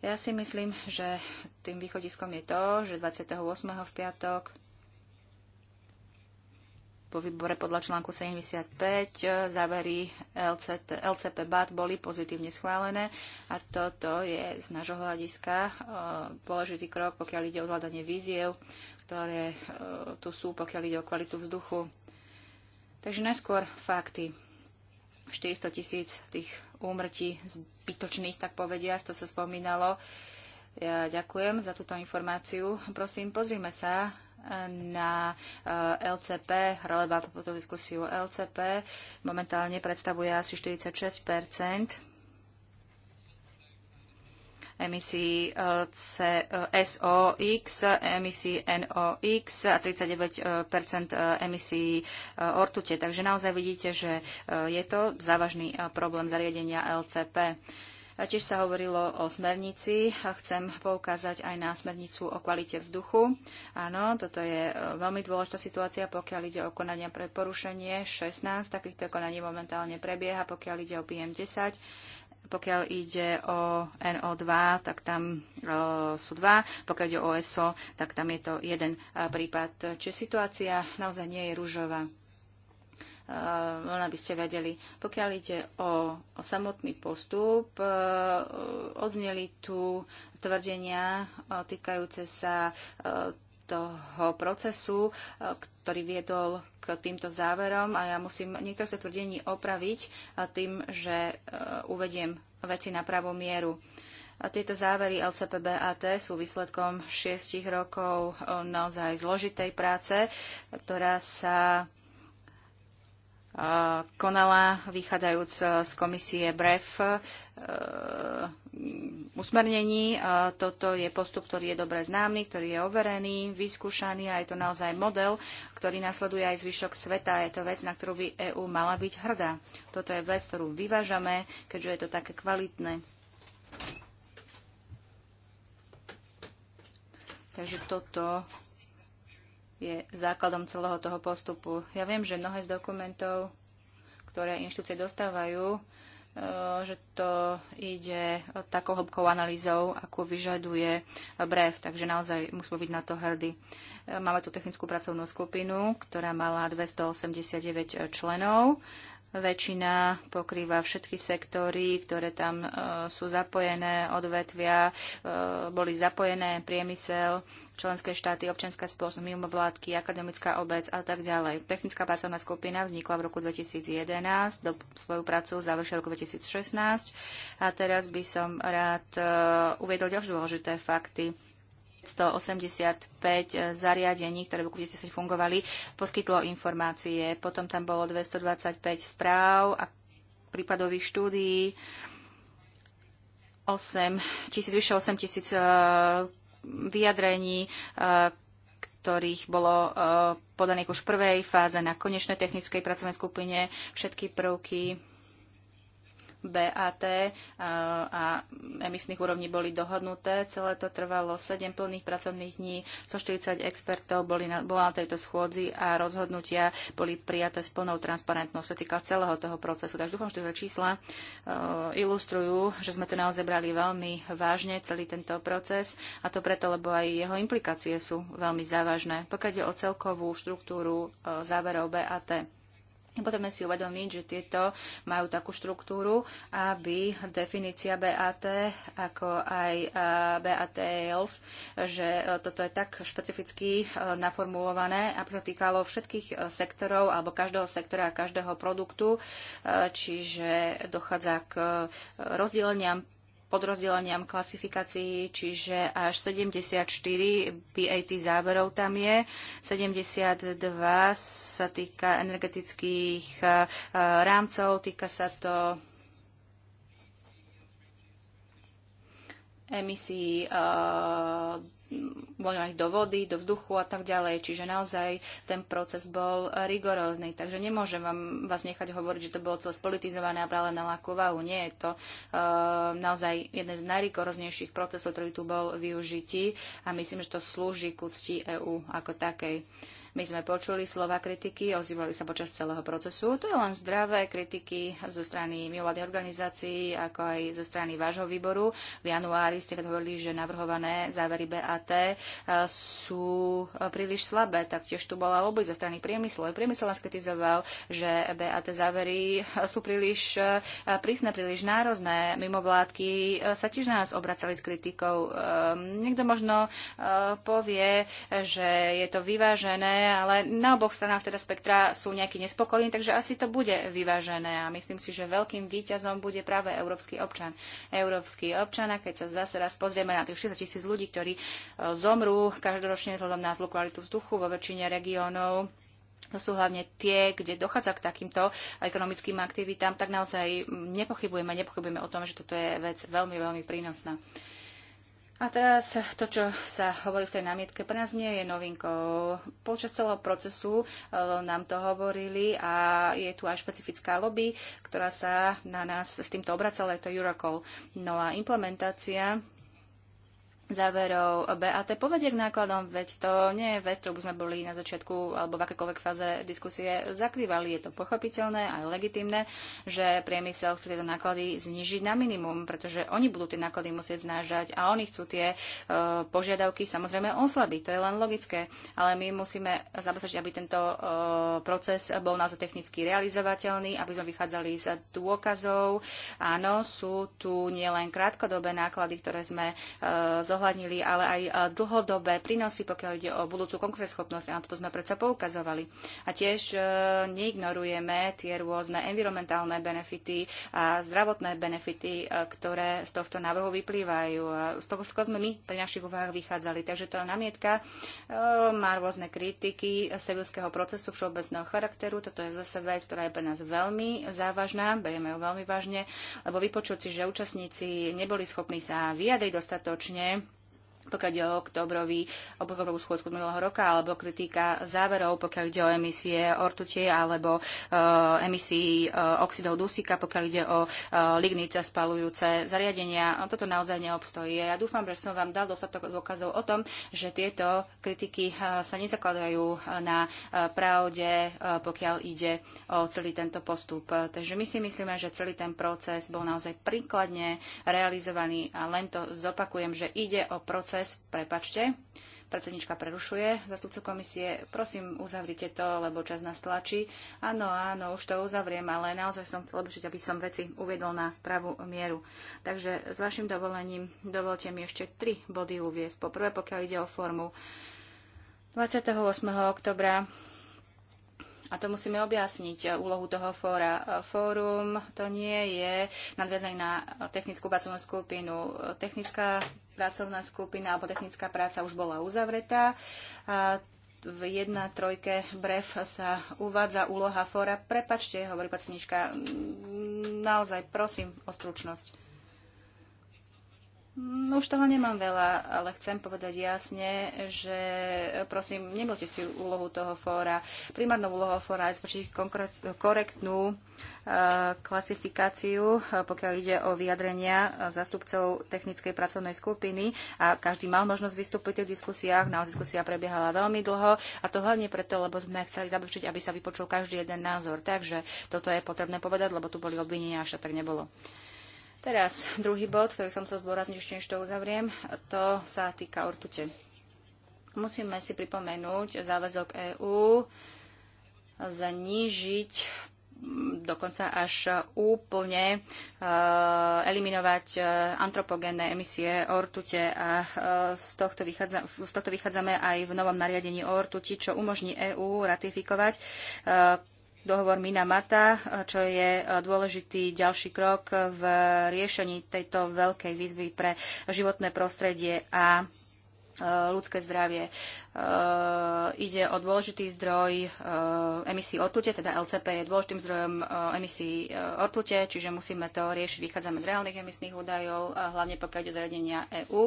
Speaker 3: Ja si myslím, že tým východiskom je to, že 28. v piatok po výbore podľa článku 75 závery LCT, LCP BAT boli pozitívne schválené a toto je z nášho hľadiska e, dôležitý krok, pokiaľ ide o hľadanie víziev, ktoré e, tu sú, pokiaľ ide o kvalitu vzduchu. Takže najskôr fakty. 400 tisíc tých úmrtí zbytočných, tak povedia, to sa spomínalo. Ja ďakujem za túto informáciu. Prosím, pozrime sa eh, na eh, LCP, relevantnú diskusiu LCP. Momentálne predstavuje asi 46 emisí eh, eh, SOX, emisí NOX a 39 eh, emisí ortute. Takže naozaj vidíte, že je to závažný problém zariadenia LCP. Tiež sa hovorilo o smernici. Chcem poukázať aj na smernicu o kvalite vzduchu. Áno, toto je veľmi dôležitá situácia, pokiaľ ide o konania pre porušenie. 16 takýchto konaní momentálne prebieha, pokiaľ ide o PM10 pokiaľ ide o NO2, tak tam e, sú dva. Pokiaľ ide o SO, tak tam je to jeden e, prípad. Čiže situácia naozaj nie je rúžová e, len aby ste vedeli. Pokiaľ ide o, o samotný postup, odzneli tu tvrdenia týkajúce sa toho procesu, e, ktorý viedol k týmto záverom a ja musím niektoré sa tvrdení opraviť tým, že e, uvediem veci na pravú mieru. A tieto závery LCPBAT sú výsledkom šiestich rokov e, naozaj zložitej práce, ktorá sa e, konala vychádzajúc z komisie BREF usmernení. Toto je postup, ktorý je dobre známy, ktorý je overený, vyskúšaný a je to naozaj model, ktorý nasleduje aj zvyšok sveta. Je to vec, na ktorú by EÚ mala byť hrdá. Toto je vec, ktorú vyvážame, keďže je to také kvalitné. Takže toto je základom celého toho postupu. Ja viem, že mnohé z dokumentov, ktoré inštitúcie dostávajú, Eh, že to ide takou hĺbkou analýzou, ako vyžaduje brev, takže naozaj musíme byť na to hrdí. Eh, máme tu technickú pracovnú skupinu, ktorá mala 289 členov väčšina pokrýva všetky sektory, ktoré tam e, sú zapojené, odvetvia, e, boli zapojené, priemysel, členské štáty, občianská spoločnosť, mimovládky, akademická obec a tak ďalej. Technická pracovná skupina vznikla v roku 2011, do, svoju prácu završila v roku 2016 a teraz by som rád e, uviedol ďalšie dôležité fakty 185 zariadení, ktoré v roku 2010 fungovali, poskytlo informácie. Potom tam bolo 225 správ a prípadových štúdií, 8 tisíc, vyše 8 tisíc e, vyjadrení, e, ktorých bolo e, podaných už v prvej fáze na konečnej technickej pracovnej skupine všetky prvky BAT a emisných úrovní boli dohodnuté. Celé to trvalo 7 plných pracovných dní, 140 expertov boli na, bola na tejto schôdzi a rozhodnutia boli prijaté s plnou transparentnosťou týka celého toho procesu. Takže dúfam, že tieto čísla uh, ilustrujú, že sme to naozaj brali veľmi vážne, celý tento proces a to preto, lebo aj jeho implikácie sú veľmi závažné. Pokiaľ ide o celkovú štruktúru uh, záverov BAT. Potrebujeme si uvedomiť, že tieto majú takú štruktúru, aby definícia BAT, ako aj e, BATLs, že e, toto je tak špecificky e, naformulované, aby sa týkalo všetkých sektorov alebo každého sektora a každého produktu, čiže dochádza k rozdeleniam podrozdeleniam klasifikácií, čiže až 74 PAT záberov tam je, 72 sa týka energetických eh, rámcov, týka sa to emisí eh, voľných do vody, do vzduchu a tak ďalej. Čiže naozaj ten proces bol rigorózny. Takže nemôžem vám, vás nechať hovoriť, že to bolo celé spolitizované a práve na ľahkú váhu. Nie je to uh, naozaj jeden z najrigoróznejších procesov, ktorý tu bol využití a myslím, že to slúži ku cti EÚ ako takej. Uh, my sme počuli slova kritiky, ozývali sa počas celého procesu. To je len zdravé kritiky zo strany mimovládnych organizácií, ako aj zo strany vášho výboru. V januári ste hovorili, že navrhované závery BAT e, sú e, príliš slabé. Taktiež tu bola lobby zo strany priemyslu. Priemysel nás kritizoval, že BAT závery e, sú príliš prísne, príliš nározné. Mimovládky sa tiež na nás obracali s kritikou. Niekto možno povie, že je to vyvážené, ale na oboch stranách teda spektra sú nejakí nespokojní, takže asi to bude vyvážené a myslím si, že veľkým výťazom bude práve európsky občan. Európsky občan, a keď sa zase raz pozrieme na tých 600 tisíc ľudí, ktorí e, zomrú každoročne vzhľadom na zlú kvalitu vzduchu vo väčšine regiónov, to sú hlavne tie, kde dochádza k takýmto ekonomickým aktivitám, tak naozaj nepochybujeme, nepochybujeme o tom, že toto je vec veľmi, veľmi prínosná. A teraz to, čo sa hovorí v tej námietke, pre nás nie je novinkou. Počas celého procesu e, nám to hovorili a je tu aj špecifická lobby, ktorá sa na nás s týmto obracala, je to Eurocall. No a implementácia záverov BAT povedie k nákladom, veď to nie je vec, ktorú sme boli na začiatku alebo v akékoľvek fáze diskusie zakrývali. Je to pochopiteľné a legitimné, že priemysel chce tieto náklady znižiť na minimum, pretože oni budú tie náklady musieť znážať a oni chcú tie e, požiadavky samozrejme oslabiť. To je len logické, ale my musíme zabezpečiť, aby tento e, proces bol naozaj technicky realizovateľný, aby sme vychádzali z dôkazov. Áno, sú tu nielen krátkodobé náklady, ktoré sme e, zohľadnili, ale aj e, dlhodobé prínosy, pokiaľ ide o budúcu konkurenceschopnosť. A na to sme predsa poukazovali. A tiež e, neignorujeme tie rôzne environmentálne benefity a zdravotné benefity, e, ktoré z tohto návrhu vyplývajú. z toho všetko sme my pri našich úvahách vychádzali. Takže to namietka má rôzne kritiky sevilského procesu všeobecného charakteru. Toto je zase vec, ktorá je pre nás veľmi závažná, berieme ju veľmi vážne, lebo vypočuť si, že účastníci neboli schopní sa vyjadriť dostatočne, pokiaľ ide o oktobrový oktobrovú schôdku minulého roka, alebo kritika záverov, pokiaľ ide o emisie ortutie alebo e, emisí e, oxidov dusíka, pokiaľ ide o e, lignice spalujúce zariadenia. Toto naozaj neobstojí. Ja dúfam, že som vám dal dostatok dôkazov o tom, že tieto kritiky sa nezakladajú na pravde, pokiaľ ide o celý tento postup. Takže my si myslíme, že celý ten proces bol naozaj príkladne realizovaný a len to zopakujem, že ide o proces, proces, prepačte, predsednička prerušuje zastupcu komisie. Prosím, uzavrite to, lebo čas nás tlačí. Áno, áno, už to uzavriem, ale naozaj som chcel odlučiť, aby som veci uviedol na pravú mieru. Takže s vašim dovolením dovolte mi ešte tri body uviesť. Poprvé, pokiaľ ide o formu 28. oktobra a to musíme objasniť e, úlohu toho fóra. E, fórum to nie je nadviazaný na technickú pracovnú skupinu. E, technická pracovná skupina alebo technická práca už bola uzavretá. A v trojke bref sa uvádza úloha fóra. Prepačte, hovorí pacinička, naozaj prosím o stručnosť. No, už toho nemám veľa, ale chcem povedať jasne, že prosím, nebojte si úlohu toho fóra. Primárnou úlohou fóra je zvršiť korektnú e, klasifikáciu, e, pokiaľ ide o vyjadrenia zastupcov technickej pracovnej skupiny a každý mal možnosť vystúpiť v diskusiách. Naozaj diskusia prebiehala veľmi dlho a to hlavne preto, lebo sme chceli zabezpečiť, aby sa vypočul každý jeden názor. Takže toto je potrebné povedať, lebo tu boli obvinenia, až tak nebolo. Teraz druhý bod, ktorý som sa zdôrazniť ešte, než to uzavriem, to sa týka ortute. Musíme si pripomenúť záväzok EÚ znižiť mm, dokonca až úplne e, eliminovať e, antropogénne emisie o ortute a e, z, tohto vychádza, z tohto vychádzame aj v novom nariadení o ortuti, čo umožní EÚ ratifikovať dohovor Mina Mata, čo je eh, dôležitý ďalší krok v riešení tejto veľkej výzvy pre životné prostredie a eh, ľudské zdravie. Eh, ide o dôležitý zdroj emisí ortute, teda LCP je dôležitým zdrojom emisí ortute, čiže musíme to riešiť. Vychádzame z reálnych emisných údajov, hlavne pokiaľ ide o zariadenia EÚ.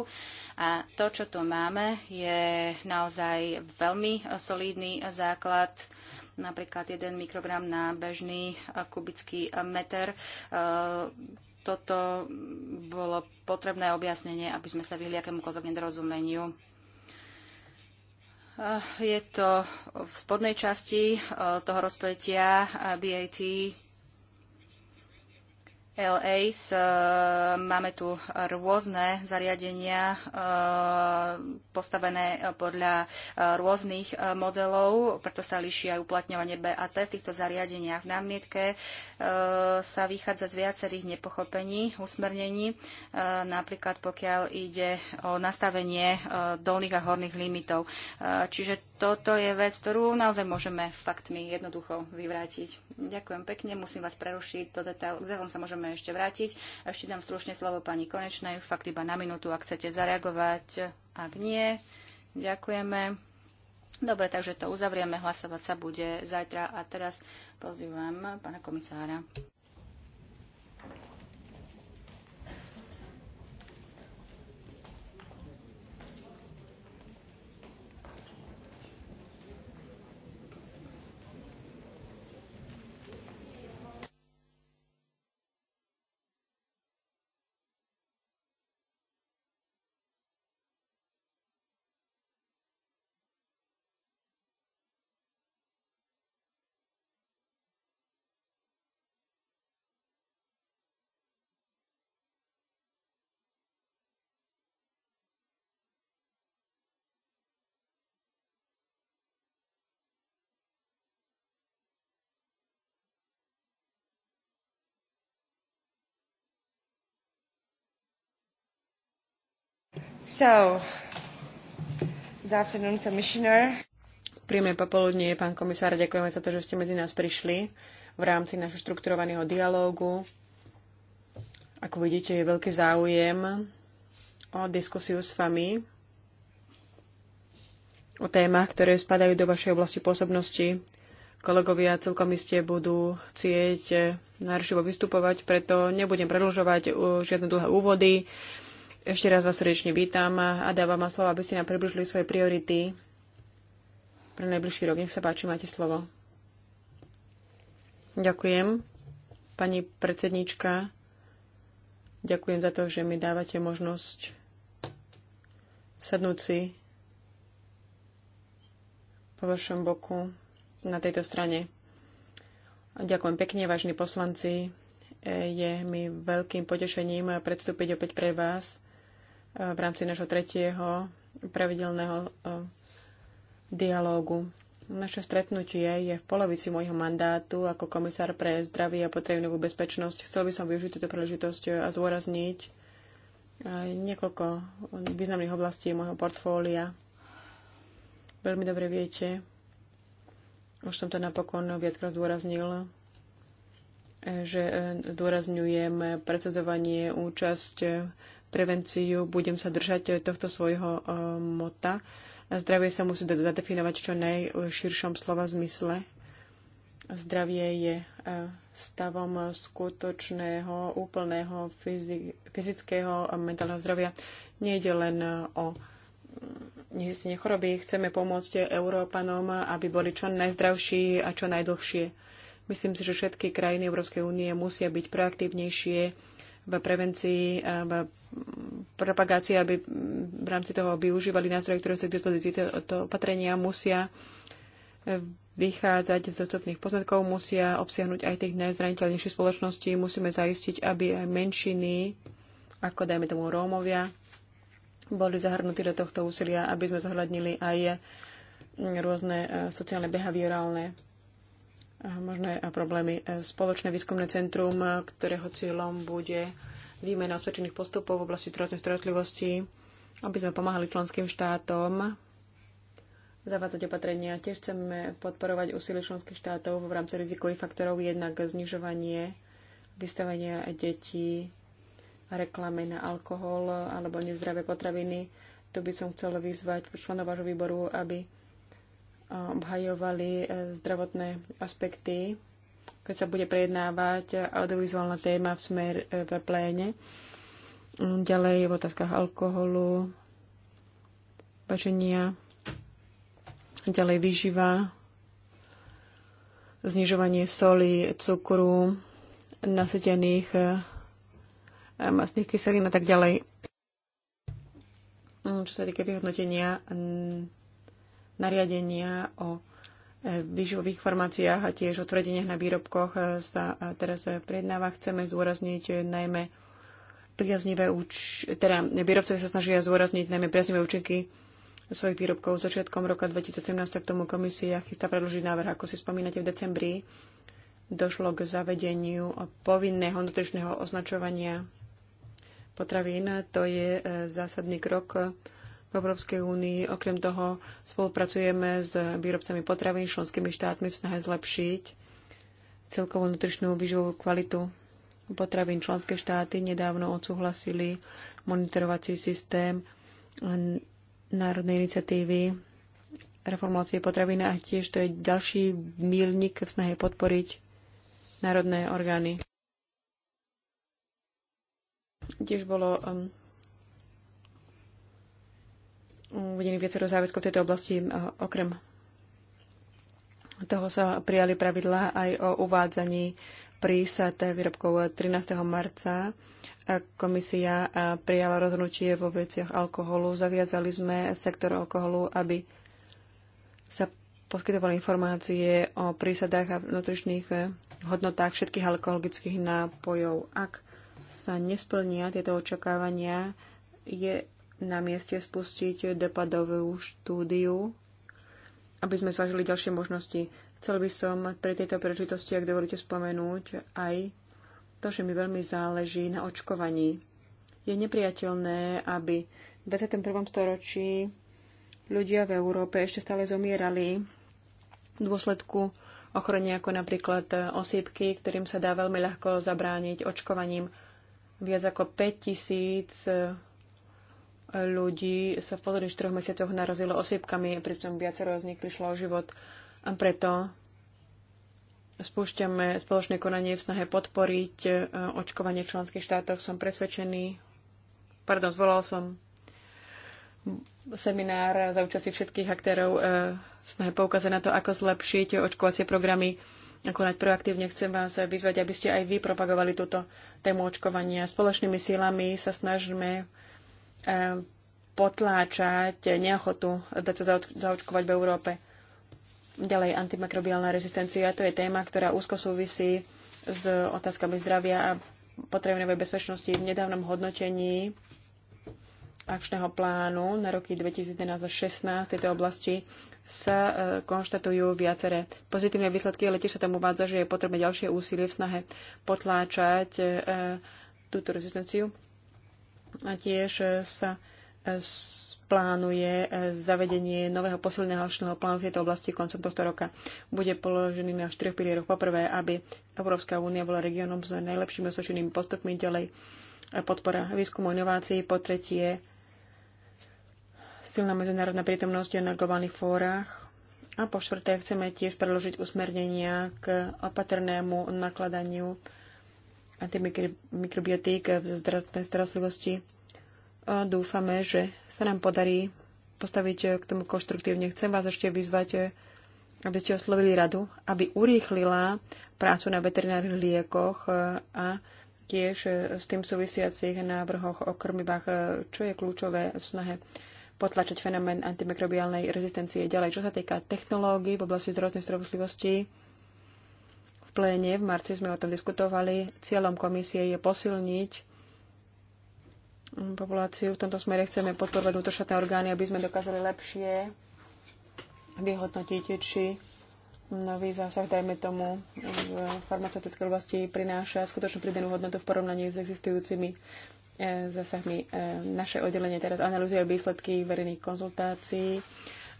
Speaker 3: A to, čo tu máme, je naozaj veľmi solídny základ napríklad 1 mikrogram na bežný eh, kubický eh, meter. Eh, toto bolo potrebné objasnenie, aby sme sa vyhli akémukoľvek nedorozumeniu. Je to v spodnej časti toho rozpletia BAT LAs. Eh, máme tu rôzne zariadenia eh, postavené eh, podľa rôznych modelov, preto sa líši aj uplatňovanie BAT v týchto zariadeniach. V námietke sa vychádza z viacerých nepochopení, usmernení, napríklad pokiaľ ide o nastavenie dolných a horných limitov. Čiže toto je vec, ktorú naozaj môžeme faktmi jednoducho vyvrátiť. Ďakujem pekne, musím vás prerušiť, do vám sa môžeme ešte vrátiť. Ešte dám stručne slovo pani Konečnej, fakt iba na minútu, ak chcete zareagovať. Ak nie, ďakujeme. Dobre, takže to uzavrieme, hlasovať sa bude zajtra a teraz pozývam pána komisára.
Speaker 1: So, good afternoon, Commissioner. Príjemné popoludnie, pán komisár, ďakujeme za to, že ste medzi nás prišli v rámci našho štrukturovaného dialógu. Ako vidíte, je veľký záujem o diskusiu s vami o témach, ktoré spadajú do vašej oblasti pôsobnosti. Kolegovia celkom iste budú chcieť naršivo vystupovať, preto nebudem predlžovať žiadne dlhé úvody. Ešte raz vás srdečne vítam a dávam vám slovo, aby ste nám približili svoje priority pre najbližší rok. Nech sa páči, máte slovo. Ďakujem. Pani predsednička, ďakujem za to, že mi dávate možnosť sadnúť si po vašom boku na tejto strane. Ďakujem pekne, vážni poslanci. Je mi veľkým potešením predstúpiť opäť pre vás v rámci našho tretieho pravidelného e, dialógu. Naše stretnutie je v polovici môjho mandátu ako komisár pre zdravie a potravinovú bezpečnosť. Chcel by som využiť túto príležitosť e, a zdôrazniť e, niekoľko významných oblastí môjho portfólia. Veľmi dobre viete, už som to napokon viackrát zdôraznil, že zdôrazňujem predsedzovanie účasť prevenciu. Budem sa držať tohto svojho eh, mota. Zdravie sa musí zadefinovať čo najširšom slova zmysle. Zdravie je eh, stavom skutočného, úplného fyzického a mentálneho zdravia. Nejde len eh, o mm, nezistenie choroby, chceme pomôcť Európanom, aby boli čo najzdravší a čo najdlhšie. Myslím si, že všetky krajiny Európskej únie musia byť proaktívnejšie v prevencii, v propagácii, aby v rámci toho využívali nástroje, ktoré sú k dispozícii. Tieto opatrenia musia vychádzať z dostupných poznatkov, musia obsiahnuť aj tých najzraniteľnejších spoločností, musíme zaistiť, aby aj menšiny, ako dajme tomu Rómovia, boli zahrnutí do tohto úsilia, aby sme zohľadnili aj rôzne e, sociálne behaviorálne možné problémy. E, spoločné výskumné centrum, ktorého cieľom bude výmena osvedčených postupov v oblasti zdravotnej starostlivosti, aby sme pomáhali členským štátom zavádzať opatrenia. Tiež chceme podporovať úsilie členských štátov v rámci rizikových faktorov, jednak znižovanie vystavenia detí reklame na alkohol alebo nezdravé potraviny. Tu by som chcela vyzvať členov vášho výboru, aby obhajovali e, zdravotné aspekty, keď sa bude prejednávať audiovizuálna téma v, smer, e, v pléne. Ďalej v otázkach alkoholu, pačenia, ďalej vyživa, znižovanie soli, cukru, nasetených e, masných kyselín a tak ďalej. Mm, čo sa týka vyhodnotenia nariadenia o e, výživových formáciách a tiež o tvrdeniach na výrobkoch e, sa e, teraz prednáva. Chceme zúrazniť najmä priaznivé úč- teda výrobce sa snažia zúrazniť najmä priaznivé účinky svojich výrobkov. Začiatkom roka 2017 k tomu komisia chystá predložiť návrh, ako si spomínate, v decembri došlo k zavedeniu povinného nutričného označovania potravín. To je zásadný krok v Európskej únii. Okrem toho spolupracujeme s výrobcami potravín, členskými štátmi v snahe zlepšiť celkovú nutričnú výživovú kvalitu potravín. Členské štáty nedávno odsúhlasili monitorovací systém národnej iniciatívy reformácie potravín a tiež to je ďalší mílnik v snahe podporiť národné orgány. Tiež bolo um, uvedených viacero záväzkov v tejto oblasti. Eh, okrem toho sa prijali pravidlá aj o uvádzaní prísad výrobkov 13. marca. Komisia eh, prijala rozhodnutie vo veciach alkoholu. Zaviazali sme sektor alkoholu, aby sa poskytovali informácie o prísadách a nutričných eh, hodnotách všetkých alkoholických nápojov. Ak sa nesplnia tieto očakávania, je na mieste spustiť dopadovú štúdiu, aby sme zvažili ďalšie možnosti. Chcel by som pre tejto príležitosti, ak dovolíte spomenúť, aj to, že mi veľmi záleží na očkovaní. Je nepriateľné, aby v 21. storočí ľudia v Európe ešte stále zomierali v dôsledku ochorenia ako napríklad osýpky, ktorým sa dá veľmi ľahko zabrániť očkovaním. Viac ako 5000 ľudí sa v posledných 4 mesiacoch narazilo osýpkami, pričom viacero z nich prišlo o život. A preto spúšťame spoločné konanie v snahe podporiť e, očkovanie v členských štátoch. Som presvedčený, pardon, zvolal som seminár za účasti všetkých aktérov e, v snahe poukaze na to, ako zlepšiť očkovacie programy a konať proaktívne. Chcem vás vyzvať, aby ste aj vy propagovali túto tému očkovania. Spoločnými sílami sa snažíme Eh, potláčať neochotu dať sa zaočkovať v Európe. Ďalej antimikrobiálna rezistencia, to je téma, ktorá úzko súvisí s otázkami zdravia a potravinovej bezpečnosti. V nedávnom hodnotení akčného plánu na roky 2011 až 2016 v tejto oblasti sa e, konštatujú viaceré pozitívne výsledky, ale tiež sa tam uvádza, že je potrebné ďalšie úsilie v snahe potláčať e, túto rezistenciu. A tiež e, sa e, plánuje e, zavedenie nového posilného ročného plánu v tejto oblasti koncom tohto roka. Bude položený na štyroch pilieroch. Poprvé, aby Európska únia bola regiónom s najlepšími osočenými postupmi, ďalej podpora výskumu inovácií, po tretie silná medzinárodná prítomnosť na globálnych fórach a po štvrté chceme tiež predložiť usmernenia k opatrnému nakladaniu antimikrobiotík v zdravotnej starostlivosti. A dúfame, že sa nám podarí postaviť k tomu konštruktívne. Chcem vás ešte vyzvať, aby ste oslovili radu, aby urýchlila prácu na veterinárnych liekoch a tiež s tým súvisiacich návrhoch o krmivách, čo je kľúčové v snahe potlačiť fenomén antimikrobiálnej rezistencie ďalej. Čo sa týka technológií v oblasti zdravotnej starostlivosti, pléne, v marci sme o tom diskutovali, cieľom komisie je posilniť populáciu. V tomto smere chceme podporovať útočné orgány, aby sme dokázali lepšie vyhodnotiť, či nový zásah, dajme tomu, v farmaceutickej oblasti prináša skutočnú pridanú hodnotu v porovnaní s existujúcimi eh, zásahmi. Eh, naše oddelenie teraz analýzuje výsledky verejných konzultácií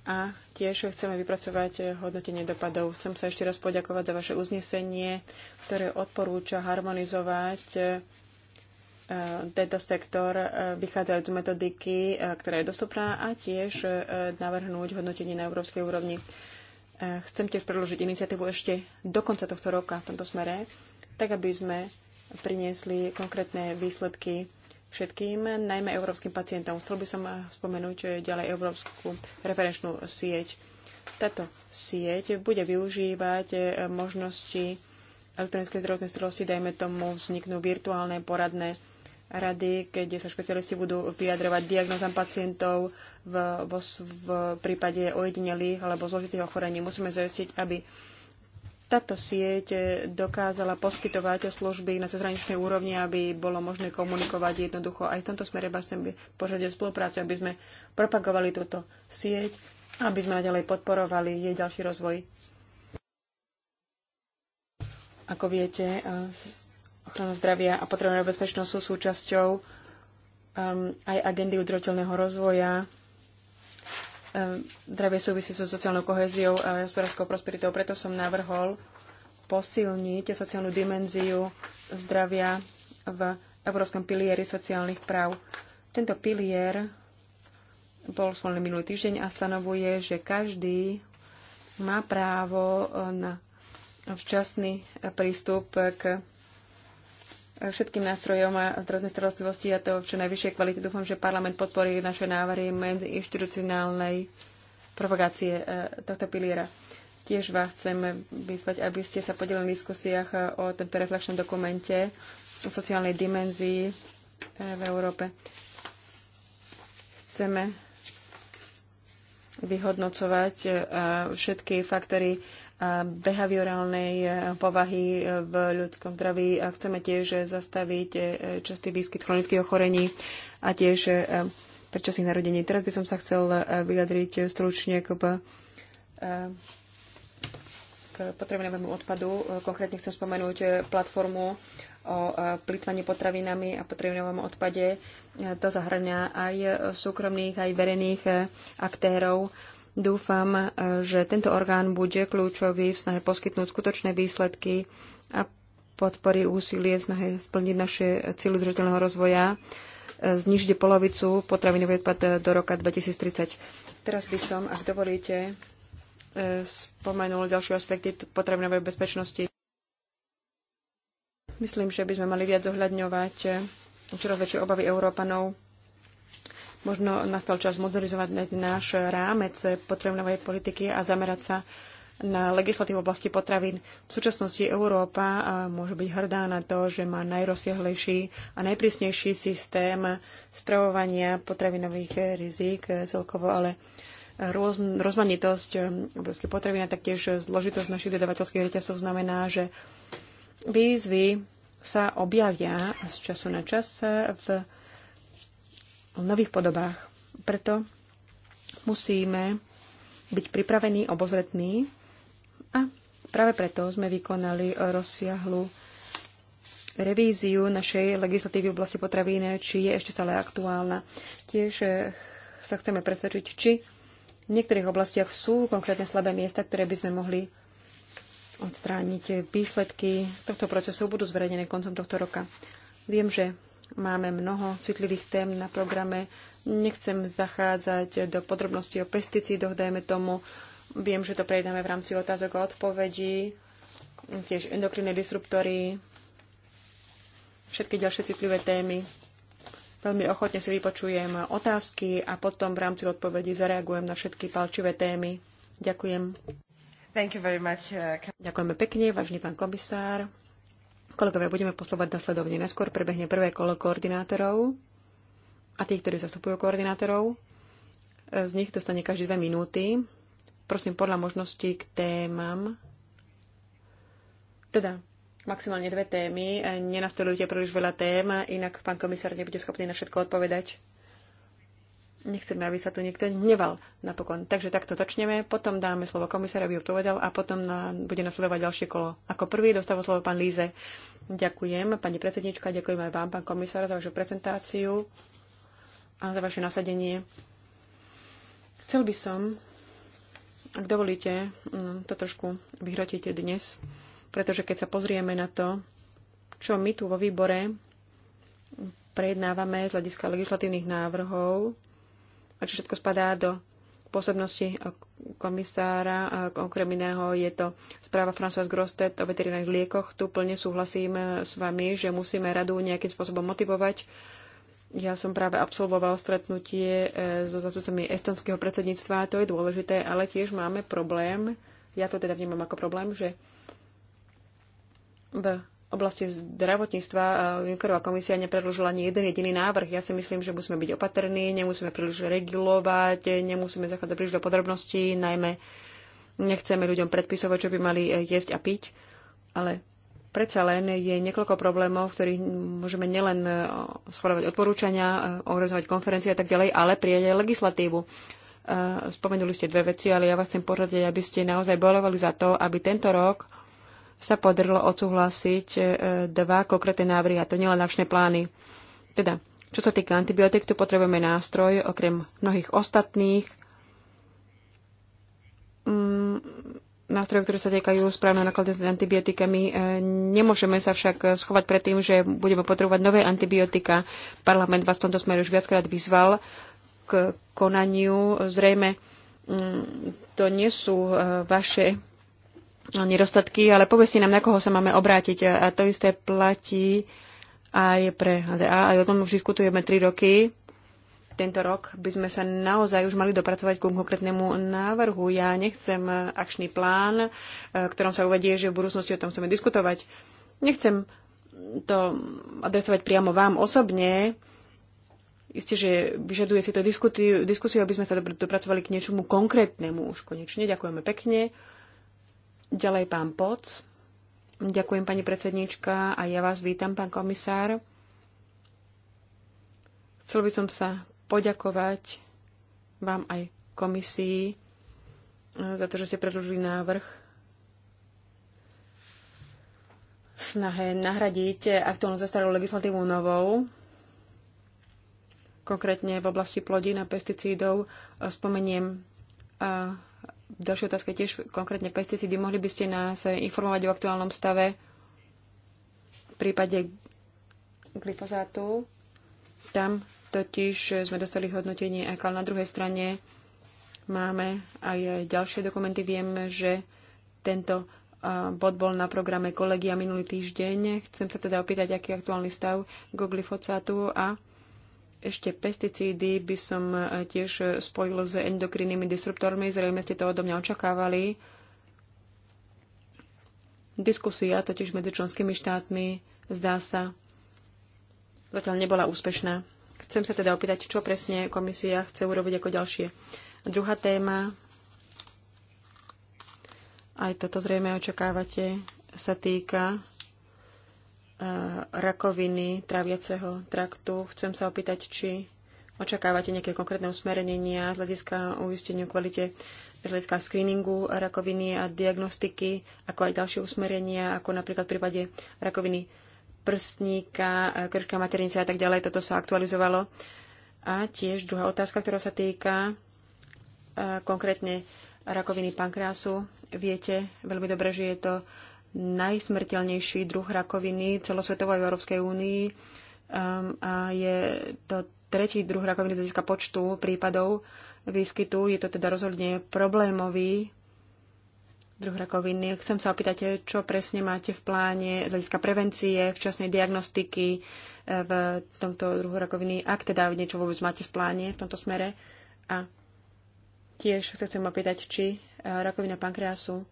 Speaker 1: a tiež chceme vypracovať eh, hodnotenie dopadov. Chcem sa ešte raz poďakovať za vaše uznesenie, ktoré odporúča harmonizovať eh, eh, tento sektor vychádzajúc z metodiky, ktorá je dostupná a tiež navrhnúť hodnotenie na európskej úrovni. Chcem tiež predložiť iniciatívu ešte do konca tohto roka v tomto smere, tak aby sme priniesli konkrétne výsledky všetkým, najmä európskym pacientom. Chcel by som spomenúť ďalej Európsku referenčnú sieť. Táto sieť bude využívať možnosti elektronickej zdravotnej starostlivosti, dajme tomu vzniknú virtuálne poradné rady, keď sa špecialisti budú vyjadrovať diagnozám pacientov v, v, v prípade ojedinelých alebo zložitých ochorení. Musíme zajistiť, aby táto sieť e, dokázala poskytovať služby na zahraničnej úrovni, aby bolo možné komunikovať jednoducho. Aj v tomto smere vás chcem požiadať spoluprácu, aby sme propagovali túto sieť, aby sme ďalej podporovali jej ďalší rozvoj. Ako viete, e, ochrana zdravia a potrebná bezpečnosť sú súčasťou e, aj agendy udržateľného rozvoja Ehm, zdravie súvisí so sociálnou koheziou a hospodárskou prosperitou. Preto som navrhol posilniť sociálnu dimenziu zdravia v Európskom pilieri sociálnych práv. Tento pilier bol schválený minulý týždeň a stanovuje, že každý má právo na včasný prístup k všetkým nástrojom a zdravotnej starostlivosti a to čo najvyššej kvality. Dúfam, že parlament podporí naše návary medziinstitucionálnej propagácie e, tohto piliera. Tiež vás chcem vyzvať, aby ste sa podelili v diskusiách e, o tomto reflexnom dokumente o sociálnej dimenzii e, v Európe. Chceme vyhodnocovať všetky faktory behaviorálnej e, povahy e, v ľudskom zdraví a chceme tiež e, zastaviť častý výskyt chronických ochorení a tiež predčasných narodení. Teraz by som sa chcel vyjadriť stručne k, k potrebnému odpadu. Konkrétne chcem spomenúť platformu o plýtvaní potravinami a potravinovom odpade. To zahrania aj súkromných, aj verejných aktérov Dúfam, e, že tento orgán bude kľúčový v snahe poskytnúť skutočné výsledky a podporí úsilie v snahe splniť naše cíly udržateľného rozvoja, e, znižiť polovicu potravinový odpad do roka 2030. Teraz by som, ak dovolíte, e, spomenul ďalšie aspekty potravinovej bezpečnosti. Myslím, že by sme mali viac zohľadňovať čoraz väčšie obavy Európanov Možno nastal čas modernizovať náš rámec potravinovej politiky a zamerať sa na legislatívu v oblasti potravín. V súčasnosti Európa môže byť hrdá na to, že má najrozsiahlejší a najprísnejší systém spravovania potravinových rizik e, celkovo, ale Rôz, rozmanitosť e, potravín a taktiež zložitosť našich dodavateľských reťazov znamená, že výzvy sa objavia z času na čas v v nových podobách. Preto musíme byť pripravení, obozretní a práve preto sme vykonali rozsiahlu revíziu našej legislatívy v oblasti potravín, či je ešte stále aktuálna. Tiež eh, sa chceme presvedčiť, či v niektorých oblastiach sú konkrétne slabé miesta, ktoré by sme mohli odstrániť. Výsledky tohto procesu budú zverejnené koncom tohto roka. Viem, že Máme mnoho citlivých tém na programe. Nechcem zachádzať do podrobností o pesticídoch, dajme tomu. Viem, že to prejdeme v rámci otázok a odpovedí, tiež endokrinné disruptory, všetky ďalšie citlivé témy. Veľmi ochotne si vypočujem otázky a potom v rámci odpovedí zareagujem na všetky palčivé témy. Ďakujem. Thank you very much. Uh, Ďakujeme pekne, vážny pán komisár. Kolegovia, budeme poslovať nasledovne. Neskôr prebehne prvé kolo koordinátorov a tých, ktorí zastupujú koordinátorov. Z nich dostane každé dve minúty. Prosím, podľa možností k témam. Teda, maximálne dve témy. Nenastolujte príliš veľa tém, inak pán komisár nebude schopný na všetko odpovedať. Nechceme, aby sa tu niekto neval napokon. Takže takto začneme, potom dáme slovo komisára, aby ho povedal a potom na, bude nasledovať ďalšie kolo. Ako prvý dostáva slovo pán Líze. Ďakujem, pani predsednička, ďakujem aj vám, pán komisár, za vašu prezentáciu a za vaše nasadenie. Chcel by som, ak dovolíte, no, to trošku vyhrotiť dnes, pretože keď sa pozrieme na to, čo my tu vo výbore prejednávame z hľadiska legislatívnych návrhov, a čo všetko spadá do pôsobnosti komisára, okrem iného je to správa François Grostet o veterinárnych liekoch. Tu plne súhlasím s vami, že musíme radu nejakým spôsobom motivovať. Ja som práve absolvoval stretnutie e, so zastupcami estonského predsedníctva, to je dôležité, ale tiež máme problém, ja to teda vnímam ako problém, že v oblasti zdravotníctva eh, Junckerová komisia nepredložila ani jeden jediný návrh. Ja si myslím, že musíme byť opatrní, nemusíme príliš regulovať, nemusíme zachádzať príliš do podrobností, najmä nechceme ľuďom predpisovať, čo by mali eh, jesť a piť, ale predsa len je niekoľko problémov, v ktorých môžeme nielen eh, schváľovať odporúčania, organizovať konferencie a tak ďalej, ale prijať aj legislatívu. Spomenuli ste dve veci, ale ja vás chcem poradiť, aby ste naozaj bojovali za to, aby tento rok sa podarilo odsúhlasiť e, dva konkrétne návrhy, a to nielen akčné plány. Teda, čo sa týka antibiotík, tu potrebujeme nástroj, okrem mnohých ostatných, mm, nástrojov, ktoré sa týkajú správneho nakladu s antibiotikami. E, nemôžeme sa však schovať pred tým, že budeme potrebovať nové antibiotika. Parlament vás v tomto smere už viackrát vyzval k konaniu. Zrejme mm, to nie sú e, vaše nedostatky, ale povie si nám, na koho sa máme obrátiť. A to isté platí aj pre HDA. Aj o tom už diskutujeme 3 roky. Tento rok by sme sa naozaj už mali dopracovať ku konkrétnemu návrhu. Ja nechcem akčný plán, e, ktorom sa uvedie, že v budúcnosti o tom chceme diskutovať. Nechcem to adresovať priamo vám osobne. Isté, že vyžaduje si to diskusiu, aby sme sa dopracovali k niečomu konkrétnemu už konečne. Ďakujeme pekne. Ďalej pán Poc. Ďakujem, pani predsednička, a ja vás vítam, pán komisár. Chcel by som sa poďakovať vám aj komisii e, za to, že ste predložili návrh snahe nahradiť aktuálnu zastaralú legislatívu novou, konkrétne v oblasti plodín a pesticídov. Spomeniem Ďalšia otázka tiež konkrétne pesticídy. Mohli by ste nás informovať o aktuálnom stave v prípade glyfozátu? Tam totiž sme dostali hodnotenie ako Na druhej strane máme aj ďalšie dokumenty. Viem, že tento bod bol na programe kolegia minulý týždeň. Chcem sa teda opýtať, aký je aktuálny stav k glyfosátu a ešte pesticídy by som e, tiež e, spojil s endokrinnými disruptormi. Zrejme ste to odo mňa očakávali. Diskusia totiž medzi členskými štátmi, zdá sa, zatiaľ nebola úspešná. Chcem sa teda opýtať, čo presne komisia chce urobiť ako ďalšie. Druhá téma, aj toto zrejme očakávate, sa týka rakoviny traviaceho traktu. Chcem sa opýtať, či očakávate nejaké konkrétne usmerenia z hľadiska uisteniu kvalite z hľadiska screeningu rakoviny a diagnostiky, ako aj ďalšie usmerenia, ako napríklad v prípade rakoviny prstníka, krška maternice a tak ďalej. Toto sa aktualizovalo. A tiež druhá otázka, ktorá sa týka konkrétne rakoviny pankrásu. Viete veľmi dobre, že je to najsmrteľnejší druh rakoviny celosvetovo v Európskej únii um, a je to tretí druh rakoviny z hľadiska počtu prípadov výskytu. Je to teda rozhodne problémový druh rakoviny. Chcem sa opýtať, čo presne máte v pláne z hľadiska prevencie, včasnej diagnostiky eh, v tomto druhu rakoviny, ak teda niečo vôbec máte v pláne v tomto smere. A tiež sa chcem opýtať, či eh, rakovina pankreasu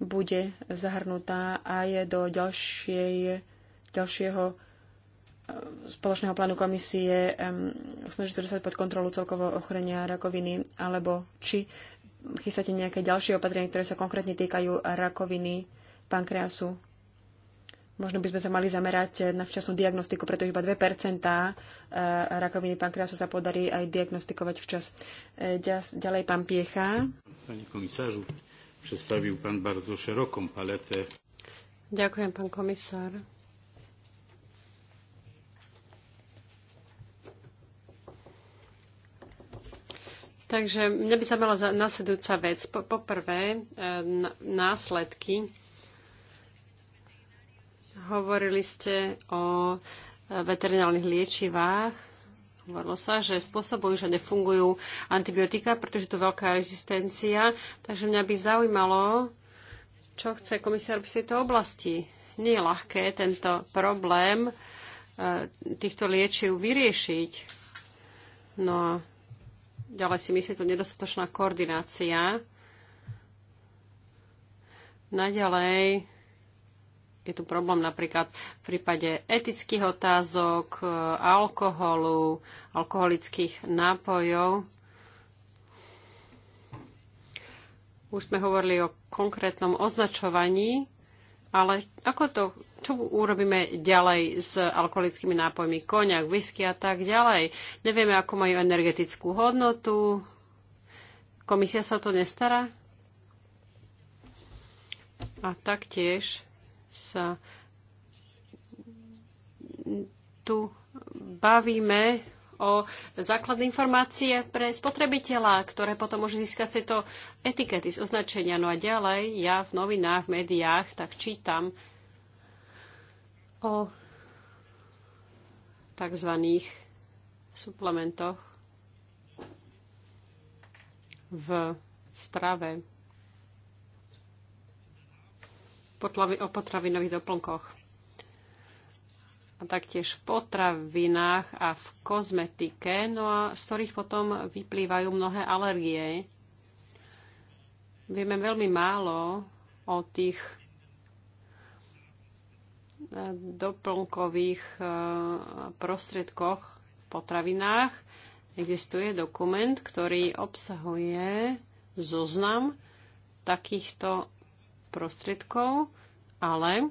Speaker 1: bude zahrnutá aj do ďalšej, ďalšieho eh, spoločného plánu komisie snažiť sa dostať pod kontrolu celkovo ochorenia rakoviny, alebo či chystáte nejaké ďalšie opatrenia, ktoré sa konkrétne týkajú rakoviny pankreasu. Možno by sme sa mali zamerať na včasnú diagnostiku, pretože iba 2 eh, rakoviny pankreasu sa podarí aj diagnostikovať včas. Eh,
Speaker 2: ďalej pán Piecha.
Speaker 3: Pani komisážu, Przedstawił Pan bardzo szeroką paletę.
Speaker 2: Ďakujem, pán komisár. Takže mňa by sa mala nasledujúca vec. Po, poprvé, e, následky. Hovorili ste o e, veterinárnych liečivách Hovorilo sa, že spôsobujú, že nefungujú antibiotika, pretože je to veľká rezistencia. Takže mňa by zaujímalo, čo chce komisia robiť v tejto oblasti. Nie je ľahké tento problém e, týchto liečiv vyriešiť. No a ďalej si myslím, to nedostatočná koordinácia. Naďalej je tu problém napríklad v prípade etických otázok, e, alkoholu, alkoholických nápojov. Už sme hovorili o konkrétnom označovaní, ale ako to, čo urobíme ďalej s alkoholickými nápojmi, koniak, whisky a tak ďalej. Nevieme, ako majú energetickú hodnotu. Komisia sa to nestará? A taktiež sa tu bavíme o základné informácie pre spotrebiteľa, ktoré potom môže získať z tejto etikety, z označenia. No a ďalej ja v novinách, v médiách tak čítam o tzv. suplementoch v strave o potravinových doplnkoch. A taktiež v potravinách a v kozmetike, no a z ktorých potom vyplývajú mnohé alergie. Vieme veľmi málo o tých e, doplnkových e, prostriedkoch v potravinách. Existuje dokument, ktorý obsahuje zoznam takýchto prostriedkov, ale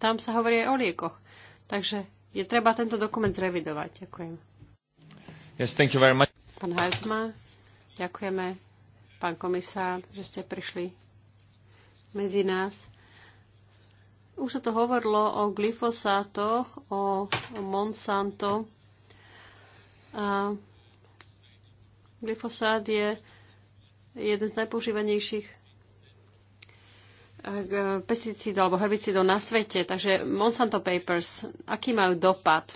Speaker 2: tam sa hovorí aj o liekoch. Takže je treba tento dokument revidovať. Ďakujem. Yes, thank you very much. Pán Hajtma, ďakujeme, pán komisár, že ste prišli medzi nás. Už sa to hovorilo o glyfosátoch, o, o Monsanto. A glyfosát je jeden z najpoužívanejších Eh, pesticídov alebo herbicídov na svete. Takže Monsanto Papers, aký majú dopad?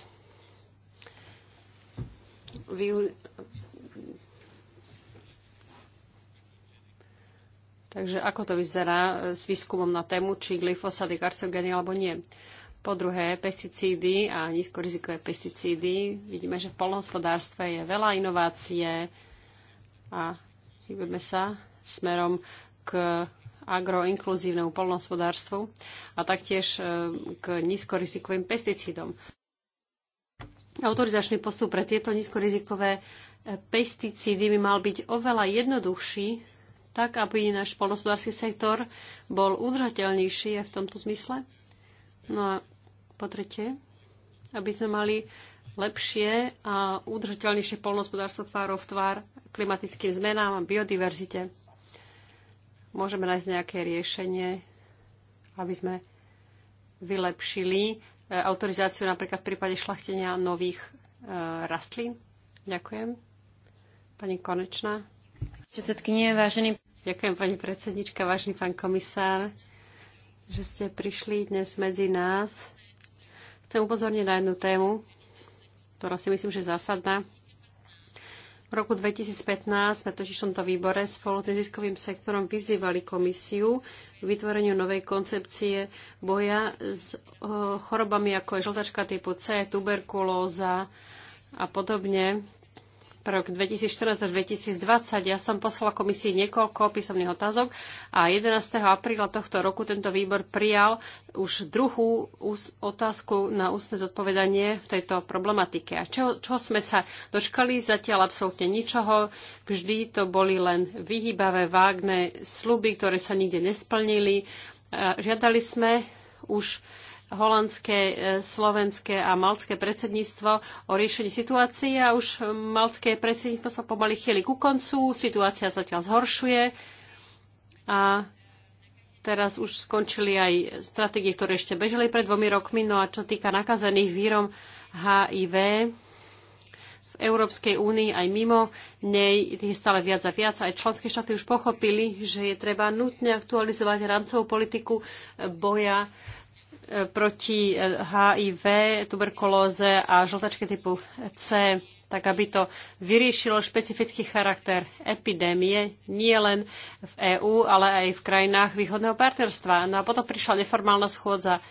Speaker 2: Vy... Takže ako to vyzerá eh, s výskumom na tému, či glyfosát je karcogénny alebo nie. Po druhé, pesticídy a nízkorizikové pesticídy. Vidíme, že v polnohospodárstve je veľa inovácie a hýbeme sa smerom k agroinkluzívnemu polnohospodárstvu a taktiež e, k nízkorizikovým pesticídom. Autorizačný postup pre tieto nízkorizikové e, pesticídy by mal byť oveľa jednoduchší, tak aby náš polnohospodársky sektor bol udržateľnejší v tomto zmysle. No a po tretie, aby sme mali lepšie a udržateľnejšie polnohospodárstvo tvárov v tvár klimatickým zmenám a biodiverzite môžeme nájsť nejaké riešenie, aby sme vylepšili e, autorizáciu napríklad v prípade šlachtenia nových e, rastlín. Ďakujem. Pani Konečná. Predsedkynie, vážený... Ďakujem, pani predsednička, vážený pán komisár, že ste prišli dnes medzi nás. Chcem upozorniť na jednu tému, ktorá si myslím, že je zásadná. V roku 2015 sme totiž v tomto výbore spolu s neziskovým sektorom vyzývali komisiu k vytvoreniu novej koncepcie boja s eh, chorobami ako je žltačka typu C, tuberkulóza a podobne pre rok 2014 až 2020. Ja som poslala komisii niekoľko písomných otázok a 11. apríla tohto roku tento výbor prijal už druhú otázku na ústne zodpovedanie v tejto problematike. A čo, čo sme sa dočkali? Zatiaľ absolútne ničoho. Vždy to boli len vyhýbavé, vágne sluby, ktoré sa nikde nesplnili. Žiadali sme už holandské, e, slovenské a malské predsedníctvo o riešení situácie a už malské predsedníctvo sa pomaly chýli ku koncu, situácia zatiaľ zhoršuje a teraz už skončili aj stratégie, ktoré ešte bežali pred dvomi rokmi, no a čo týka nakazených vírom HIV, v Európskej únii aj mimo nej, tých stále viac a viac. Aj členské štáty už pochopili, že je treba nutne aktualizovať rámcovú politiku boja proti HIV, tuberkulóze a žltačke typu C, tak aby to vyriešilo špecifický charakter epidémie nie len v EÚ, ale aj v krajinách východného partnerstva. No a potom prišla neformálna schôdza e,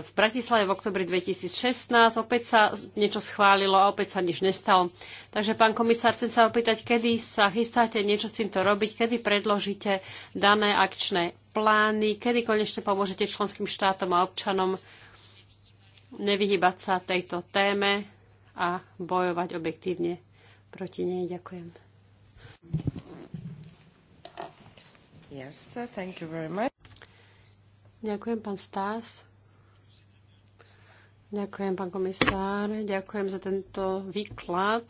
Speaker 2: v Bratislave v oktobri 2016. Opäť sa niečo schválilo a opäť sa nič nestalo. Takže, pán komisár, chcem sa opýtať, kedy sa chystáte niečo s týmto robiť, kedy predložíte dané akčné plány, kedy konečne pomôžete členským štátom a občanom nevyhybať sa tejto téme a bojovať objektívne proti nej. Ďakujem. Yes, thank you very much. Ďakujem, pán Stás. Ďakujem, pán komisár. Ďakujem za tento výklad.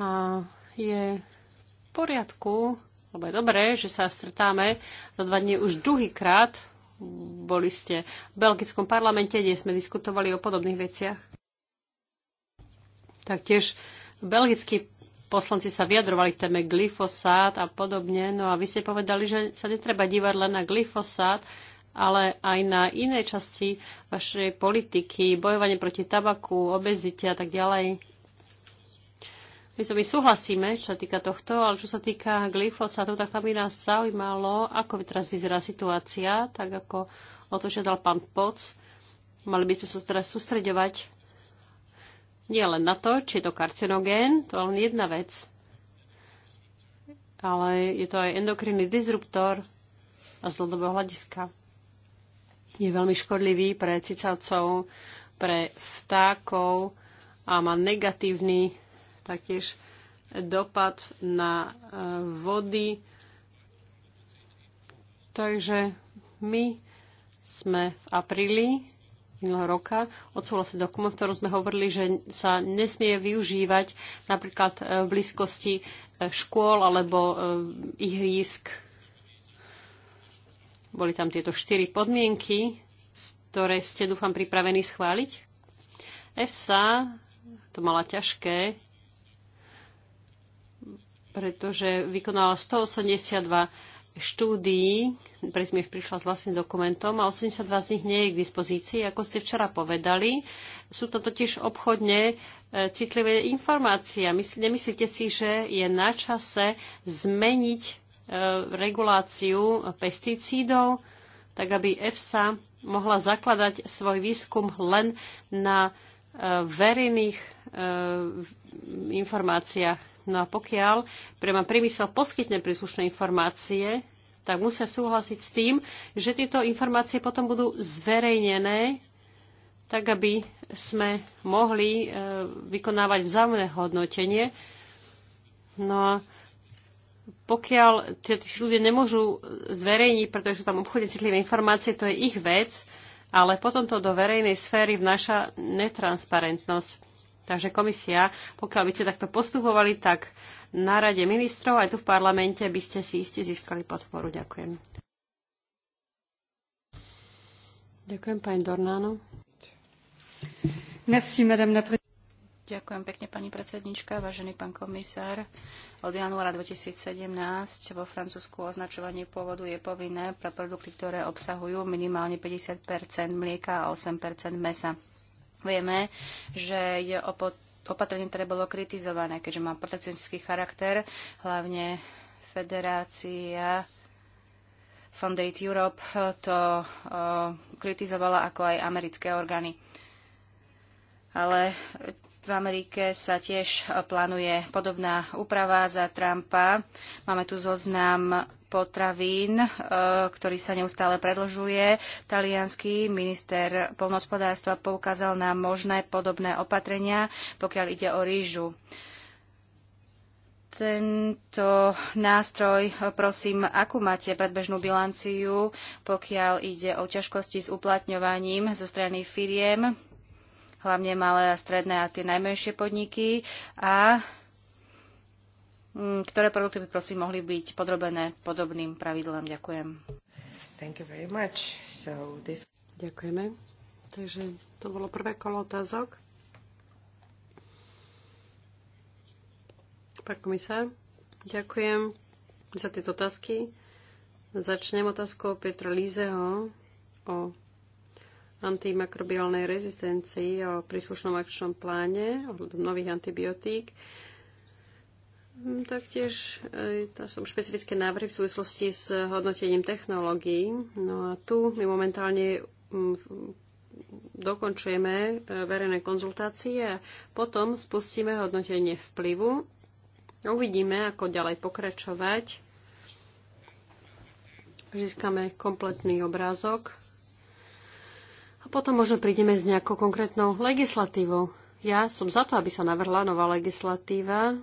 Speaker 2: A je v poriadku, lebo je dobré, že sa stretáme za dva dní už druhýkrát. Boli ste v belgickom parlamente, kde sme diskutovali o podobných veciach. Taktiež belgickí poslanci sa vyjadrovali k téme glyfosát a podobne. No a vy ste povedali, že sa netreba dívať len na glyfosát, ale aj na iné časti vašej politiky, bojovanie proti tabaku, obezite a tak ďalej my, sa my súhlasíme, čo sa týka tohto, ale čo sa týka glyfosátu, tak tam by nás zaujímalo, ako teraz vyzerá situácia, tak ako o to žiadal pán Poc. Mali by sme sa teraz sústreďovať nie len na to, či je to karcinogén, to je len jedna vec, ale je to aj endokrinný disruptor a z dlhodobého hľadiska je veľmi škodlivý pre cicavcov, pre vtákov a má negatívny taktiež dopad na e, vody. Takže my sme v apríli minulého roka odsúhlasili dokument, v ktorom sme hovorili, že sa nesmie využívať napríklad e, v blízkosti e, škôl alebo ihrísk. Boli tam tieto štyri podmienky, ktoré ste, dúfam, pripravení schváliť. EFSA to mala ťažké pretože vykonala 182 štúdií, predtým ich prišla s vlastným dokumentom a 82 z nich nie je k dispozícii, ako ste včera povedali. Sú to totiž obchodne e, citlivé informácie. nemyslíte si, že je na čase zmeniť e, reguláciu pesticídov, tak aby EFSA mohla zakladať svoj výskum len na e, verejných e, informáciách No a pokiaľ ma priemysel poskytne príslušné informácie, tak musia súhlasiť s tým, že tieto informácie potom budú zverejnené, tak aby sme mohli e, vykonávať vzájomné hodnotenie. No a pokiaľ tí ľudia nemôžu zverejniť, pretože sú tam obchodne citlivé informácie, to je ich vec, ale potom to do verejnej sféry vnáša netransparentnosť. Takže komisia, pokiaľ by ste takto postupovali, tak na rade ministrov aj tu v parlamente by ste si iste získali podporu. Ďakujem. Ďakujem, pani Dornáno.
Speaker 1: Merci, madame la pre... Ďakujem pekne, pani predsednička, vážený pán komisár.
Speaker 3: Od januára 2017 vo Francúzsku označovanie pôvodu je povinné pre produkty, ktoré obsahujú minimálne 50 mlieka a 8 mesa. Vieme, že je o opatrenie, ktoré bolo kritizované, keďže má protekcionistický charakter, hlavne Federácia Fundate Europe eh, to eh, kritizovala ako aj americké orgány. Ale v Amerike sa tiež plánuje podobná úprava za Trumpa. Máme tu zoznam potravín, e, ktorý sa neustále predlžuje. Talianský minister polnohospodárstva poukázal na možné podobné opatrenia, pokiaľ ide o rýžu tento nástroj, prosím, akú máte predbežnú bilanciu, pokiaľ ide o ťažkosti s uplatňovaním zo strany firiem hlavne malé a stredné a tie najmenšie podniky a mm, ktoré produkty by prosím mohli byť podrobené podobným pravidlám. Ďakujem.
Speaker 2: Thank you very much. So this... Ďakujeme. Takže to bolo prvé kolo otázok. Pán komisár, ďakujem za tieto otázky. Začnem otázkou Petra Lízeho o antimakrobiálnej rezistencii o príslušnom akčnom pláne ohľadom nových antibiotík. Mm, taktiež e, to sú špecifické návrhy v súvislosti s hodnotením technológií. No a tu my momentálne mm, dokončujeme e, verejné konzultácie a potom spustíme hodnotenie vplyvu. Uvidíme, ako ďalej pokračovať. Získame kompletný obrázok a potom možno prídeme s nejakou konkrétnou legislatívou. Ja som za to, aby sa navrhla nová legislatíva,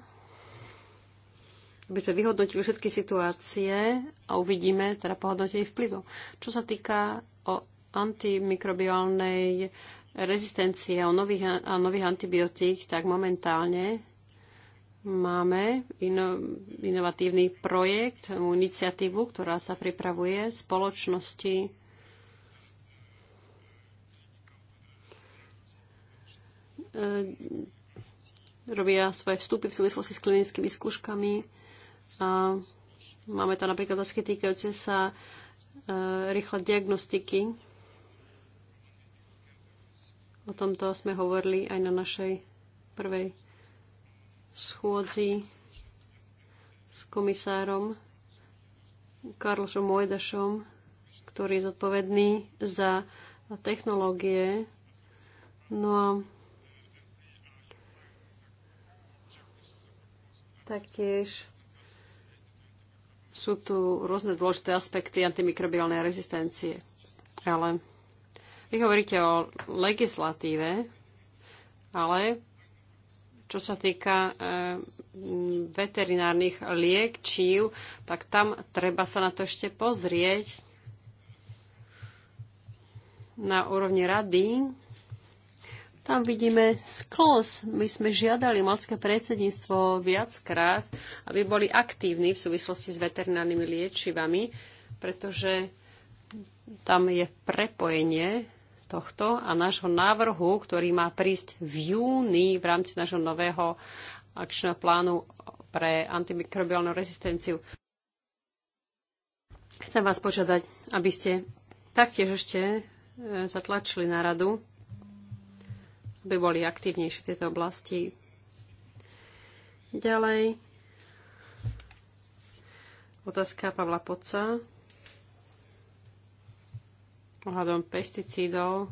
Speaker 2: aby sme vyhodnotili všetky situácie a uvidíme teda jej vplyvu. Čo sa týka o antimikrobiálnej rezistencie a nových, a nových antibiotík, tak momentálne máme ino, inovatívny projekt, iniciatívu, ktorá sa pripravuje spoločnosti E, robia svoje vstupy v súvislosti s klinickými skúškami. A máme tam napríklad otázky týkajúce sa e, rýchle diagnostiky. O tomto sme hovorili aj na našej prvej schôdzi s komisárom Karlšom Mojdašom, ktorý je zodpovedný za technológie. No a Taktiež sú tu rôzne dôležité aspekty antimikrobiálnej rezistencie. Ale vy hovoríte o legislatíve, ale čo sa týka e, veterinárnych liekčív, tak tam treba sa na to ešte pozrieť. Na úrovni rady tam vidíme sklos. My sme žiadali malské predsedníctvo viackrát, aby boli aktívni v súvislosti s veterinárnymi liečivami, pretože tam je prepojenie tohto a nášho návrhu, ktorý má prísť v júni v rámci nášho nového akčného plánu pre antimikrobiálnu rezistenciu. Chcem vás požiadať, aby ste taktiež ešte e, zatlačili na radu, by boli aktívnejšie v tejto oblasti. Ďalej, otázka Pavla Poca ohľadom pesticídov.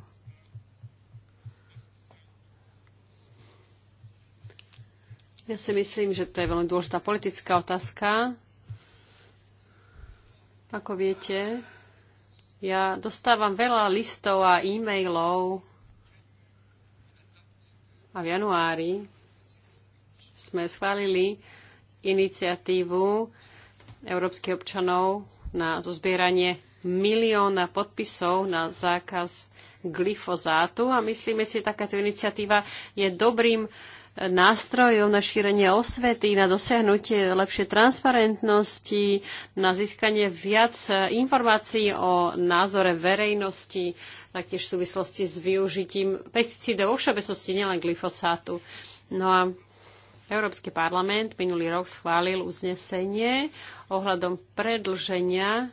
Speaker 2: Ja si myslím, že to je veľmi dôležitá politická otázka. Ako viete, ja dostávam veľa listov a e-mailov a v januári sme schválili iniciatívu európskych občanov na zozbieranie milióna podpisov na zákaz glyfozátu a myslíme si, že takáto iniciatíva je dobrým eh, nástrojom na šírenie osvety, na dosiahnutie lepšej transparentnosti, na získanie viac eh, informácií o názore verejnosti taktiež v súvislosti s využitím pesticídov vo všeobecnosti, nielen glyfosátu. No a Európsky parlament minulý rok schválil uznesenie ohľadom predlženia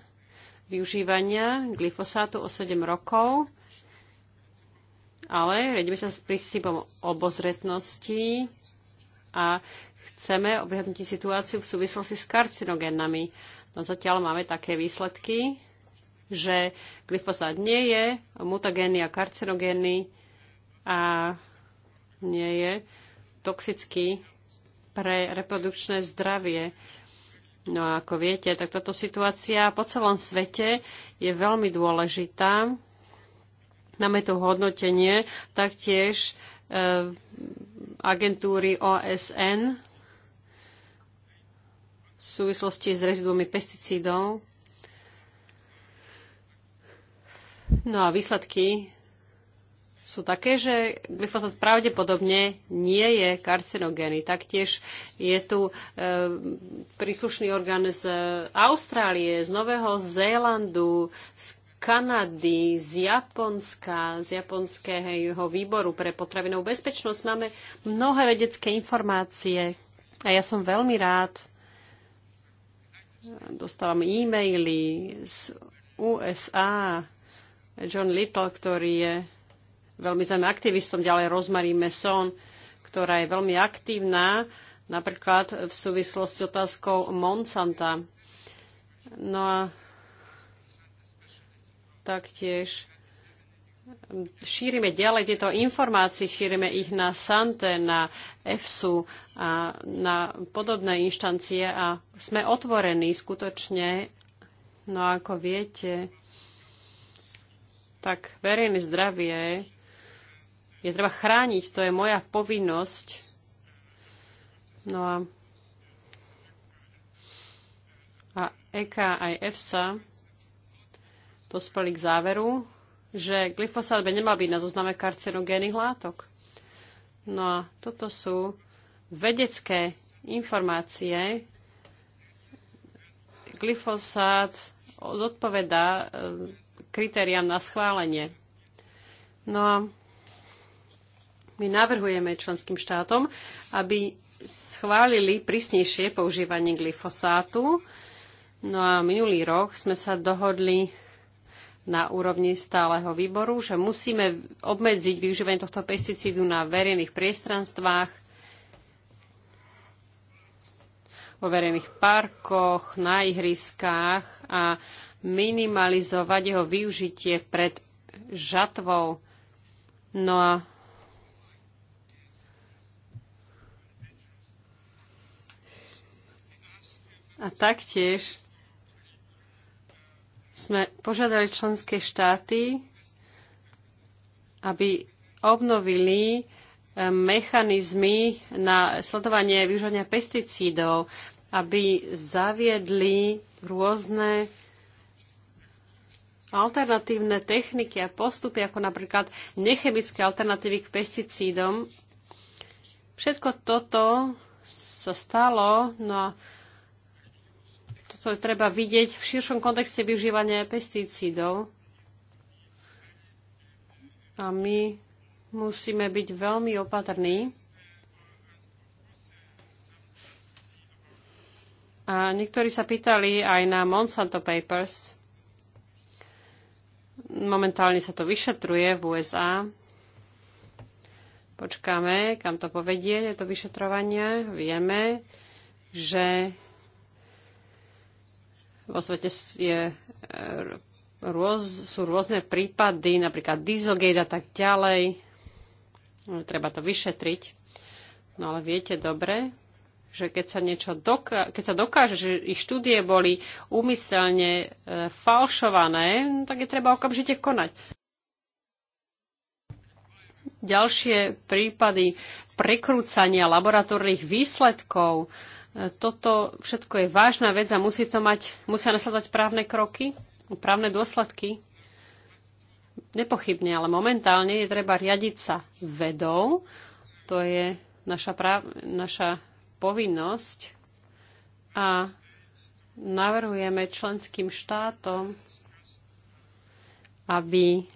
Speaker 2: využívania glyfosátu o 7 rokov, ale riadíme sa s prístupom obozretnosti a chceme obhľadnúť situáciu v súvislosti s karcinogénami. No zatiaľ máme také výsledky, že glyfosát nie je mutagénny a karcinogénny a nie je toxický pre reprodukčné zdravie. No a ako viete, tak táto situácia po celom svete je veľmi dôležitá. Máme tu hodnotenie taktiež e, agentúry OSN v súvislosti s reziduami pesticídov, No a výsledky sú také, že glyfosát pravdepodobne nie je karcinogénny. Taktiež je tu e, príslušný orgán z Austrálie, z Nového Zélandu, z Kanady, z Japonska, z japonského výboru pre potravinovú bezpečnosť. Máme mnohé vedecké informácie a ja som veľmi rád. Dostávam e-maily z USA, John Little, ktorý je veľmi zaujímavým aktivistom, ďalej Rosemary Messon, ktorá je veľmi aktívna, napríklad v súvislosti s otázkou Monsanta. No a taktiež šírime ďalej tieto informácie, šírime ich na Sante, na EFSU a na podobné inštancie a sme otvorení skutočne. No ako viete, tak verejné zdravie je treba chrániť, to je moja povinnosť. No a, a EKA aj EFSA spali k záveru, že glyfosát by nemal byť na zozname karcinogénnych látok. No a toto sú vedecké informácie. Glyfosát odpovedá kritériám na schválenie. No a my navrhujeme členským štátom, aby schválili prísnejšie používanie glyfosátu. No a minulý rok sme sa dohodli na úrovni stáleho výboru, že musíme obmedziť využívanie tohto pesticídu na verejných priestranstvách, vo verejných parkoch, na ihriskách a minimalizovať jeho využitie pred žatvou. No a A taktiež sme požiadali členské štáty, aby obnovili e, mechanizmy na sledovanie využívania pesticídov, aby zaviedli rôzne alternatívne techniky a postupy, ako napríklad nechemické alternatívy k pesticídom. Všetko toto sa stalo, no a toto treba vidieť v širšom kontexte využívania pesticídov. A my musíme byť veľmi opatrní. A niektorí sa pýtali aj na Monsanto Papers, Momentálne sa to vyšetruje v USA. Počkáme, kam to povedie, je to vyšetrovanie. Vieme, že vo svete je, e, rôz, sú rôzne prípady, napríklad Dieselgate a tak ďalej. Treba to vyšetriť. No ale viete dobre, že keď sa, niečo doká- keď sa dokáže, že ich štúdie boli úmyselne e, falšované, no tak je treba okamžite konať. Ďalšie prípady prekrúcania laboratórnych výsledkov. E, toto všetko je vážna vec a musí to mať, musia nasledovať právne kroky, právne dôsledky. Nepochybne, ale momentálne je treba riadiť sa vedou. To je naša, práv, naša povinnosť a navrhujeme členským štátom, aby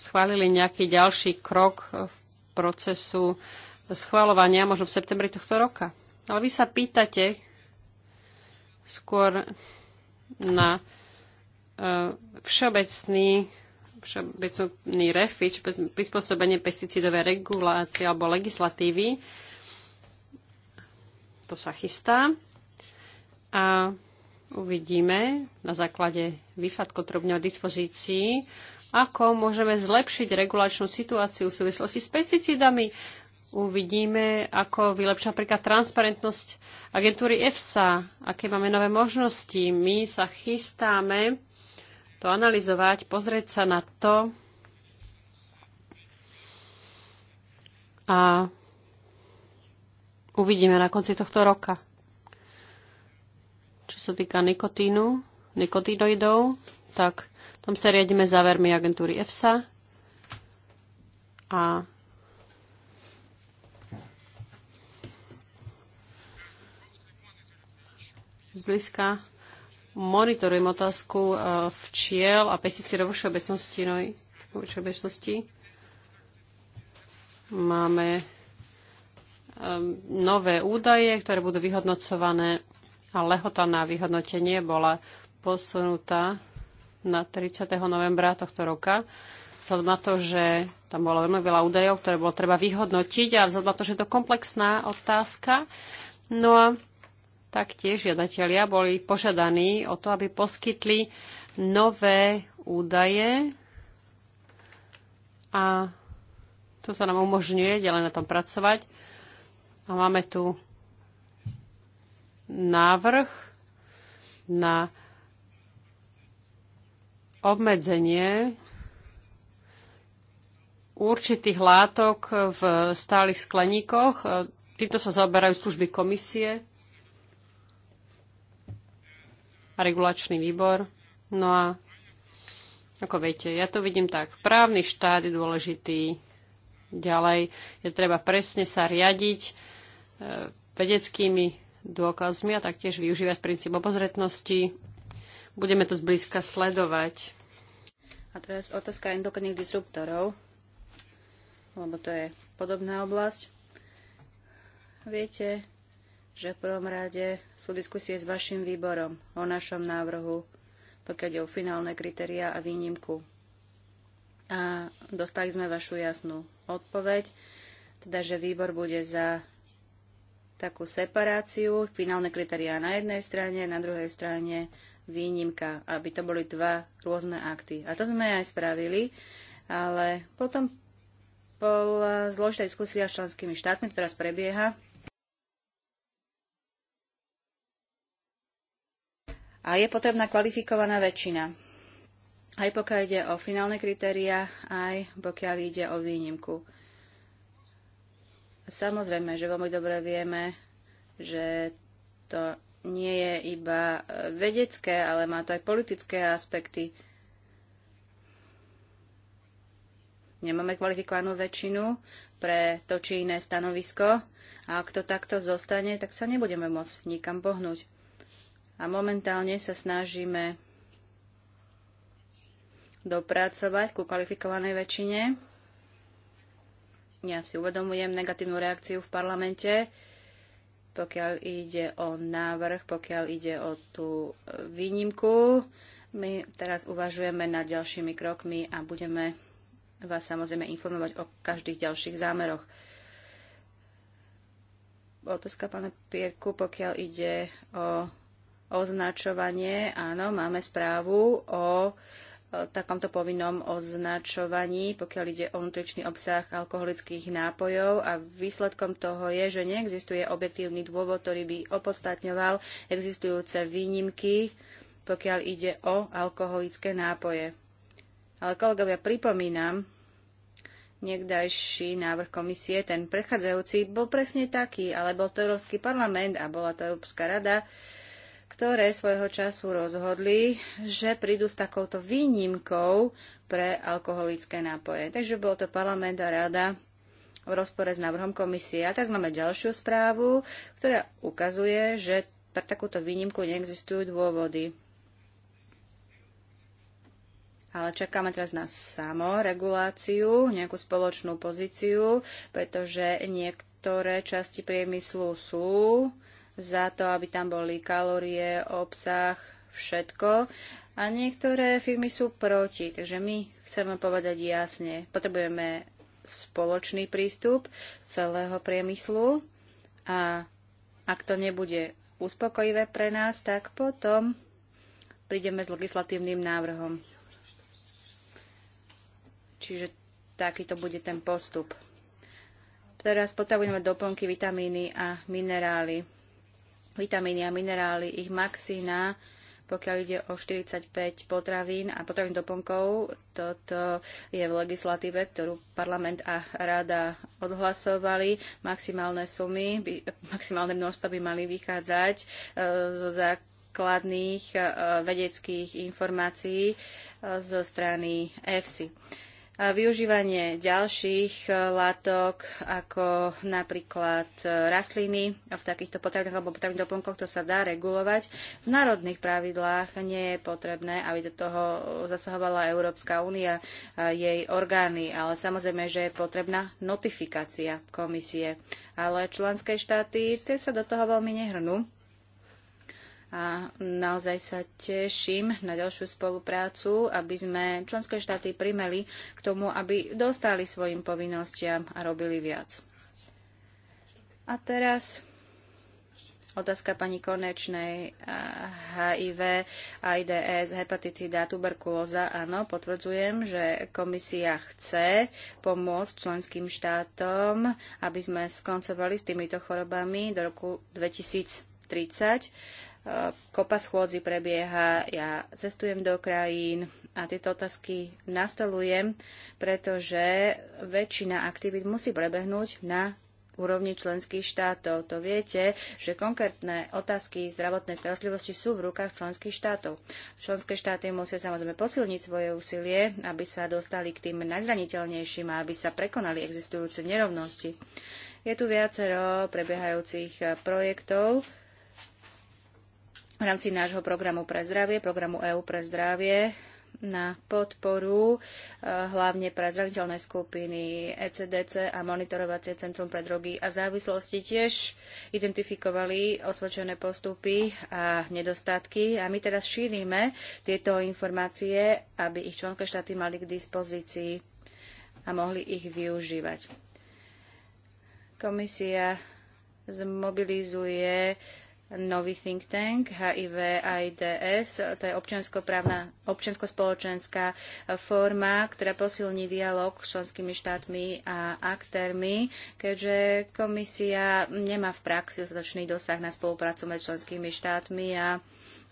Speaker 2: schválili nejaký ďalší krok v procesu schvalovania, možno v septembri tohto roka. Ale vy sa pýtate skôr na e, všeobecný všeobecný refič, prispôsobenie pesticidovej regulácie alebo legislatívy. To sa chystá. A uvidíme na základe výsledkov, ktoré v dispozícii, ako môžeme zlepšiť regulačnú situáciu v súvislosti s pesticídami. Uvidíme, ako vylepšia napríklad transparentnosť agentúry EFSA, aké máme nové možnosti. My sa chystáme to analyzovať, pozrieť sa na to a uvidíme na konci tohto roka. Čo sa týka nikotínu, nikotidoidov, tak tam sa riadíme závermi agentúry EFSA a zblízka monitorujem otázku e, včiel a pesticídov vo všeobecnosti. No, vo všeobecnosti. Máme nové údaje, ktoré budú vyhodnocované a lehota na vyhodnotenie bola posunutá na 30. novembra tohto roka, vzhľadom na to, že tam bolo veľmi veľa údajov, ktoré bolo treba vyhodnotiť a vzhľadom na to, že je to komplexná otázka. No a Taktiež žiadatelia boli požiadaní o to, aby poskytli nové údaje a to sa nám umožňuje ďalej na tom pracovať. A máme tu návrh na obmedzenie určitých látok v stálych skleníkoch. Týmto sa zaoberajú služby komisie a regulačný výbor. No a ako viete, ja to vidím tak. Právny štát je dôležitý. Ďalej je treba presne sa riadiť e, vedeckými dôkazmi a taktiež využívať princíp obozretnosti. Budeme to zblízka sledovať.
Speaker 3: A teraz otázka endokrinných disruptorov, lebo to je podobná oblasť. Viete, že v prvom rade sú diskusie s vašim výborom o našom návrhu, pokiaľ je o finálne kritéria a výnimku. A dostali sme vašu jasnú odpoveď, teda že výbor bude za takú separáciu, finálne kritériá na jednej strane, na druhej strane výnimka, aby to boli dva rôzne akty. A to sme aj spravili, ale potom bola zložitá diskusia s členskými štátmi, ktorá prebieha A je potrebná kvalifikovaná väčšina. Aj pokiaľ ide o finálne kritéria, aj pokiaľ ide o výnimku. Samozrejme, že veľmi dobre vieme, že to nie je iba e, vedecké, ale má to aj politické aspekty. Nemáme kvalifikovanú väčšinu pre to či iné stanovisko a ak to takto zostane, tak sa nebudeme môcť nikam pohnúť. A momentálne sa snažíme dopracovať ku kvalifikovanej väčšine. Ja si uvedomujem negatívnu reakciu v parlamente, pokiaľ ide o návrh, pokiaľ ide o tú výnimku. My teraz uvažujeme nad ďalšími krokmi a budeme vás samozrejme informovať o každých ďalších zámeroch. Otázka pána Pierku, pokiaľ ide o označovanie. Áno, máme správu o takomto povinnom označovaní, pokiaľ ide o nutričný obsah alkoholických nápojov a výsledkom toho je, že neexistuje objektívny dôvod, ktorý by opodstatňoval existujúce výnimky, pokiaľ ide o alkoholické nápoje. Ale kolegovia, pripomínam, niekdajší návrh komisie, ten predchádzajúci, bol presne taký, ale bol to Európsky parlament a bola to Európska rada, ktoré svojho času rozhodli, že prídu s takouto výnimkou pre alkoholické nápoje. Takže bolo to parlament a rada v rozpore s návrhom komisie. A teraz máme ďalšiu správu, ktorá ukazuje, že pre takúto výnimku neexistujú dôvody. Ale čakáme teraz na samoreguláciu, nejakú spoločnú pozíciu, pretože niektoré časti priemyslu sú za to, aby tam boli kalórie, obsah, všetko. A niektoré firmy sú proti, takže my chceme povedať jasne, potrebujeme spoločný prístup celého priemyslu a ak to nebude uspokojivé pre nás, tak potom prídeme s legislatívnym návrhom. Čiže takýto bude ten postup. Teraz potrebujeme doplnky vitamíny a minerály vitamíny a minerály, ich maxina, pokiaľ ide o 45 potravín a potravín doplnkov. Toto je v legislatíve, ktorú parlament a rada odhlasovali. Maximálne sumy, by, maximálne množstvo by mali vychádzať e, zo základných e, vedeckých informácií e, zo strany EFSI. Využívanie ďalších e, látok, ako napríklad e, rastliny v takýchto potravinách alebo potravinných doplnkoch, to sa dá regulovať. V národných pravidlách nie je potrebné, aby do toho zasahovala Európska únia, jej orgány, ale samozrejme, že je potrebná notifikácia komisie. Ale členské štáty tie sa do toho veľmi nehrnú a naozaj sa teším na ďalšiu spoluprácu, aby sme členské štáty primeli k tomu, aby dostali svojim povinnostiam a robili viac. A teraz otázka pani Konečnej. HIV, AIDS, hepatitida, tuberkulóza. Áno, potvrdzujem, že komisia chce pomôcť členským štátom, aby sme skoncovali s týmito chorobami do roku 2030 E, kopa schôdzi prebieha, ja cestujem do krajín a tieto otázky nastolujem, pretože väčšina aktivít musí prebehnúť na úrovni členských štátov. To viete, že konkrétne otázky zdravotnej starostlivosti sú v rukách členských štátov. Členské štáty musia samozrejme posilniť svoje úsilie, aby sa dostali k tým najzraniteľnejším a aby sa prekonali existujúce nerovnosti. Je tu viacero prebiehajúcich projektov, v rámci nášho programu pre zdravie, programu EÚ pre zdravie na podporu eh, hlavne pre zraniteľné skupiny ECDC a Monitorovacie centrum pre drogy a závislosti tiež identifikovali osvedčené postupy a nedostatky a my teraz šírime tieto informácie, aby ich členské štáty mali k dispozícii a mohli ich využívať. Komisia zmobilizuje nový think tank HIV AIDS. To je občiansko-spoločenská eh, forma, ktorá posilní dialog s členskými štátmi a aktérmi, keďže komisia nemá v praxi dostatočný dosah na spoluprácu medzi členskými štátmi a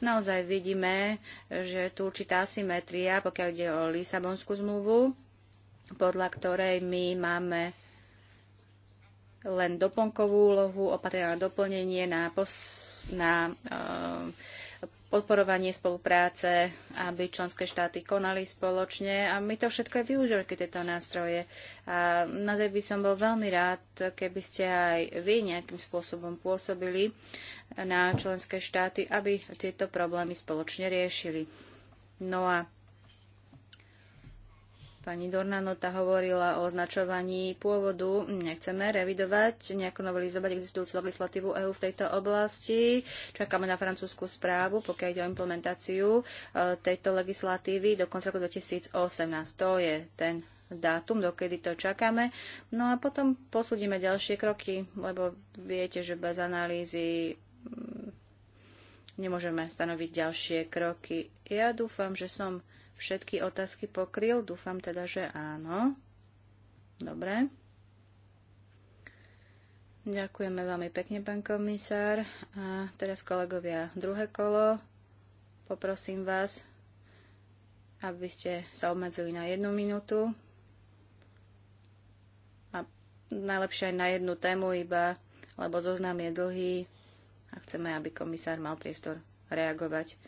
Speaker 3: naozaj vidíme, že je tu určitá asymetria, pokiaľ ide o Lisabonskú zmluvu, podľa ktorej my máme len doplnkovú úlohu, opatrenia na doplnenie, na pos- na eh, podporovanie spolupráce, aby členské štáty konali spoločne a my to všetko aj využili tieto nástroje. A na to by som bol veľmi rád, keby ste aj vy nejakým spôsobom pôsobili na členské štáty, aby tieto problémy spoločne riešili. No a Pani Dornanota hovorila o označovaní pôvodu. Nechceme revidovať, nejako novelizovať existujúcu legislatívu EÚ v tejto oblasti. Čakáme na francúzsku správu, pokiaľ ide o implementáciu e, tejto legislatívy do konca roku 2018. To je ten dátum, dokedy to čakáme. No a potom posúdime ďalšie kroky, lebo viete, že bez analýzy mm, nemôžeme stanoviť ďalšie kroky. Ja dúfam, že som všetky otázky pokryl? Dúfam teda, že áno. Dobre. Ďakujeme veľmi pekne, pán komisár. A teraz, kolegovia, druhé kolo. Poprosím vás, aby ste sa obmedzili na jednu minútu. A najlepšie aj na jednu tému iba, lebo zoznam je dlhý a chceme, aby komisár mal priestor reagovať.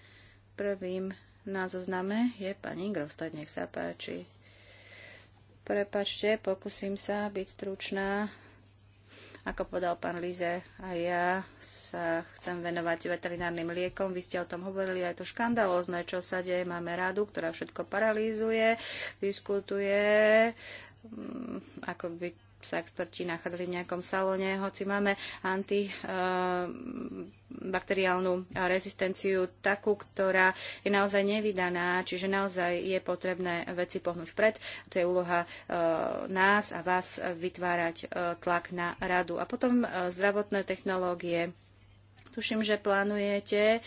Speaker 3: Prvým na zozname je pani Grostad, nech sa páči. Prepačte, pokúsim sa byť stručná. Ako povedal pán Lize, a ja sa chcem venovať veterinárnym liekom. Vy ste o tom hovorili, je to škandalozne, čo sa deje. Máme radu, ktorá všetko paralýzuje, diskutuje, mm, ako by sa experti nachádzali v nejakom salóne, hoci máme antibakteriálnu rezistenciu takú, ktorá je naozaj nevydaná, čiže naozaj je potrebné veci pohnúť vpred. To je úloha e, nás a vás vytvárať e, tlak na radu. A potom e, zdravotné technológie. Tuším, že plánujete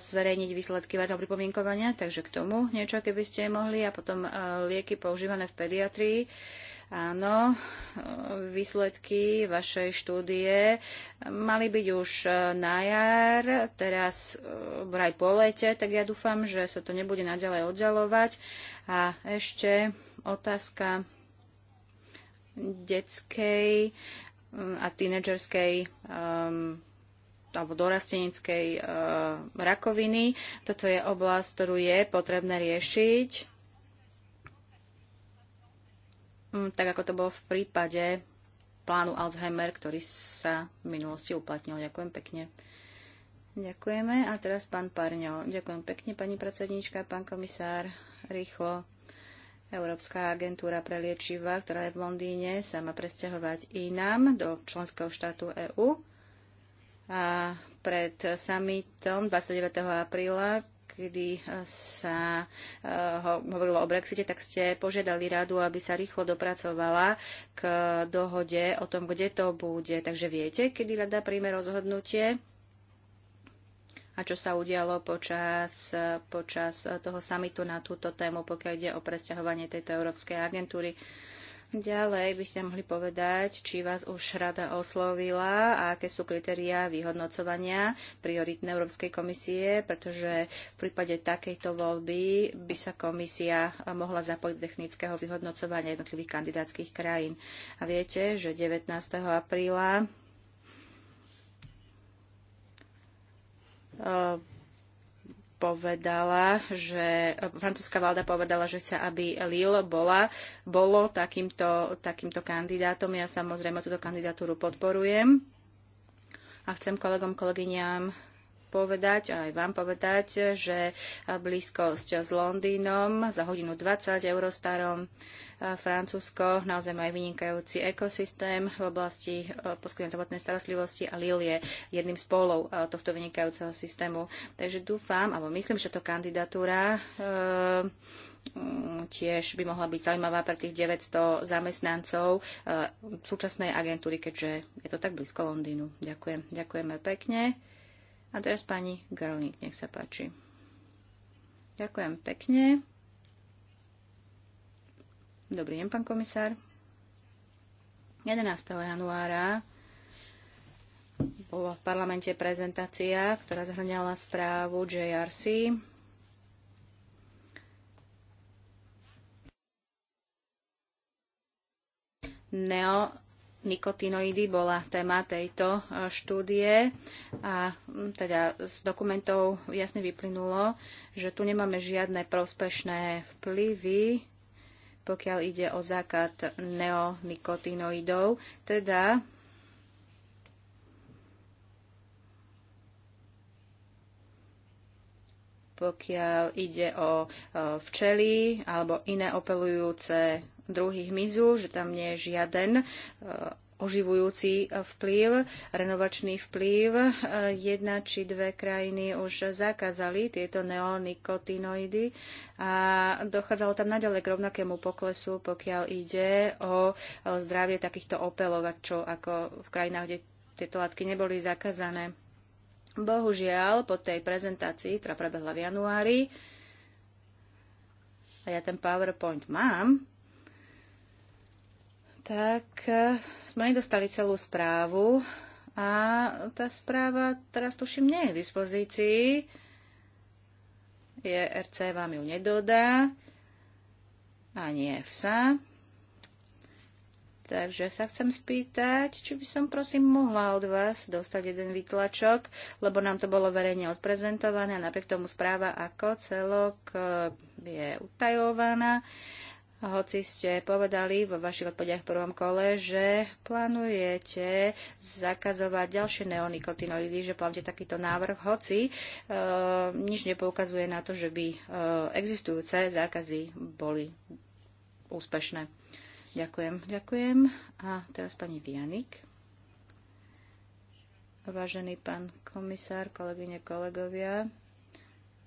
Speaker 3: zverejniť výsledky verného pripomienkovania, takže k tomu niečo, keby ste mohli. A potom lieky používané v pediatrii. Uh, Áno, výsledky vašej štúdie mali byť už e, na jar, teraz e, aj po lete, tak ja dúfam, že sa to nebude naďalej oddalovať. A ešte otázka detskej mm, a tínedžerskej um, alebo dorasteneckej uh, rakoviny. Toto je oblasť, ktorú je potrebné riešiť Hm, tak ako to bolo v prípade plánu Alzheimer, ktorý sa v minulosti uplatnil. Ďakujem pekne. Ďakujeme. A teraz pán Parňo. Ďakujem pekne, pani predsednička, pán komisár. Rýchlo. Európska agentúra pre liečiva, ktorá je v Londýne, sa má presťahovať inám do členského štátu EÚ. A pred summitom 29. apríla kedy eh, sa eh, hovorilo o Brexite, tak ste požiadali radu, aby sa rýchlo dopracovala k dohode o tom, kde to bude. Takže viete, kedy rada príjme rozhodnutie? a čo sa udialo počas, počas toho samitu na túto tému, pokiaľ ide o presťahovanie tejto európskej agentúry. Uh, Ďalej by ste mohli povedať, či vás už rada oslovila a aké sú kritériá vyhodnocovania prioritnej Európskej komisie, pretože v prípade takejto voľby by sa komisia mohla zapojiť do technického vyhodnocovania jednotlivých kandidátskych krajín. A viete, že 19. apríla uh, povedala, že francúzska vláda povedala, že chce, aby Lille bola, bolo takýmto, takýmto kandidátom. Ja samozrejme túto kandidatúru podporujem. A chcem kolegom, kolegyňam povedať, aj vám povedať, že blízkosť s Londýnom za hodinu 20 eurostarom Francúzsko, naozaj má aj vynikajúci ekosystém v oblasti e, poskytnej zdravotnej starostlivosti a Lille je jedným z polov e, tohto vynikajúceho systému. Takže dúfam, alebo myslím, že to kandidatúra e, tiež by mohla byť zaujímavá pre tých 900 zamestnancov súčasnej agentúry, keďže je to tak blízko Londýnu. Ďakujem. Ďakujeme pekne. A teraz pani Garlník, nech sa páči. Ďakujem pekne. Dobrý deň, pán komisár. 11. januára bola v parlamente prezentácia, ktorá zhrňala správu JRC. Neo nikotinoidy bola téma tejto e, štúdie a teda z dokumentov jasne vyplynulo, že tu nemáme žiadne prospešné vplyvy, pokiaľ ide o základ neonikotinoidov, teda pokiaľ ide o včely alebo iné opelujúce druhy hmyzu, že tam nie je žiaden e, oživujúci vplyv, renovačný vplyv. E, jedna či dve krajiny už zakázali tieto neonikotinoidy a dochádzalo tam naďalej k rovnakému poklesu, pokiaľ ide o zdravie takýchto opelovačov ako v krajinách, kde tieto látky neboli zakázané. Bohužiaľ, po tej prezentácii, ktorá prebehla v januári, a ja ten PowerPoint mám, tak eh, sme nedostali celú správu a tá správa teraz tuším nie je k dispozícii. RC vám ju nedodá. Ani EFSA. Takže sa chcem spýtať, či by som prosím mohla od vás dostať jeden výtlačok, lebo nám to bolo verejne odprezentované a napriek tomu správa ako celok e, je utajovaná. Hoci ste povedali vo vašich odpovediach v prvom kole, že plánujete zakazovať ďalšie neonikotinoidy, že plánujete takýto návrh, hoci e, nič nepoukazuje na to, že by e, existujúce zákazy boli úspešné. Ďakujem, ďakujem. A teraz pani Vianik. Vážený pán komisár, kolegyne, kolegovia,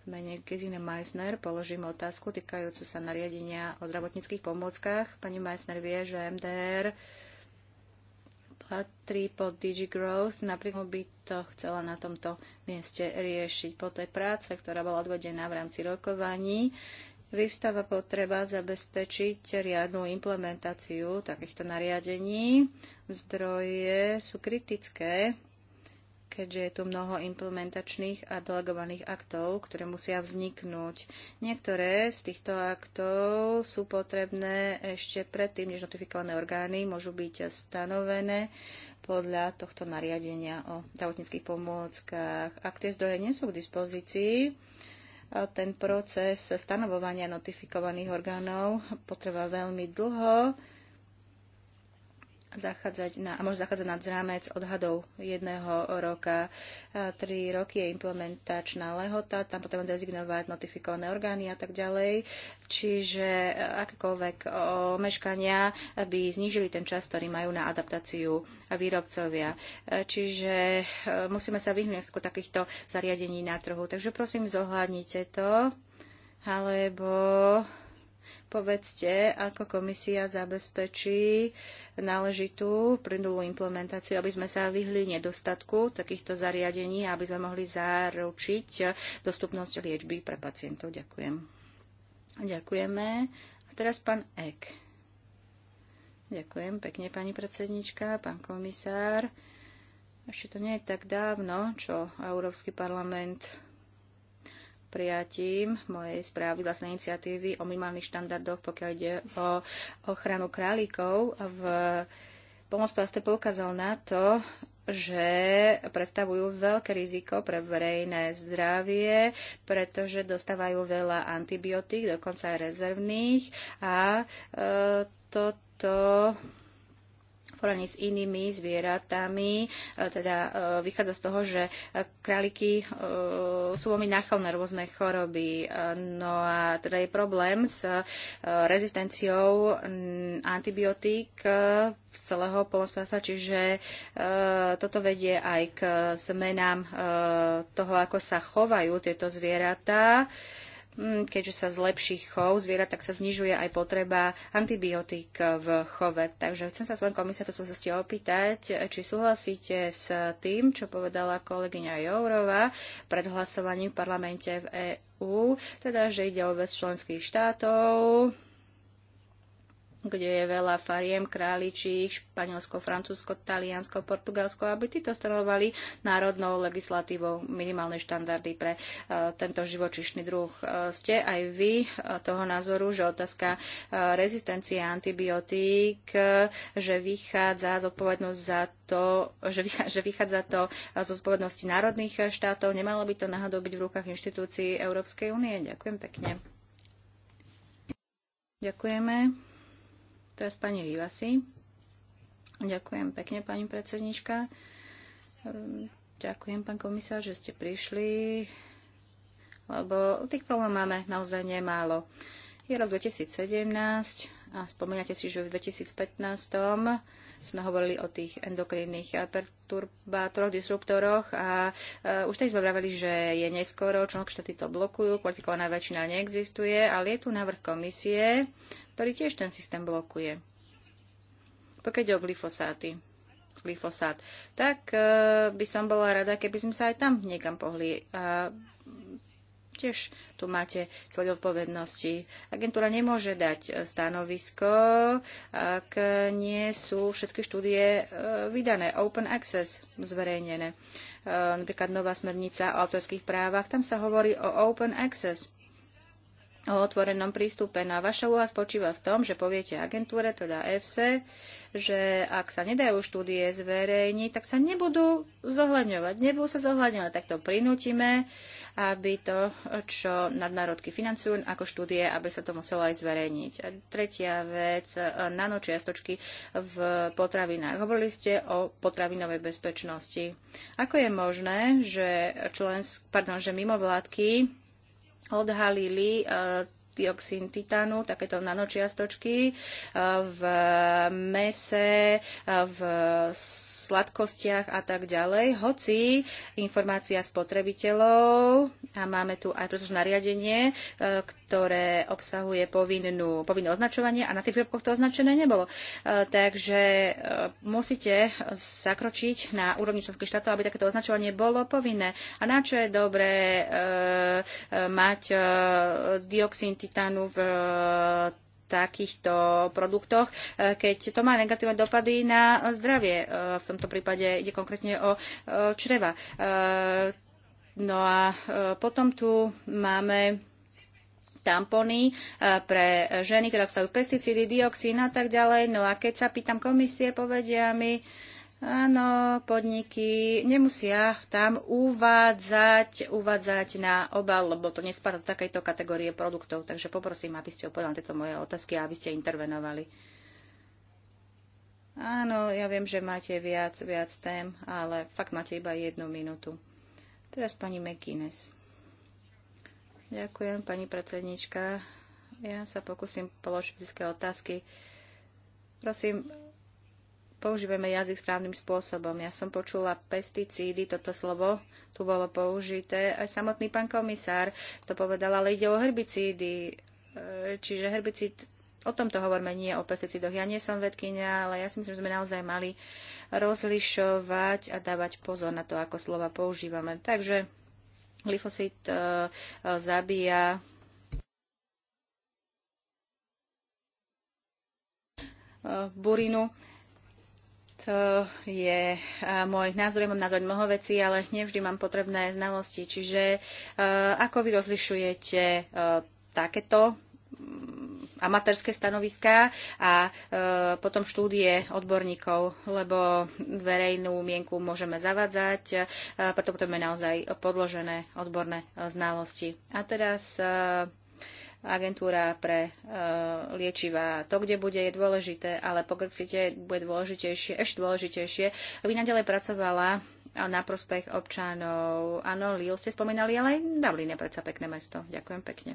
Speaker 3: v mene Gesine Meissner položím otázku týkajúcu sa nariadenia o zdravotníckých pomôckach. Pani Meissner vie, že MDR patrí pod DigiGrowth. Napríklad by to chcela na tomto mieste riešiť po tej práce, ktorá bola odvedená v rámci rokovaní vyvstáva potreba zabezpečiť riadnu implementáciu takýchto nariadení. Zdroje sú kritické, keďže je tu mnoho implementačných a delegovaných aktov, ktoré musia vzniknúť. Niektoré z týchto aktov sú potrebné ešte predtým, než notifikované orgány môžu byť stanovené podľa tohto nariadenia o zdravotníckých pomôckach. Ak tie zdroje nie sú k dispozícii, ten proces stanovovania notifikovaných orgánov potrvá veľmi dlho zachádzať na, a môže zachádzať nad rámec odhadov jedného roka. Tri roky je implementačná lehota, tam potom dezignovať notifikované orgány a tak ďalej. Čiže akékoľvek omeškania by znížili ten čas, ktorý majú na adaptáciu výrobcovia. E, čiže e, musíme sa vyhnúť takýchto zariadení na trhu. Takže prosím, zohľadnite to alebo povedzte, ako komisia zabezpečí náležitú plynulú implementáciu, aby sme sa vyhli nedostatku takýchto zariadení aby sme mohli zaručiť dostupnosť liečby pre pacientov. Ďakujem. Ďakujeme. A teraz pán Ek. Ďakujem pekne, pani predsednička, pán komisár. Ešte to nie je tak dávno, čo Európsky parlament prijatím mojej správy vlastnej iniciatívy o minimálnych štandardoch, pokiaľ ide o ochranu králikov v plaste poukázal na to, že predstavujú veľké riziko pre verejné zdravie, pretože dostávajú veľa antibiotík, dokonca aj rezervných a e, toto porovnaní s inými zvieratami, e, teda e, vychádza z toho, že e, králiky sú veľmi náchylné rôzne choroby. No a teda je problém s rezistenciou mm, antibiotík celého polnospodárstva, čiže toto vedie aj k zmenám toho, ako sa chovajú tieto zvieratá. Uh, Mm, keďže sa zlepší chov zvierat, tak sa znižuje aj potreba antibiotík v chove. Takže chcem sa s vami sa súvislosti opýtať, či súhlasíte s tým, čo povedala kolegyňa Jourova pred hlasovaním v parlamente v EÚ, teda že ide o vec členských štátov, kde je veľa fariem králičích, Španielsko, Francúzsko, Taliansko, Portugalsko, aby títo stanovali národnou legislatívou minimálne štandardy pre uh, tento živočišný druh. Uh, ste aj vy uh, toho názoru, že otázka rezistencie antibiotík, že vychádza zodpovednosť za to, že, vychá, že vychádza to z odpovednosti národných štátov, nemalo by to náhodou byť v rukách inštitúcií Európskej únie. Ďakujem pekne. Ďakujeme. Teraz pani Rivasi. Ďakujem pekne, pani predsednička. Ehm, ďakujem, pán komisár, že ste prišli, lebo tých problémov máme naozaj nemálo. Je rok 2017 a spomínate si, že v 2015 sme hovorili o tých endokrinných perturbátoroch, disruptoroch a e, už teď sme vraveli, že je neskoro, čo štáty to blokujú, kvalifikovaná väčšina neexistuje, ale je tu návrh komisie, ktorý tiež ten systém blokuje. Pokiaľ ide o glyfosáty, glyfosát, tak e, by som bola rada, keby sme sa aj tam niekam pohli. A tiež tu máte svoje odpovednosti. Agentúra nemôže dať e, stanovisko, ak nie sú všetky štúdie e, vydané, open access zverejnené. E, napríklad nová smernica o autorských právach, tam sa hovorí o open access o otvorenom prístupe. Na vaša úloha spočíva v tom, že poviete agentúre, teda FC, že ak sa nedajú štúdie zverejniť, tak sa nebudú zohľadňovať. Nebudú sa zohľadňovať. Tak to prinútime, aby to, čo nadnárodky financujú ako štúdie, aby sa to muselo aj zverejniť. A tretia vec, e, nanočiastočky v potravinách. Hovorili ste o potravinovej bezpečnosti. Ako je možné, že, člensk, pardon, že mimovládky odhalili eh, dioxín titánu, takéto nanočiastočky e, v mese, e, v sladkostiach a tak ďalej, hoci informácia spotrebiteľov a máme tu aj pretože nariadenie, e, ktoré obsahuje povinnú, povinné označovanie a na tých výrobkoch to označené nebolo. Takže musíte zakročiť na úrovni členských štátov, aby takéto označovanie bolo povinné. A na čo je dobré mať dioxín titánu v eh, takýchto produktoch, eh, keď to má negatívne dopady na zdravie. Eh, v tomto prípade ide konkrétne o čreva. No a potom tu máme tampony pre ženy, ktoré obsahujú pesticídy, dioxín a tak ďalej. No a keď sa pýtam komisie, povedia mi, uh, Áno, podniky nemusia tam uvádzať, uvádzať na obal, lebo to nespadá do takejto kategórie produktov. Takže poprosím, aby ste odpovedali tieto moje otázky a aby ste intervenovali. Áno, ja viem, že máte viac, viac tém, ale fakt máte iba jednu minútu. Teraz pani McInnes. Ďakujem, pani predsednička. Ja sa pokúsim položiť blízke otázky. Prosím, používame jazyk správnym spôsobom. Ja som počula pesticídy, toto slovo tu bolo použité. Aj samotný pán komisár to povedal, ale ide o herbicídy. E, čiže herbicíd, o tomto hovoríme, nie o pesticídoch. Ja nie som vedkynia, ale ja si myslím, že sme naozaj mali rozlišovať a dávať pozor na to, ako slova používame. Takže glyfosít e, e, zabíja burinu to je môj názor, ja mám názor mnoho vecí, ale nevždy mám potrebné znalosti. Čiže e, ako vy rozlišujete e, takéto mm, amatérske stanoviská a e, potom štúdie odborníkov, lebo verejnú mienku môžeme zavadzať, e, preto je naozaj podložené odborné e, znalosti. A teraz e, agentúra pre e, liečivá. To, kde bude, je dôležité, ale po Grexite bude dôležitejšie, ešte dôležitejšie, aby nadalej pracovala na prospech občanov. Áno, Lille ste spomínali, ale aj Dublin je predsa pekné mesto. Ďakujem pekne.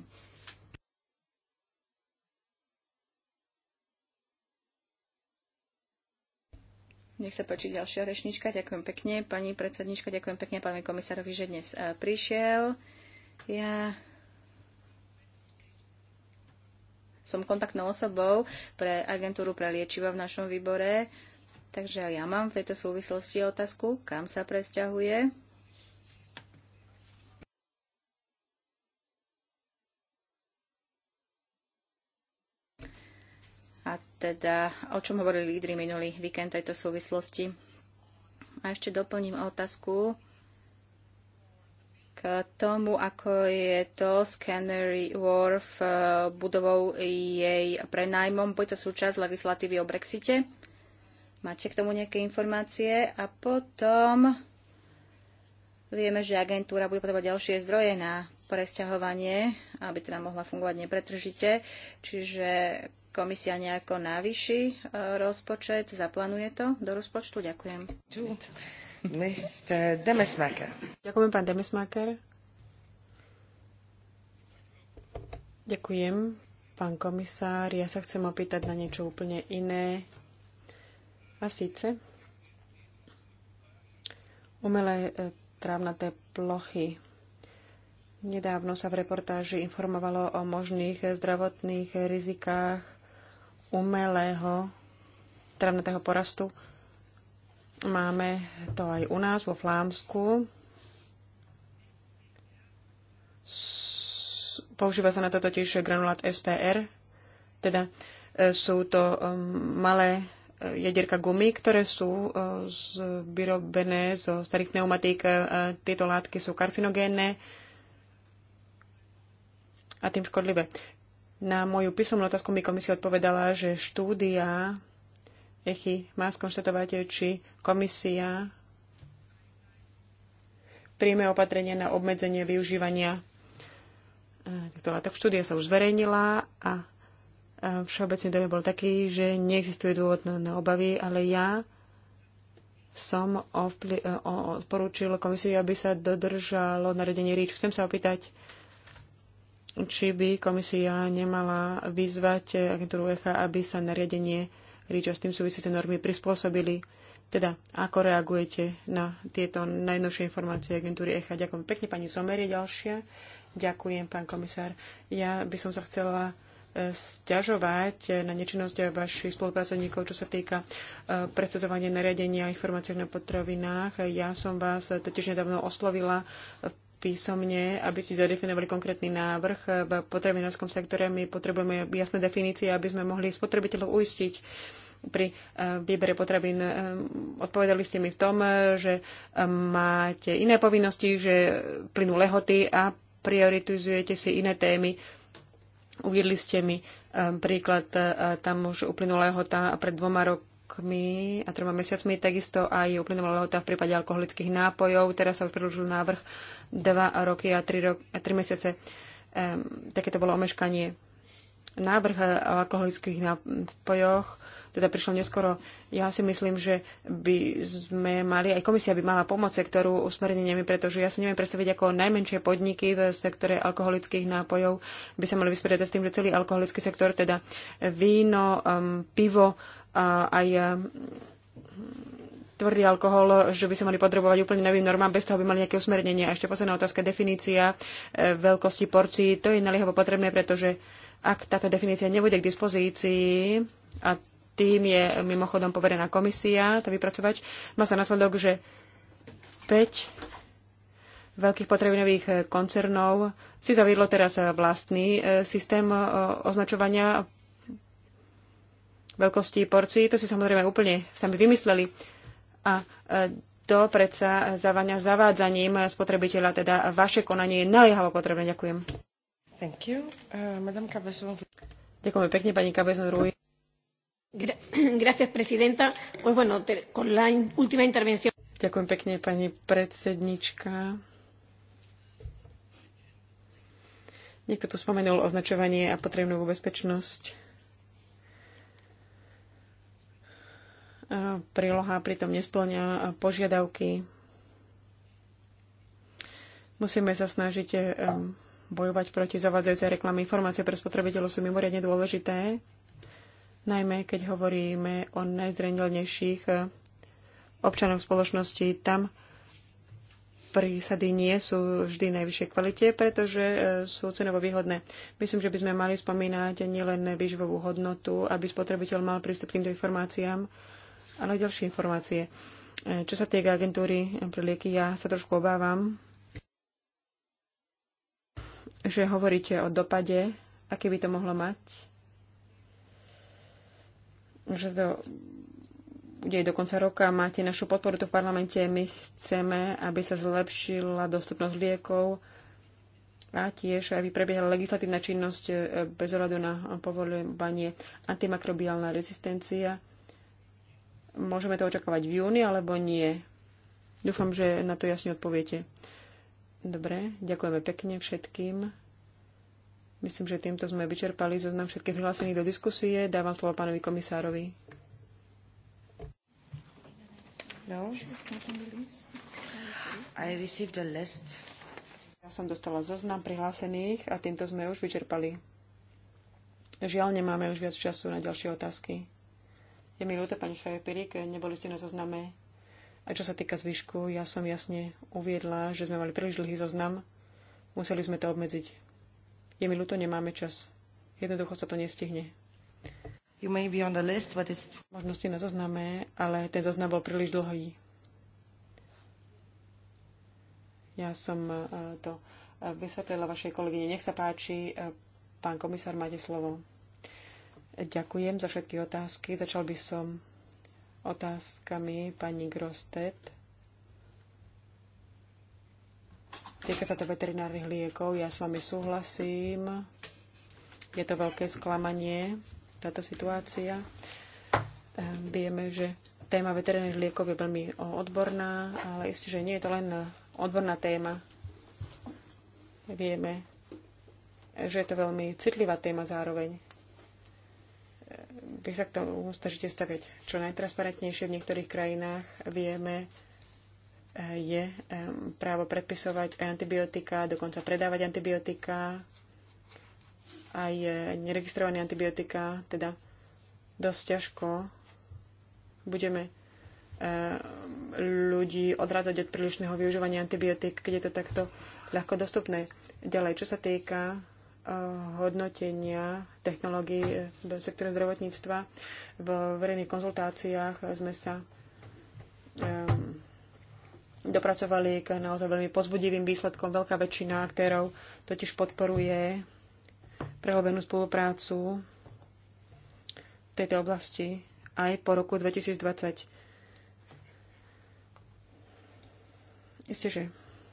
Speaker 3: Nech sa páči ďalšia rečnička. Ďakujem pekne, pani predsednička. Ďakujem pekne pánovi komisárovi, že dnes e, prišiel. Ja som kontaktnou osobou pre agentúru pre liečiva v našom výbore. Takže ja mám v tejto súvislosti otázku, kam sa presťahuje. A teda, o čom hovorili lídry minulý víkend tejto súvislosti. A ešte doplním otázku k tomu, ako je to s Canary Wharf eh, budovou jej prenajmom. Bude to súčasť legislatívy o Brexite. Máte k tomu nejaké informácie? A potom vieme, že agentúra bude potrebovať ďalšie zdroje na presťahovanie, aby teda mohla fungovať nepretržite. Čiže komisia nejako navýši eh, rozpočet, zaplánuje to do rozpočtu? Ďakujem.
Speaker 1: Mr. Demesmaker. Ďakujem, pán Demesmaker. Ďakujem, pán komisár. Ja sa chcem opýtať na niečo úplne iné. A síce umelé e, trávnaté plochy. Nedávno sa v reportáži informovalo o možných zdravotných rizikách umelého trávnatého porastu Máme to aj u nás vo Flámsku. Používa sa na to totiž granulát SPR, teda e, sú to um, malé e, jadierka gumy, ktoré sú vyrobené e, zo starých pneumatík. Tieto látky sú karcinogénne a tým škodlivé. Na moju písomnú otázku mi komisia odpovedala, že štúdia ECHI má skonštatovať, či komisia príjme opatrenie na obmedzenie využívania týchto eh, látok. Štúdia sa už zverejnila a eh, všeobecný dojem bol taký, že neexistuje dôvod na, na obavy, ale ja som ovpli- eh, odporúčil komisiu, aby sa dodržalo nariadenie ríč. Chcem sa opýtať, či by komisia nemala vyzvať agentúru ECHA, aby sa nariadenie REACH s tým súvisiace normy prispôsobili. Teda, ako reagujete na tieto najnovšie informácie agentúry ECHA? Ďakujem pekne, pani Somer je ďalšia. Ďakujem, pán komisár. Ja by som sa chcela e, sťažovať e, na nečinnosť vašich spolupracovníkov, čo sa týka e, predsedovania nariadenia a informácií na potravinách. Ja som vás totiž nedávno oslovila v písomne, aby si zadefinovali konkrétny návrh v potravinárskom sektore. My potrebujeme jasné definície, aby sme mohli spotrebiteľov uistiť pri eh, výbere potravín. Eh, odpovedali ste mi v tom, že eh, máte iné povinnosti, že plynú lehoty a prioritizujete si iné témy. Uviedli ste mi príklad, tam už uplynulého tá pred dvoma rokmi rokmi a troma mesiacmi, takisto aj uplynula lehota v prípade alkoholických nápojov. Teraz sa už predlžil návrh 2 roky a 3, rok, a 3 mesiace. Um, takéto bolo omeškanie. Návrh o alkoholických nápojoch teda prišlo neskoro. Ja si myslím, že by sme mali, aj komisia by mala pomoc sektoru usmerneniami, pretože ja si neviem predstaviť, ako najmenšie podniky v sektore alkoholických nápojov by sa mali vysporiadať s tým, že celý alkoholický sektor, teda víno, um, pivo, a aj eh, tvrdý alkohol, že by sa mali podrobovať úplne novým normám, bez toho by mali nejaké usmernenie. A ešte posledná otázka, definícia eh, veľkosti porcií. To je naliehavo potrebné, pretože ak táto definícia nebude k dispozícii, a tým je mimochodom poverená komisia to vypracovať, má sa následok, že 5 veľkých potravinových eh, koncernov si zaviedlo teraz vlastný systém označovania veľkosti porcií. To si samozrejme úplne sami vymysleli. A e, to predsa zavania zavádzaním spotrebiteľa, teda vaše konanie je naliehavo potrebné. Ďakujem. Thank you. Uh, Ďakujem pekne, pani Cabezon Rui.
Speaker 2: gracias, presidenta. Pues bueno, te, con la in, última intervención.
Speaker 1: Ďakujem pekne, pani predsednička. Niekto tu spomenul označovanie a potrebnú bezpečnosť. príloha pritom nesplňa požiadavky. Musíme sa snažiť eh, bojovať proti zavádzajúcej reklamy. Informácie pre spotrebiteľov sú mimoriadne dôležité, najmä keď hovoríme o najzrenilnejších eh, občanov spoločnosti. Tam prísady nie sú vždy najvyššej kvalite, pretože eh, sú cenovo výhodné. Myslím, že by sme mali spomínať nielen výživovú hodnotu, aby spotrebiteľ mal prístup k týmto informáciám, Áno ďalšie informácie. E, čo sa týka agentúry e, pre lieky, ja sa trošku obávam, že hovoríte o dopade, aké by to mohlo mať. Že to bude aj do konca roka. Máte našu podporu tu v parlamente. My chceme, aby sa zlepšila dostupnosť liekov a tiež aby prebiehala legislatívna činnosť e, bez ohľadu na povolovanie antimakrobiálna rezistencia Môžeme to očakávať v júni alebo nie? Dúfam, že na to jasne odpoviete. Dobre, ďakujeme pekne všetkým. Myslím, že týmto sme vyčerpali zoznam všetkých hlásených do diskusie. Dávam slovo pánovi komisárovi. No? I received a list. Ja som dostala zoznam prihlásených a týmto sme už vyčerpali. Žiaľ, nemáme už viac času na ďalšie otázky. Je mi ľúto, pani Švajepirik, neboli ste na zozname. A čo sa týka zvyšku, ja som jasne uviedla, že sme mali príliš dlhý zoznam. Museli sme to obmedziť. Je mi ľúto, nemáme čas. Jednoducho sa to nestihne. You may be on the list, but it's... Možno ste na zozname, ale ten zoznam bol príliš dlhý. Ja som e, to e, vysvetlila vašej kolegyne. Nech sa páči, e, pán komisár, máte slovo. Ďakujem za všetky otázky. Začal by som otázkami pani Grostet. Týka sa to veterinárnych liekov. Ja s vami súhlasím. Je to veľké sklamanie, táto situácia. Ehm, vieme, že téma veterinárnych liekov je veľmi odborná, ale isté, že nie je to len odborná téma. Vieme, že je to veľmi citlivá téma zároveň vy sa k tomu snažíte staviť čo najtransparentnejšie v niektorých krajinách. Vieme, eh, je právo predpisovať antibiotika, dokonca predávať antibiotika, aj eh, neregistrované antibiotika, teda dosť ťažko budeme eh, ľudí odrádzať od prílišného využívania antibiotík, keď je to takto ľahko dostupné. Ďalej, čo sa týka hodnotenia technológií do sektora zdravotníctva. V verejných konzultáciách sme sa dopracovali k naozaj veľmi pozbudivým výsledkom. Veľká väčšina aktérov totiž podporuje prehlbenú spoluprácu v tejto oblasti aj po roku 2020. Isté, že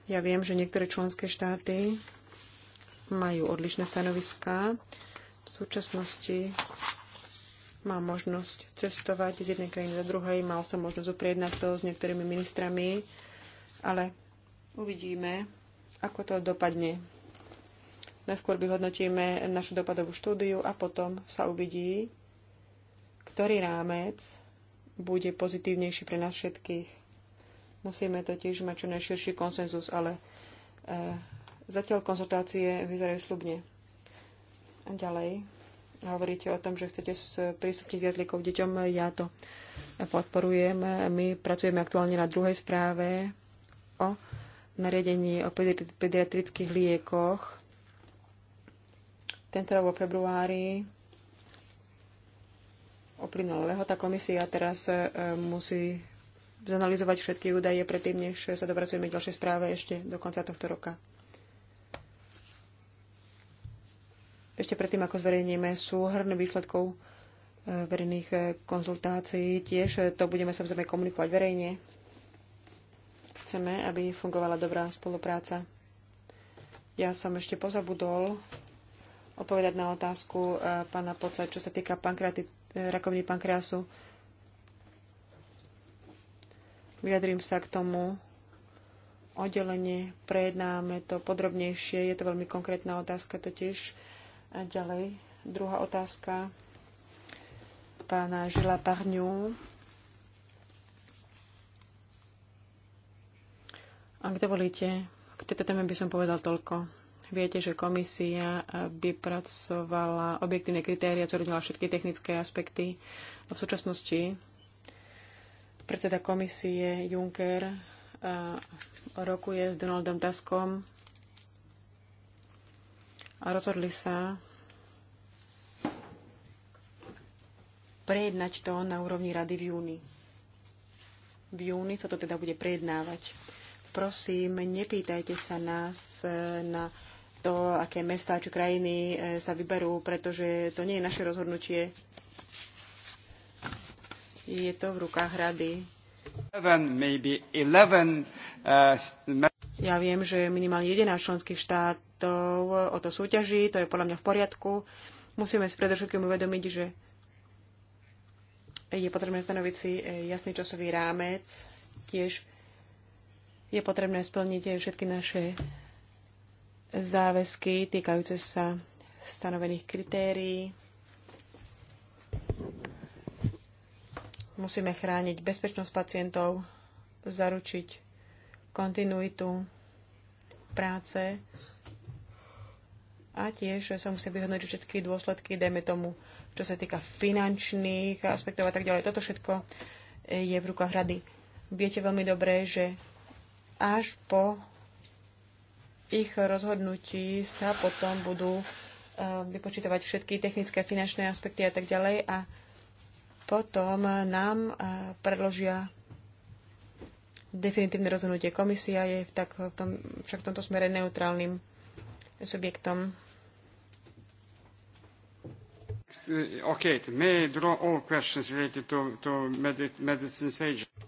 Speaker 1: ja viem, že niektoré členské štáty majú odlišné stanoviská. V súčasnosti mám možnosť cestovať z jednej krajiny do druhej. Mal som možnosť na to s niektorými ministrami, ale uvidíme, ako to dopadne. Najskôr vyhodnotíme našu dopadovú štúdiu a potom sa uvidí, ktorý rámec bude pozitívnejší pre nás všetkých. Musíme totiž mať čo najširší konsenzus, ale eh, Zatiaľ konzultácie vyzerajú slubne. A ďalej hovoríte o tom, že chcete prístupniť viac liekov deťom. Ja to podporujem. My pracujeme aktuálne na druhej správe o nariadení o pediatrických liekoch. Tento rok vo februári uplynula lehota komisia teraz e, musí zanalizovať všetky údaje predtým, než sa dopracujeme k ďalšej správe ešte do konca tohto roka. ešte predtým, ako zverejníme súhrn výsledkov e, verejných e, konzultácií, tiež e, to budeme samozrejme komunikovať verejne. Chceme, aby fungovala dobrá spolupráca. Ja som ešte pozabudol odpovedať na otázku pána Poca, čo sa týka pankreaty, rakoviny pankreasu. Vyjadrím sa k tomu oddelenie, prejednáme to podrobnejšie. Je to veľmi konkrétna otázka totiž a ďalej, druhá otázka pána Žila Parňu. Ak dovolíte, k tejto téme by som povedal toľko. Viete, že komisia by pracovala objektívne kritéria, zohľadnila všetky technické aspekty. A v súčasnosti predseda komisie Juncker rokuje s Donaldom Taskom a rozhodli sa prejednať to na úrovni rady v júni. V júni sa to teda bude prejednávať. Prosím, nepýtajte sa nás e, na to, aké mestá či krajiny e, sa vyberú, pretože to nie je naše rozhodnutie. Je to v rukách rady.
Speaker 3: Uh,
Speaker 1: ja viem, že minimálne 11 členských štát kontraktov o to súťaží, to je podľa mňa v poriadku. Musíme si predovšetkým uvedomiť, že je potrebné stanoviť si eh, jasný časový rámec, tiež je potrebné splniť všetky naše záväzky týkajúce sa stanovených kritérií. Musíme chrániť bezpečnosť pacientov, zaručiť kontinuitu práce a tiež sa musia vyhodnotiť všetky dôsledky, dajme tomu, čo sa týka finančných aspektov a tak ďalej. Toto všetko je v rukách rady. Viete veľmi dobre, že až po ich rozhodnutí sa potom budú eh, vypočítavať všetky technické, finančné aspekty a tak ďalej a potom nám eh, predložia definitívne rozhodnutie. Komisia je v tak, v tom, však v tomto smere neutrálnym subjektom. Uh, okay, to, to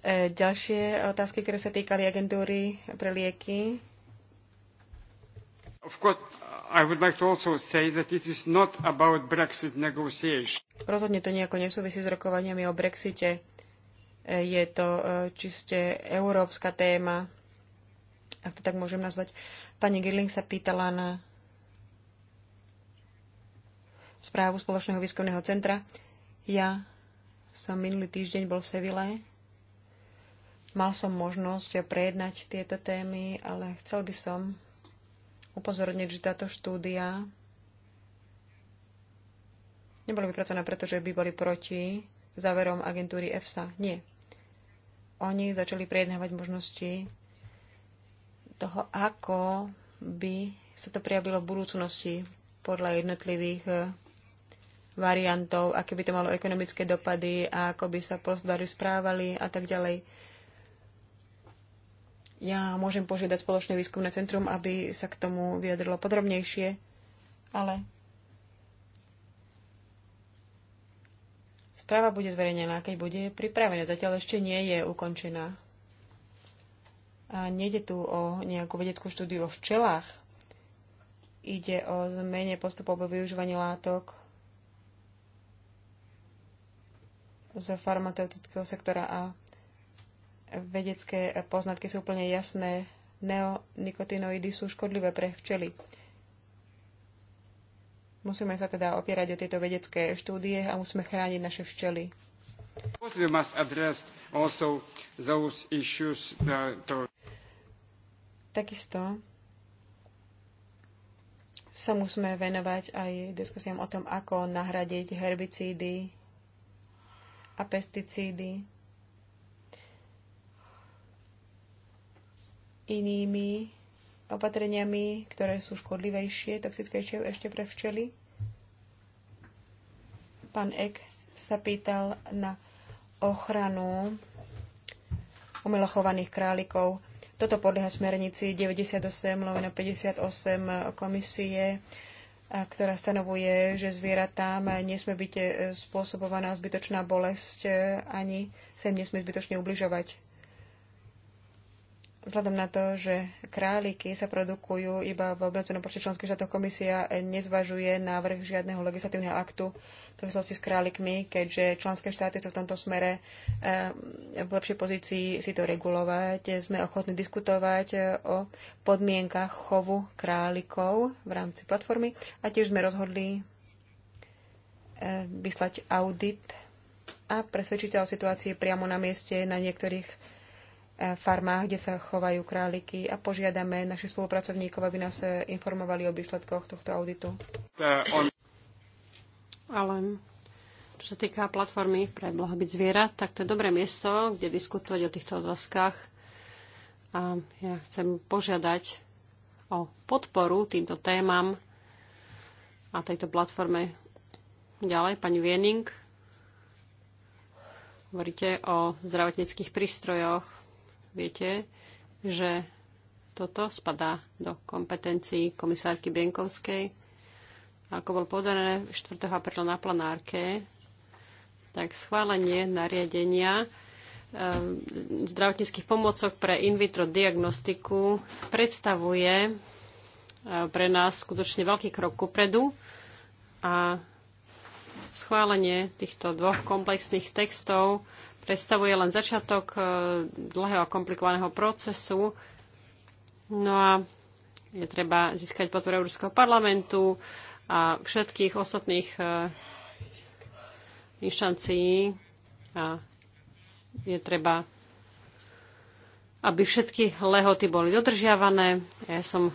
Speaker 1: e, Ďalšie otázky, ktoré sa týkali agentúry pre lieky.
Speaker 3: Course, like
Speaker 1: Rozhodne to nejako nesúvisí s rokovaniami o Brexite. E, je to e, čiste európska téma, ak to tak môžem nazvať. Pani Girling sa pýtala na správu Spoločného výskumného centra. Ja som minulý týždeň bol v Sevile. Mal som možnosť prejednať tieto témy, ale chcel by som upozorniť, že táto štúdia nebola vypracovaná, pretože by boli proti záverom agentúry EFSA. Nie. Oni začali prejednávať možnosti toho, ako by sa to prijavilo v budúcnosti podľa jednotlivých variantov, aké by to malo ekonomické dopady a ako by sa polospodári správali a tak ďalej. Ja môžem požiadať spoločné výskumné centrum, aby sa k tomu vyjadrilo podrobnejšie, ale správa bude zverejnená, keď bude pripravená. Zatiaľ ešte nie je ukončená. A nejde tu o nejakú vedeckú štúdiu o včelách. Ide o zmene postupov po využívaní látok z farmaceutického sektora a vedecké poznatky sú úplne jasné. Neonikotinoidy sú škodlivé pre včely. Musíme sa teda opierať o tieto vedecké štúdie a musíme chrániť naše včely. Takisto sa musíme venovať aj diskusiám o tom, ako nahradiť herbicídy a pesticídy inými opatreniami, ktoré sú škodlivejšie, toxickejšie ešte pre včely. Pán Ek sa pýtal na ochranu umelochovaných králikov. Toto podľa smernici 98 58 komisie ktorá stanovuje, že zvieratám nesme byť e, spôsobovaná zbytočná bolesť e, ani sa im nesme zbytočne ubližovať. Vzhľadom na to, že králiky sa produkujú iba v obmedzenom počte členských štátov, komisia nezvažuje návrh žiadneho legislatívneho aktu v súvislosti s králikmi, keďže členské štáty sú v tomto smere eh, v lepšej pozícii si to regulovať. Sme ochotní diskutovať eh, o podmienkach chovu králikov v rámci platformy a tiež sme rozhodli eh, vyslať audit a presvedčiť o situácii priamo na mieste na niektorých E, farmách, kde sa chovajú králiky a požiadame našich spolupracovníkov, aby nás e, informovali o výsledkoch tohto auditu.
Speaker 2: E, Ale čo sa týka platformy pre blahobyt zvierat, tak to je dobré miesto, kde diskutovať o týchto otázkach. A ja chcem požiadať o podporu týmto témam a tejto platforme. Ďalej, pani Viening, hovoríte o zdravotníckých prístrojoch, viete, že toto spadá do kompetencií komisárky Bienkovskej. Ako bol podané 4. apríla na planárke, tak schválenie nariadenia ehm, zdravotníckých pomocok pre in vitro diagnostiku predstavuje e, pre nás skutočne veľký krok kupredu a schválenie týchto dvoch komplexných textov predstavuje len začiatok eh, dlhého a komplikovaného procesu. No a je treba získať podporu Európskeho parlamentu a všetkých ostatných eh, inštancií a je treba, aby všetky lehoty boli dodržiavané. Ja som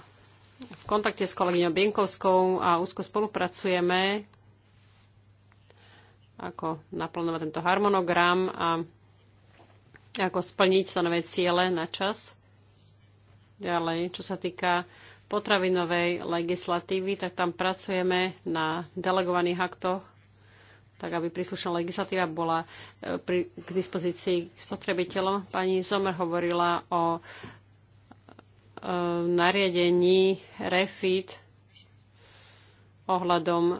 Speaker 2: v kontakte s kolegyňou Bienkovskou a úzko spolupracujeme ako naplnovať tento harmonogram a ako splniť stanové ciele na čas. Ďalej, čo sa týka potravinovej legislatívy, tak tam pracujeme na delegovaných aktoch, tak aby príslušná legislatíva bola e, pri, k dispozícii spotrebiteľom. Pani Zomer hovorila o o e, nariadení REFIT, ohľadom e,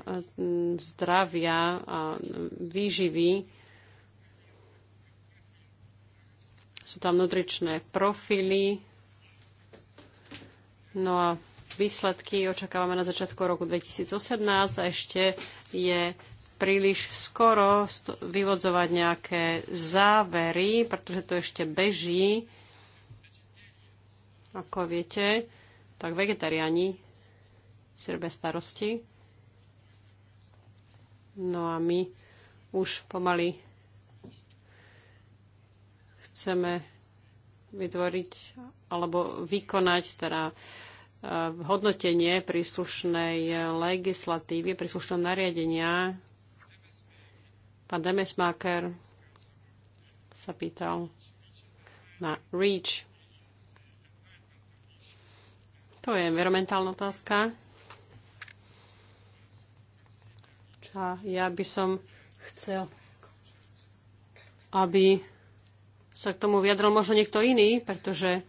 Speaker 2: zdravia a výživy. Sú tam nutričné profily. No a výsledky očakávame na začiatku roku 2018 a ešte je príliš skoro vyvodzovať nejaké závery, pretože to ešte beží. Ako viete, tak vegetariáni si robia starosti No a my už pomaly chceme vytvoriť alebo vykonať teda e, hodnotenie príslušnej legislatívy, príslušného nariadenia. Pán Demesmaker sa pýtal na REACH. To je environmentálna otázka. A ja by som chcel, aby sa k tomu vyjadril možno niekto iný, pretože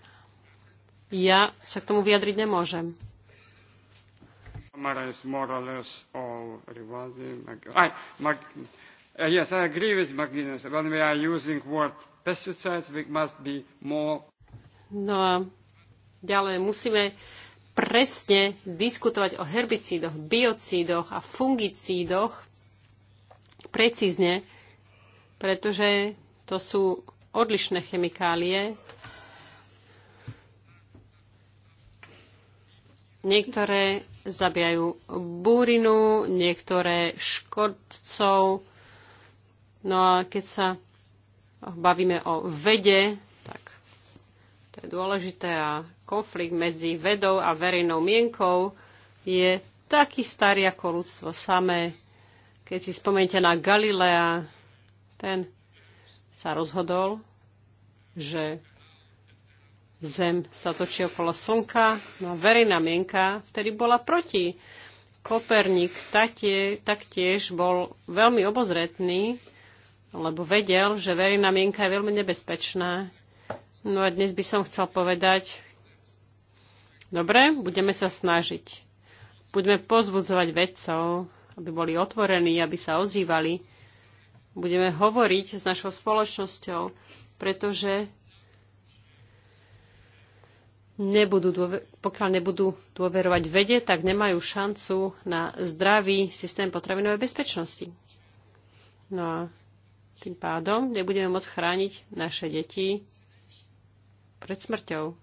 Speaker 2: ja sa k tomu vyjadriť nemôžem. Uh, no a ďalej musíme presne diskutovať o herbicídoch, biocídoch a fungicídoch precízne, pretože to sú odlišné chemikálie. Niektoré zabijajú búrinu, niektoré škodcov. No a keď sa bavíme o vede, to je dôležité, a konflikt medzi vedou a verejnou mienkou je taký starý ako ľudstvo samé. Keď si spomeniete na Galilea, ten sa rozhodol, že Zem sa točí okolo Slnka, no a verejná mienka vtedy bola proti. Koperník tatie, taktiež bol veľmi obozretný, lebo vedel, že verejná mienka je veľmi nebezpečná, No a dnes by som chcel povedať, dobre, budeme sa snažiť. Budeme pozbudzovať vedcov, aby boli otvorení, aby sa ozývali. Budeme hovoriť s našou spoločnosťou, pretože nebudú dôver- pokiaľ nebudú dôverovať vede, tak nemajú šancu na zdravý systém potravinovej bezpečnosti. No a tým pádom nebudeme môcť chrániť naše deti pred smrťou.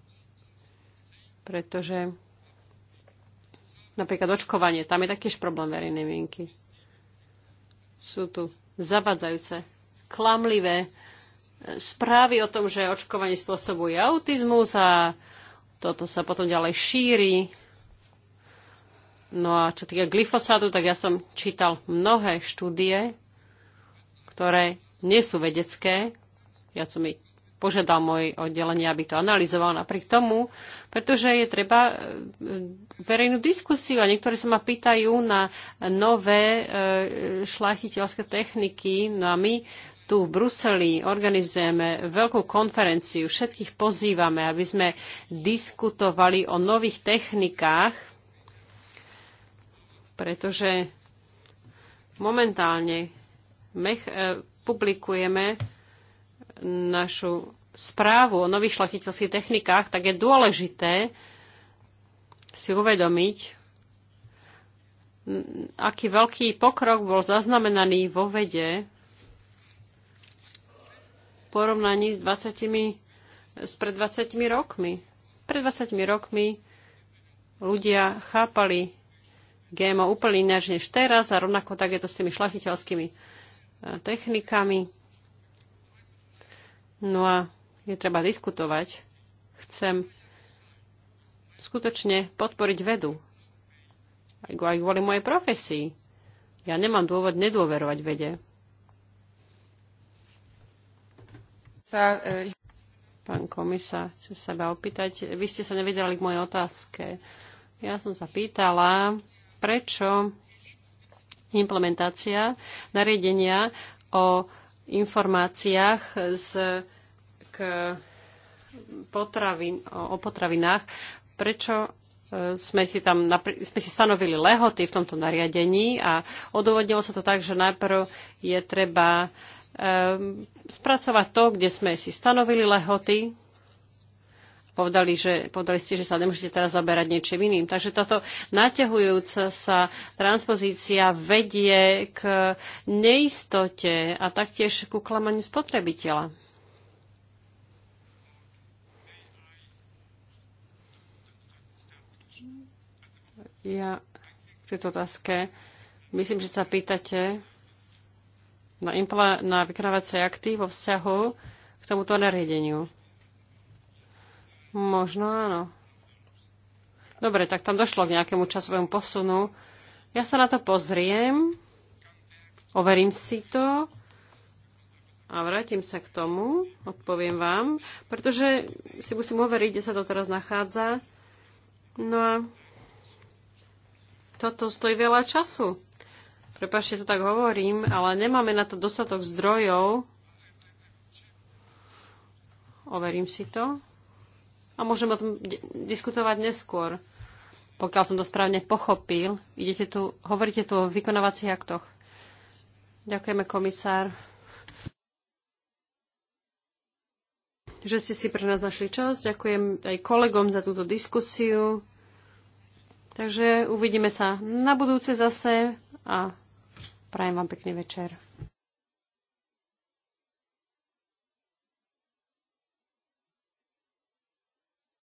Speaker 2: Pretože napríklad očkovanie, tam je takýž problém verejnej mienky. Sú tu zavadzajúce, klamlivé e, správy o tom, že očkovanie spôsobuje autizmus a toto sa potom ďalej šíri. No a čo týka glyfosátu, tak ja som čítal mnohé štúdie, ktoré nie sú vedecké. Ja som ich požiadal môj oddelenie, aby to analyzoval napriek tomu, pretože je treba e, verejnú diskusiu a niektorí sa ma pýtajú na nové e, šlachiteľské techniky. No a my tu v Bruseli organizujeme veľkú konferenciu, všetkých pozývame, aby sme diskutovali o nových technikách, pretože momentálne mech, e, publikujeme našu správu o nových šlachiteľských technikách, tak je dôležité si uvedomiť, aký veľký pokrok bol zaznamenaný vo vede v porovnaní s, 20, s pred 20 rokmi. Pred 20 rokmi ľudia chápali GMO úplne ináč než teraz a rovnako tak je to s tými šlachiteľskými eh, technikami. No a je treba diskutovať. Chcem skutočne podporiť vedu. Aj, aj kvôli mojej profesii. Ja nemám dôvod nedôverovať vede. E, Pán komisár, chcem sa seba opýtať. Vy ste sa nevydrali k mojej otázke. Ja som sa pýtala, prečo implementácia nariadenia o informáciách z, k potravin, o potravinách, prečo e, sme si tam sme si stanovili lehoty v tomto nariadení a odôvodnilo sa to tak, že najprv je treba e, spracovať to, kde sme si stanovili lehoty, povedali, že, povedali ste, že sa nemôžete teraz zaberať niečím iným. Takže táto naťahujúca sa transpozícia vedie k neistote a taktiež k klamaniu spotrebiteľa. Ja k tejto otázke myslím, že sa pýtate na, impla- na vykonávacie akty vo vzťahu k tomuto nariadeniu. Možno áno. Dobre, tak tam došlo k nejakému časovému posunu. Ja sa na to pozriem, overím si to a vrátim sa k tomu, odpoviem vám, pretože si musím overiť, kde sa to teraz nachádza. No a toto stojí veľa času. Prepašte, to tak hovorím, ale nemáme na to dostatok zdrojov. Overím si to a môžeme o tom diskutovať neskôr. Pokiaľ som to správne pochopil, idete tu, hovoríte tu o vykonávacích aktoch. Ďakujeme, komisár, že ste si pre nás našli čas. Ďakujem aj kolegom za túto diskusiu. Takže uvidíme sa na budúce zase a prajem vám pekný večer.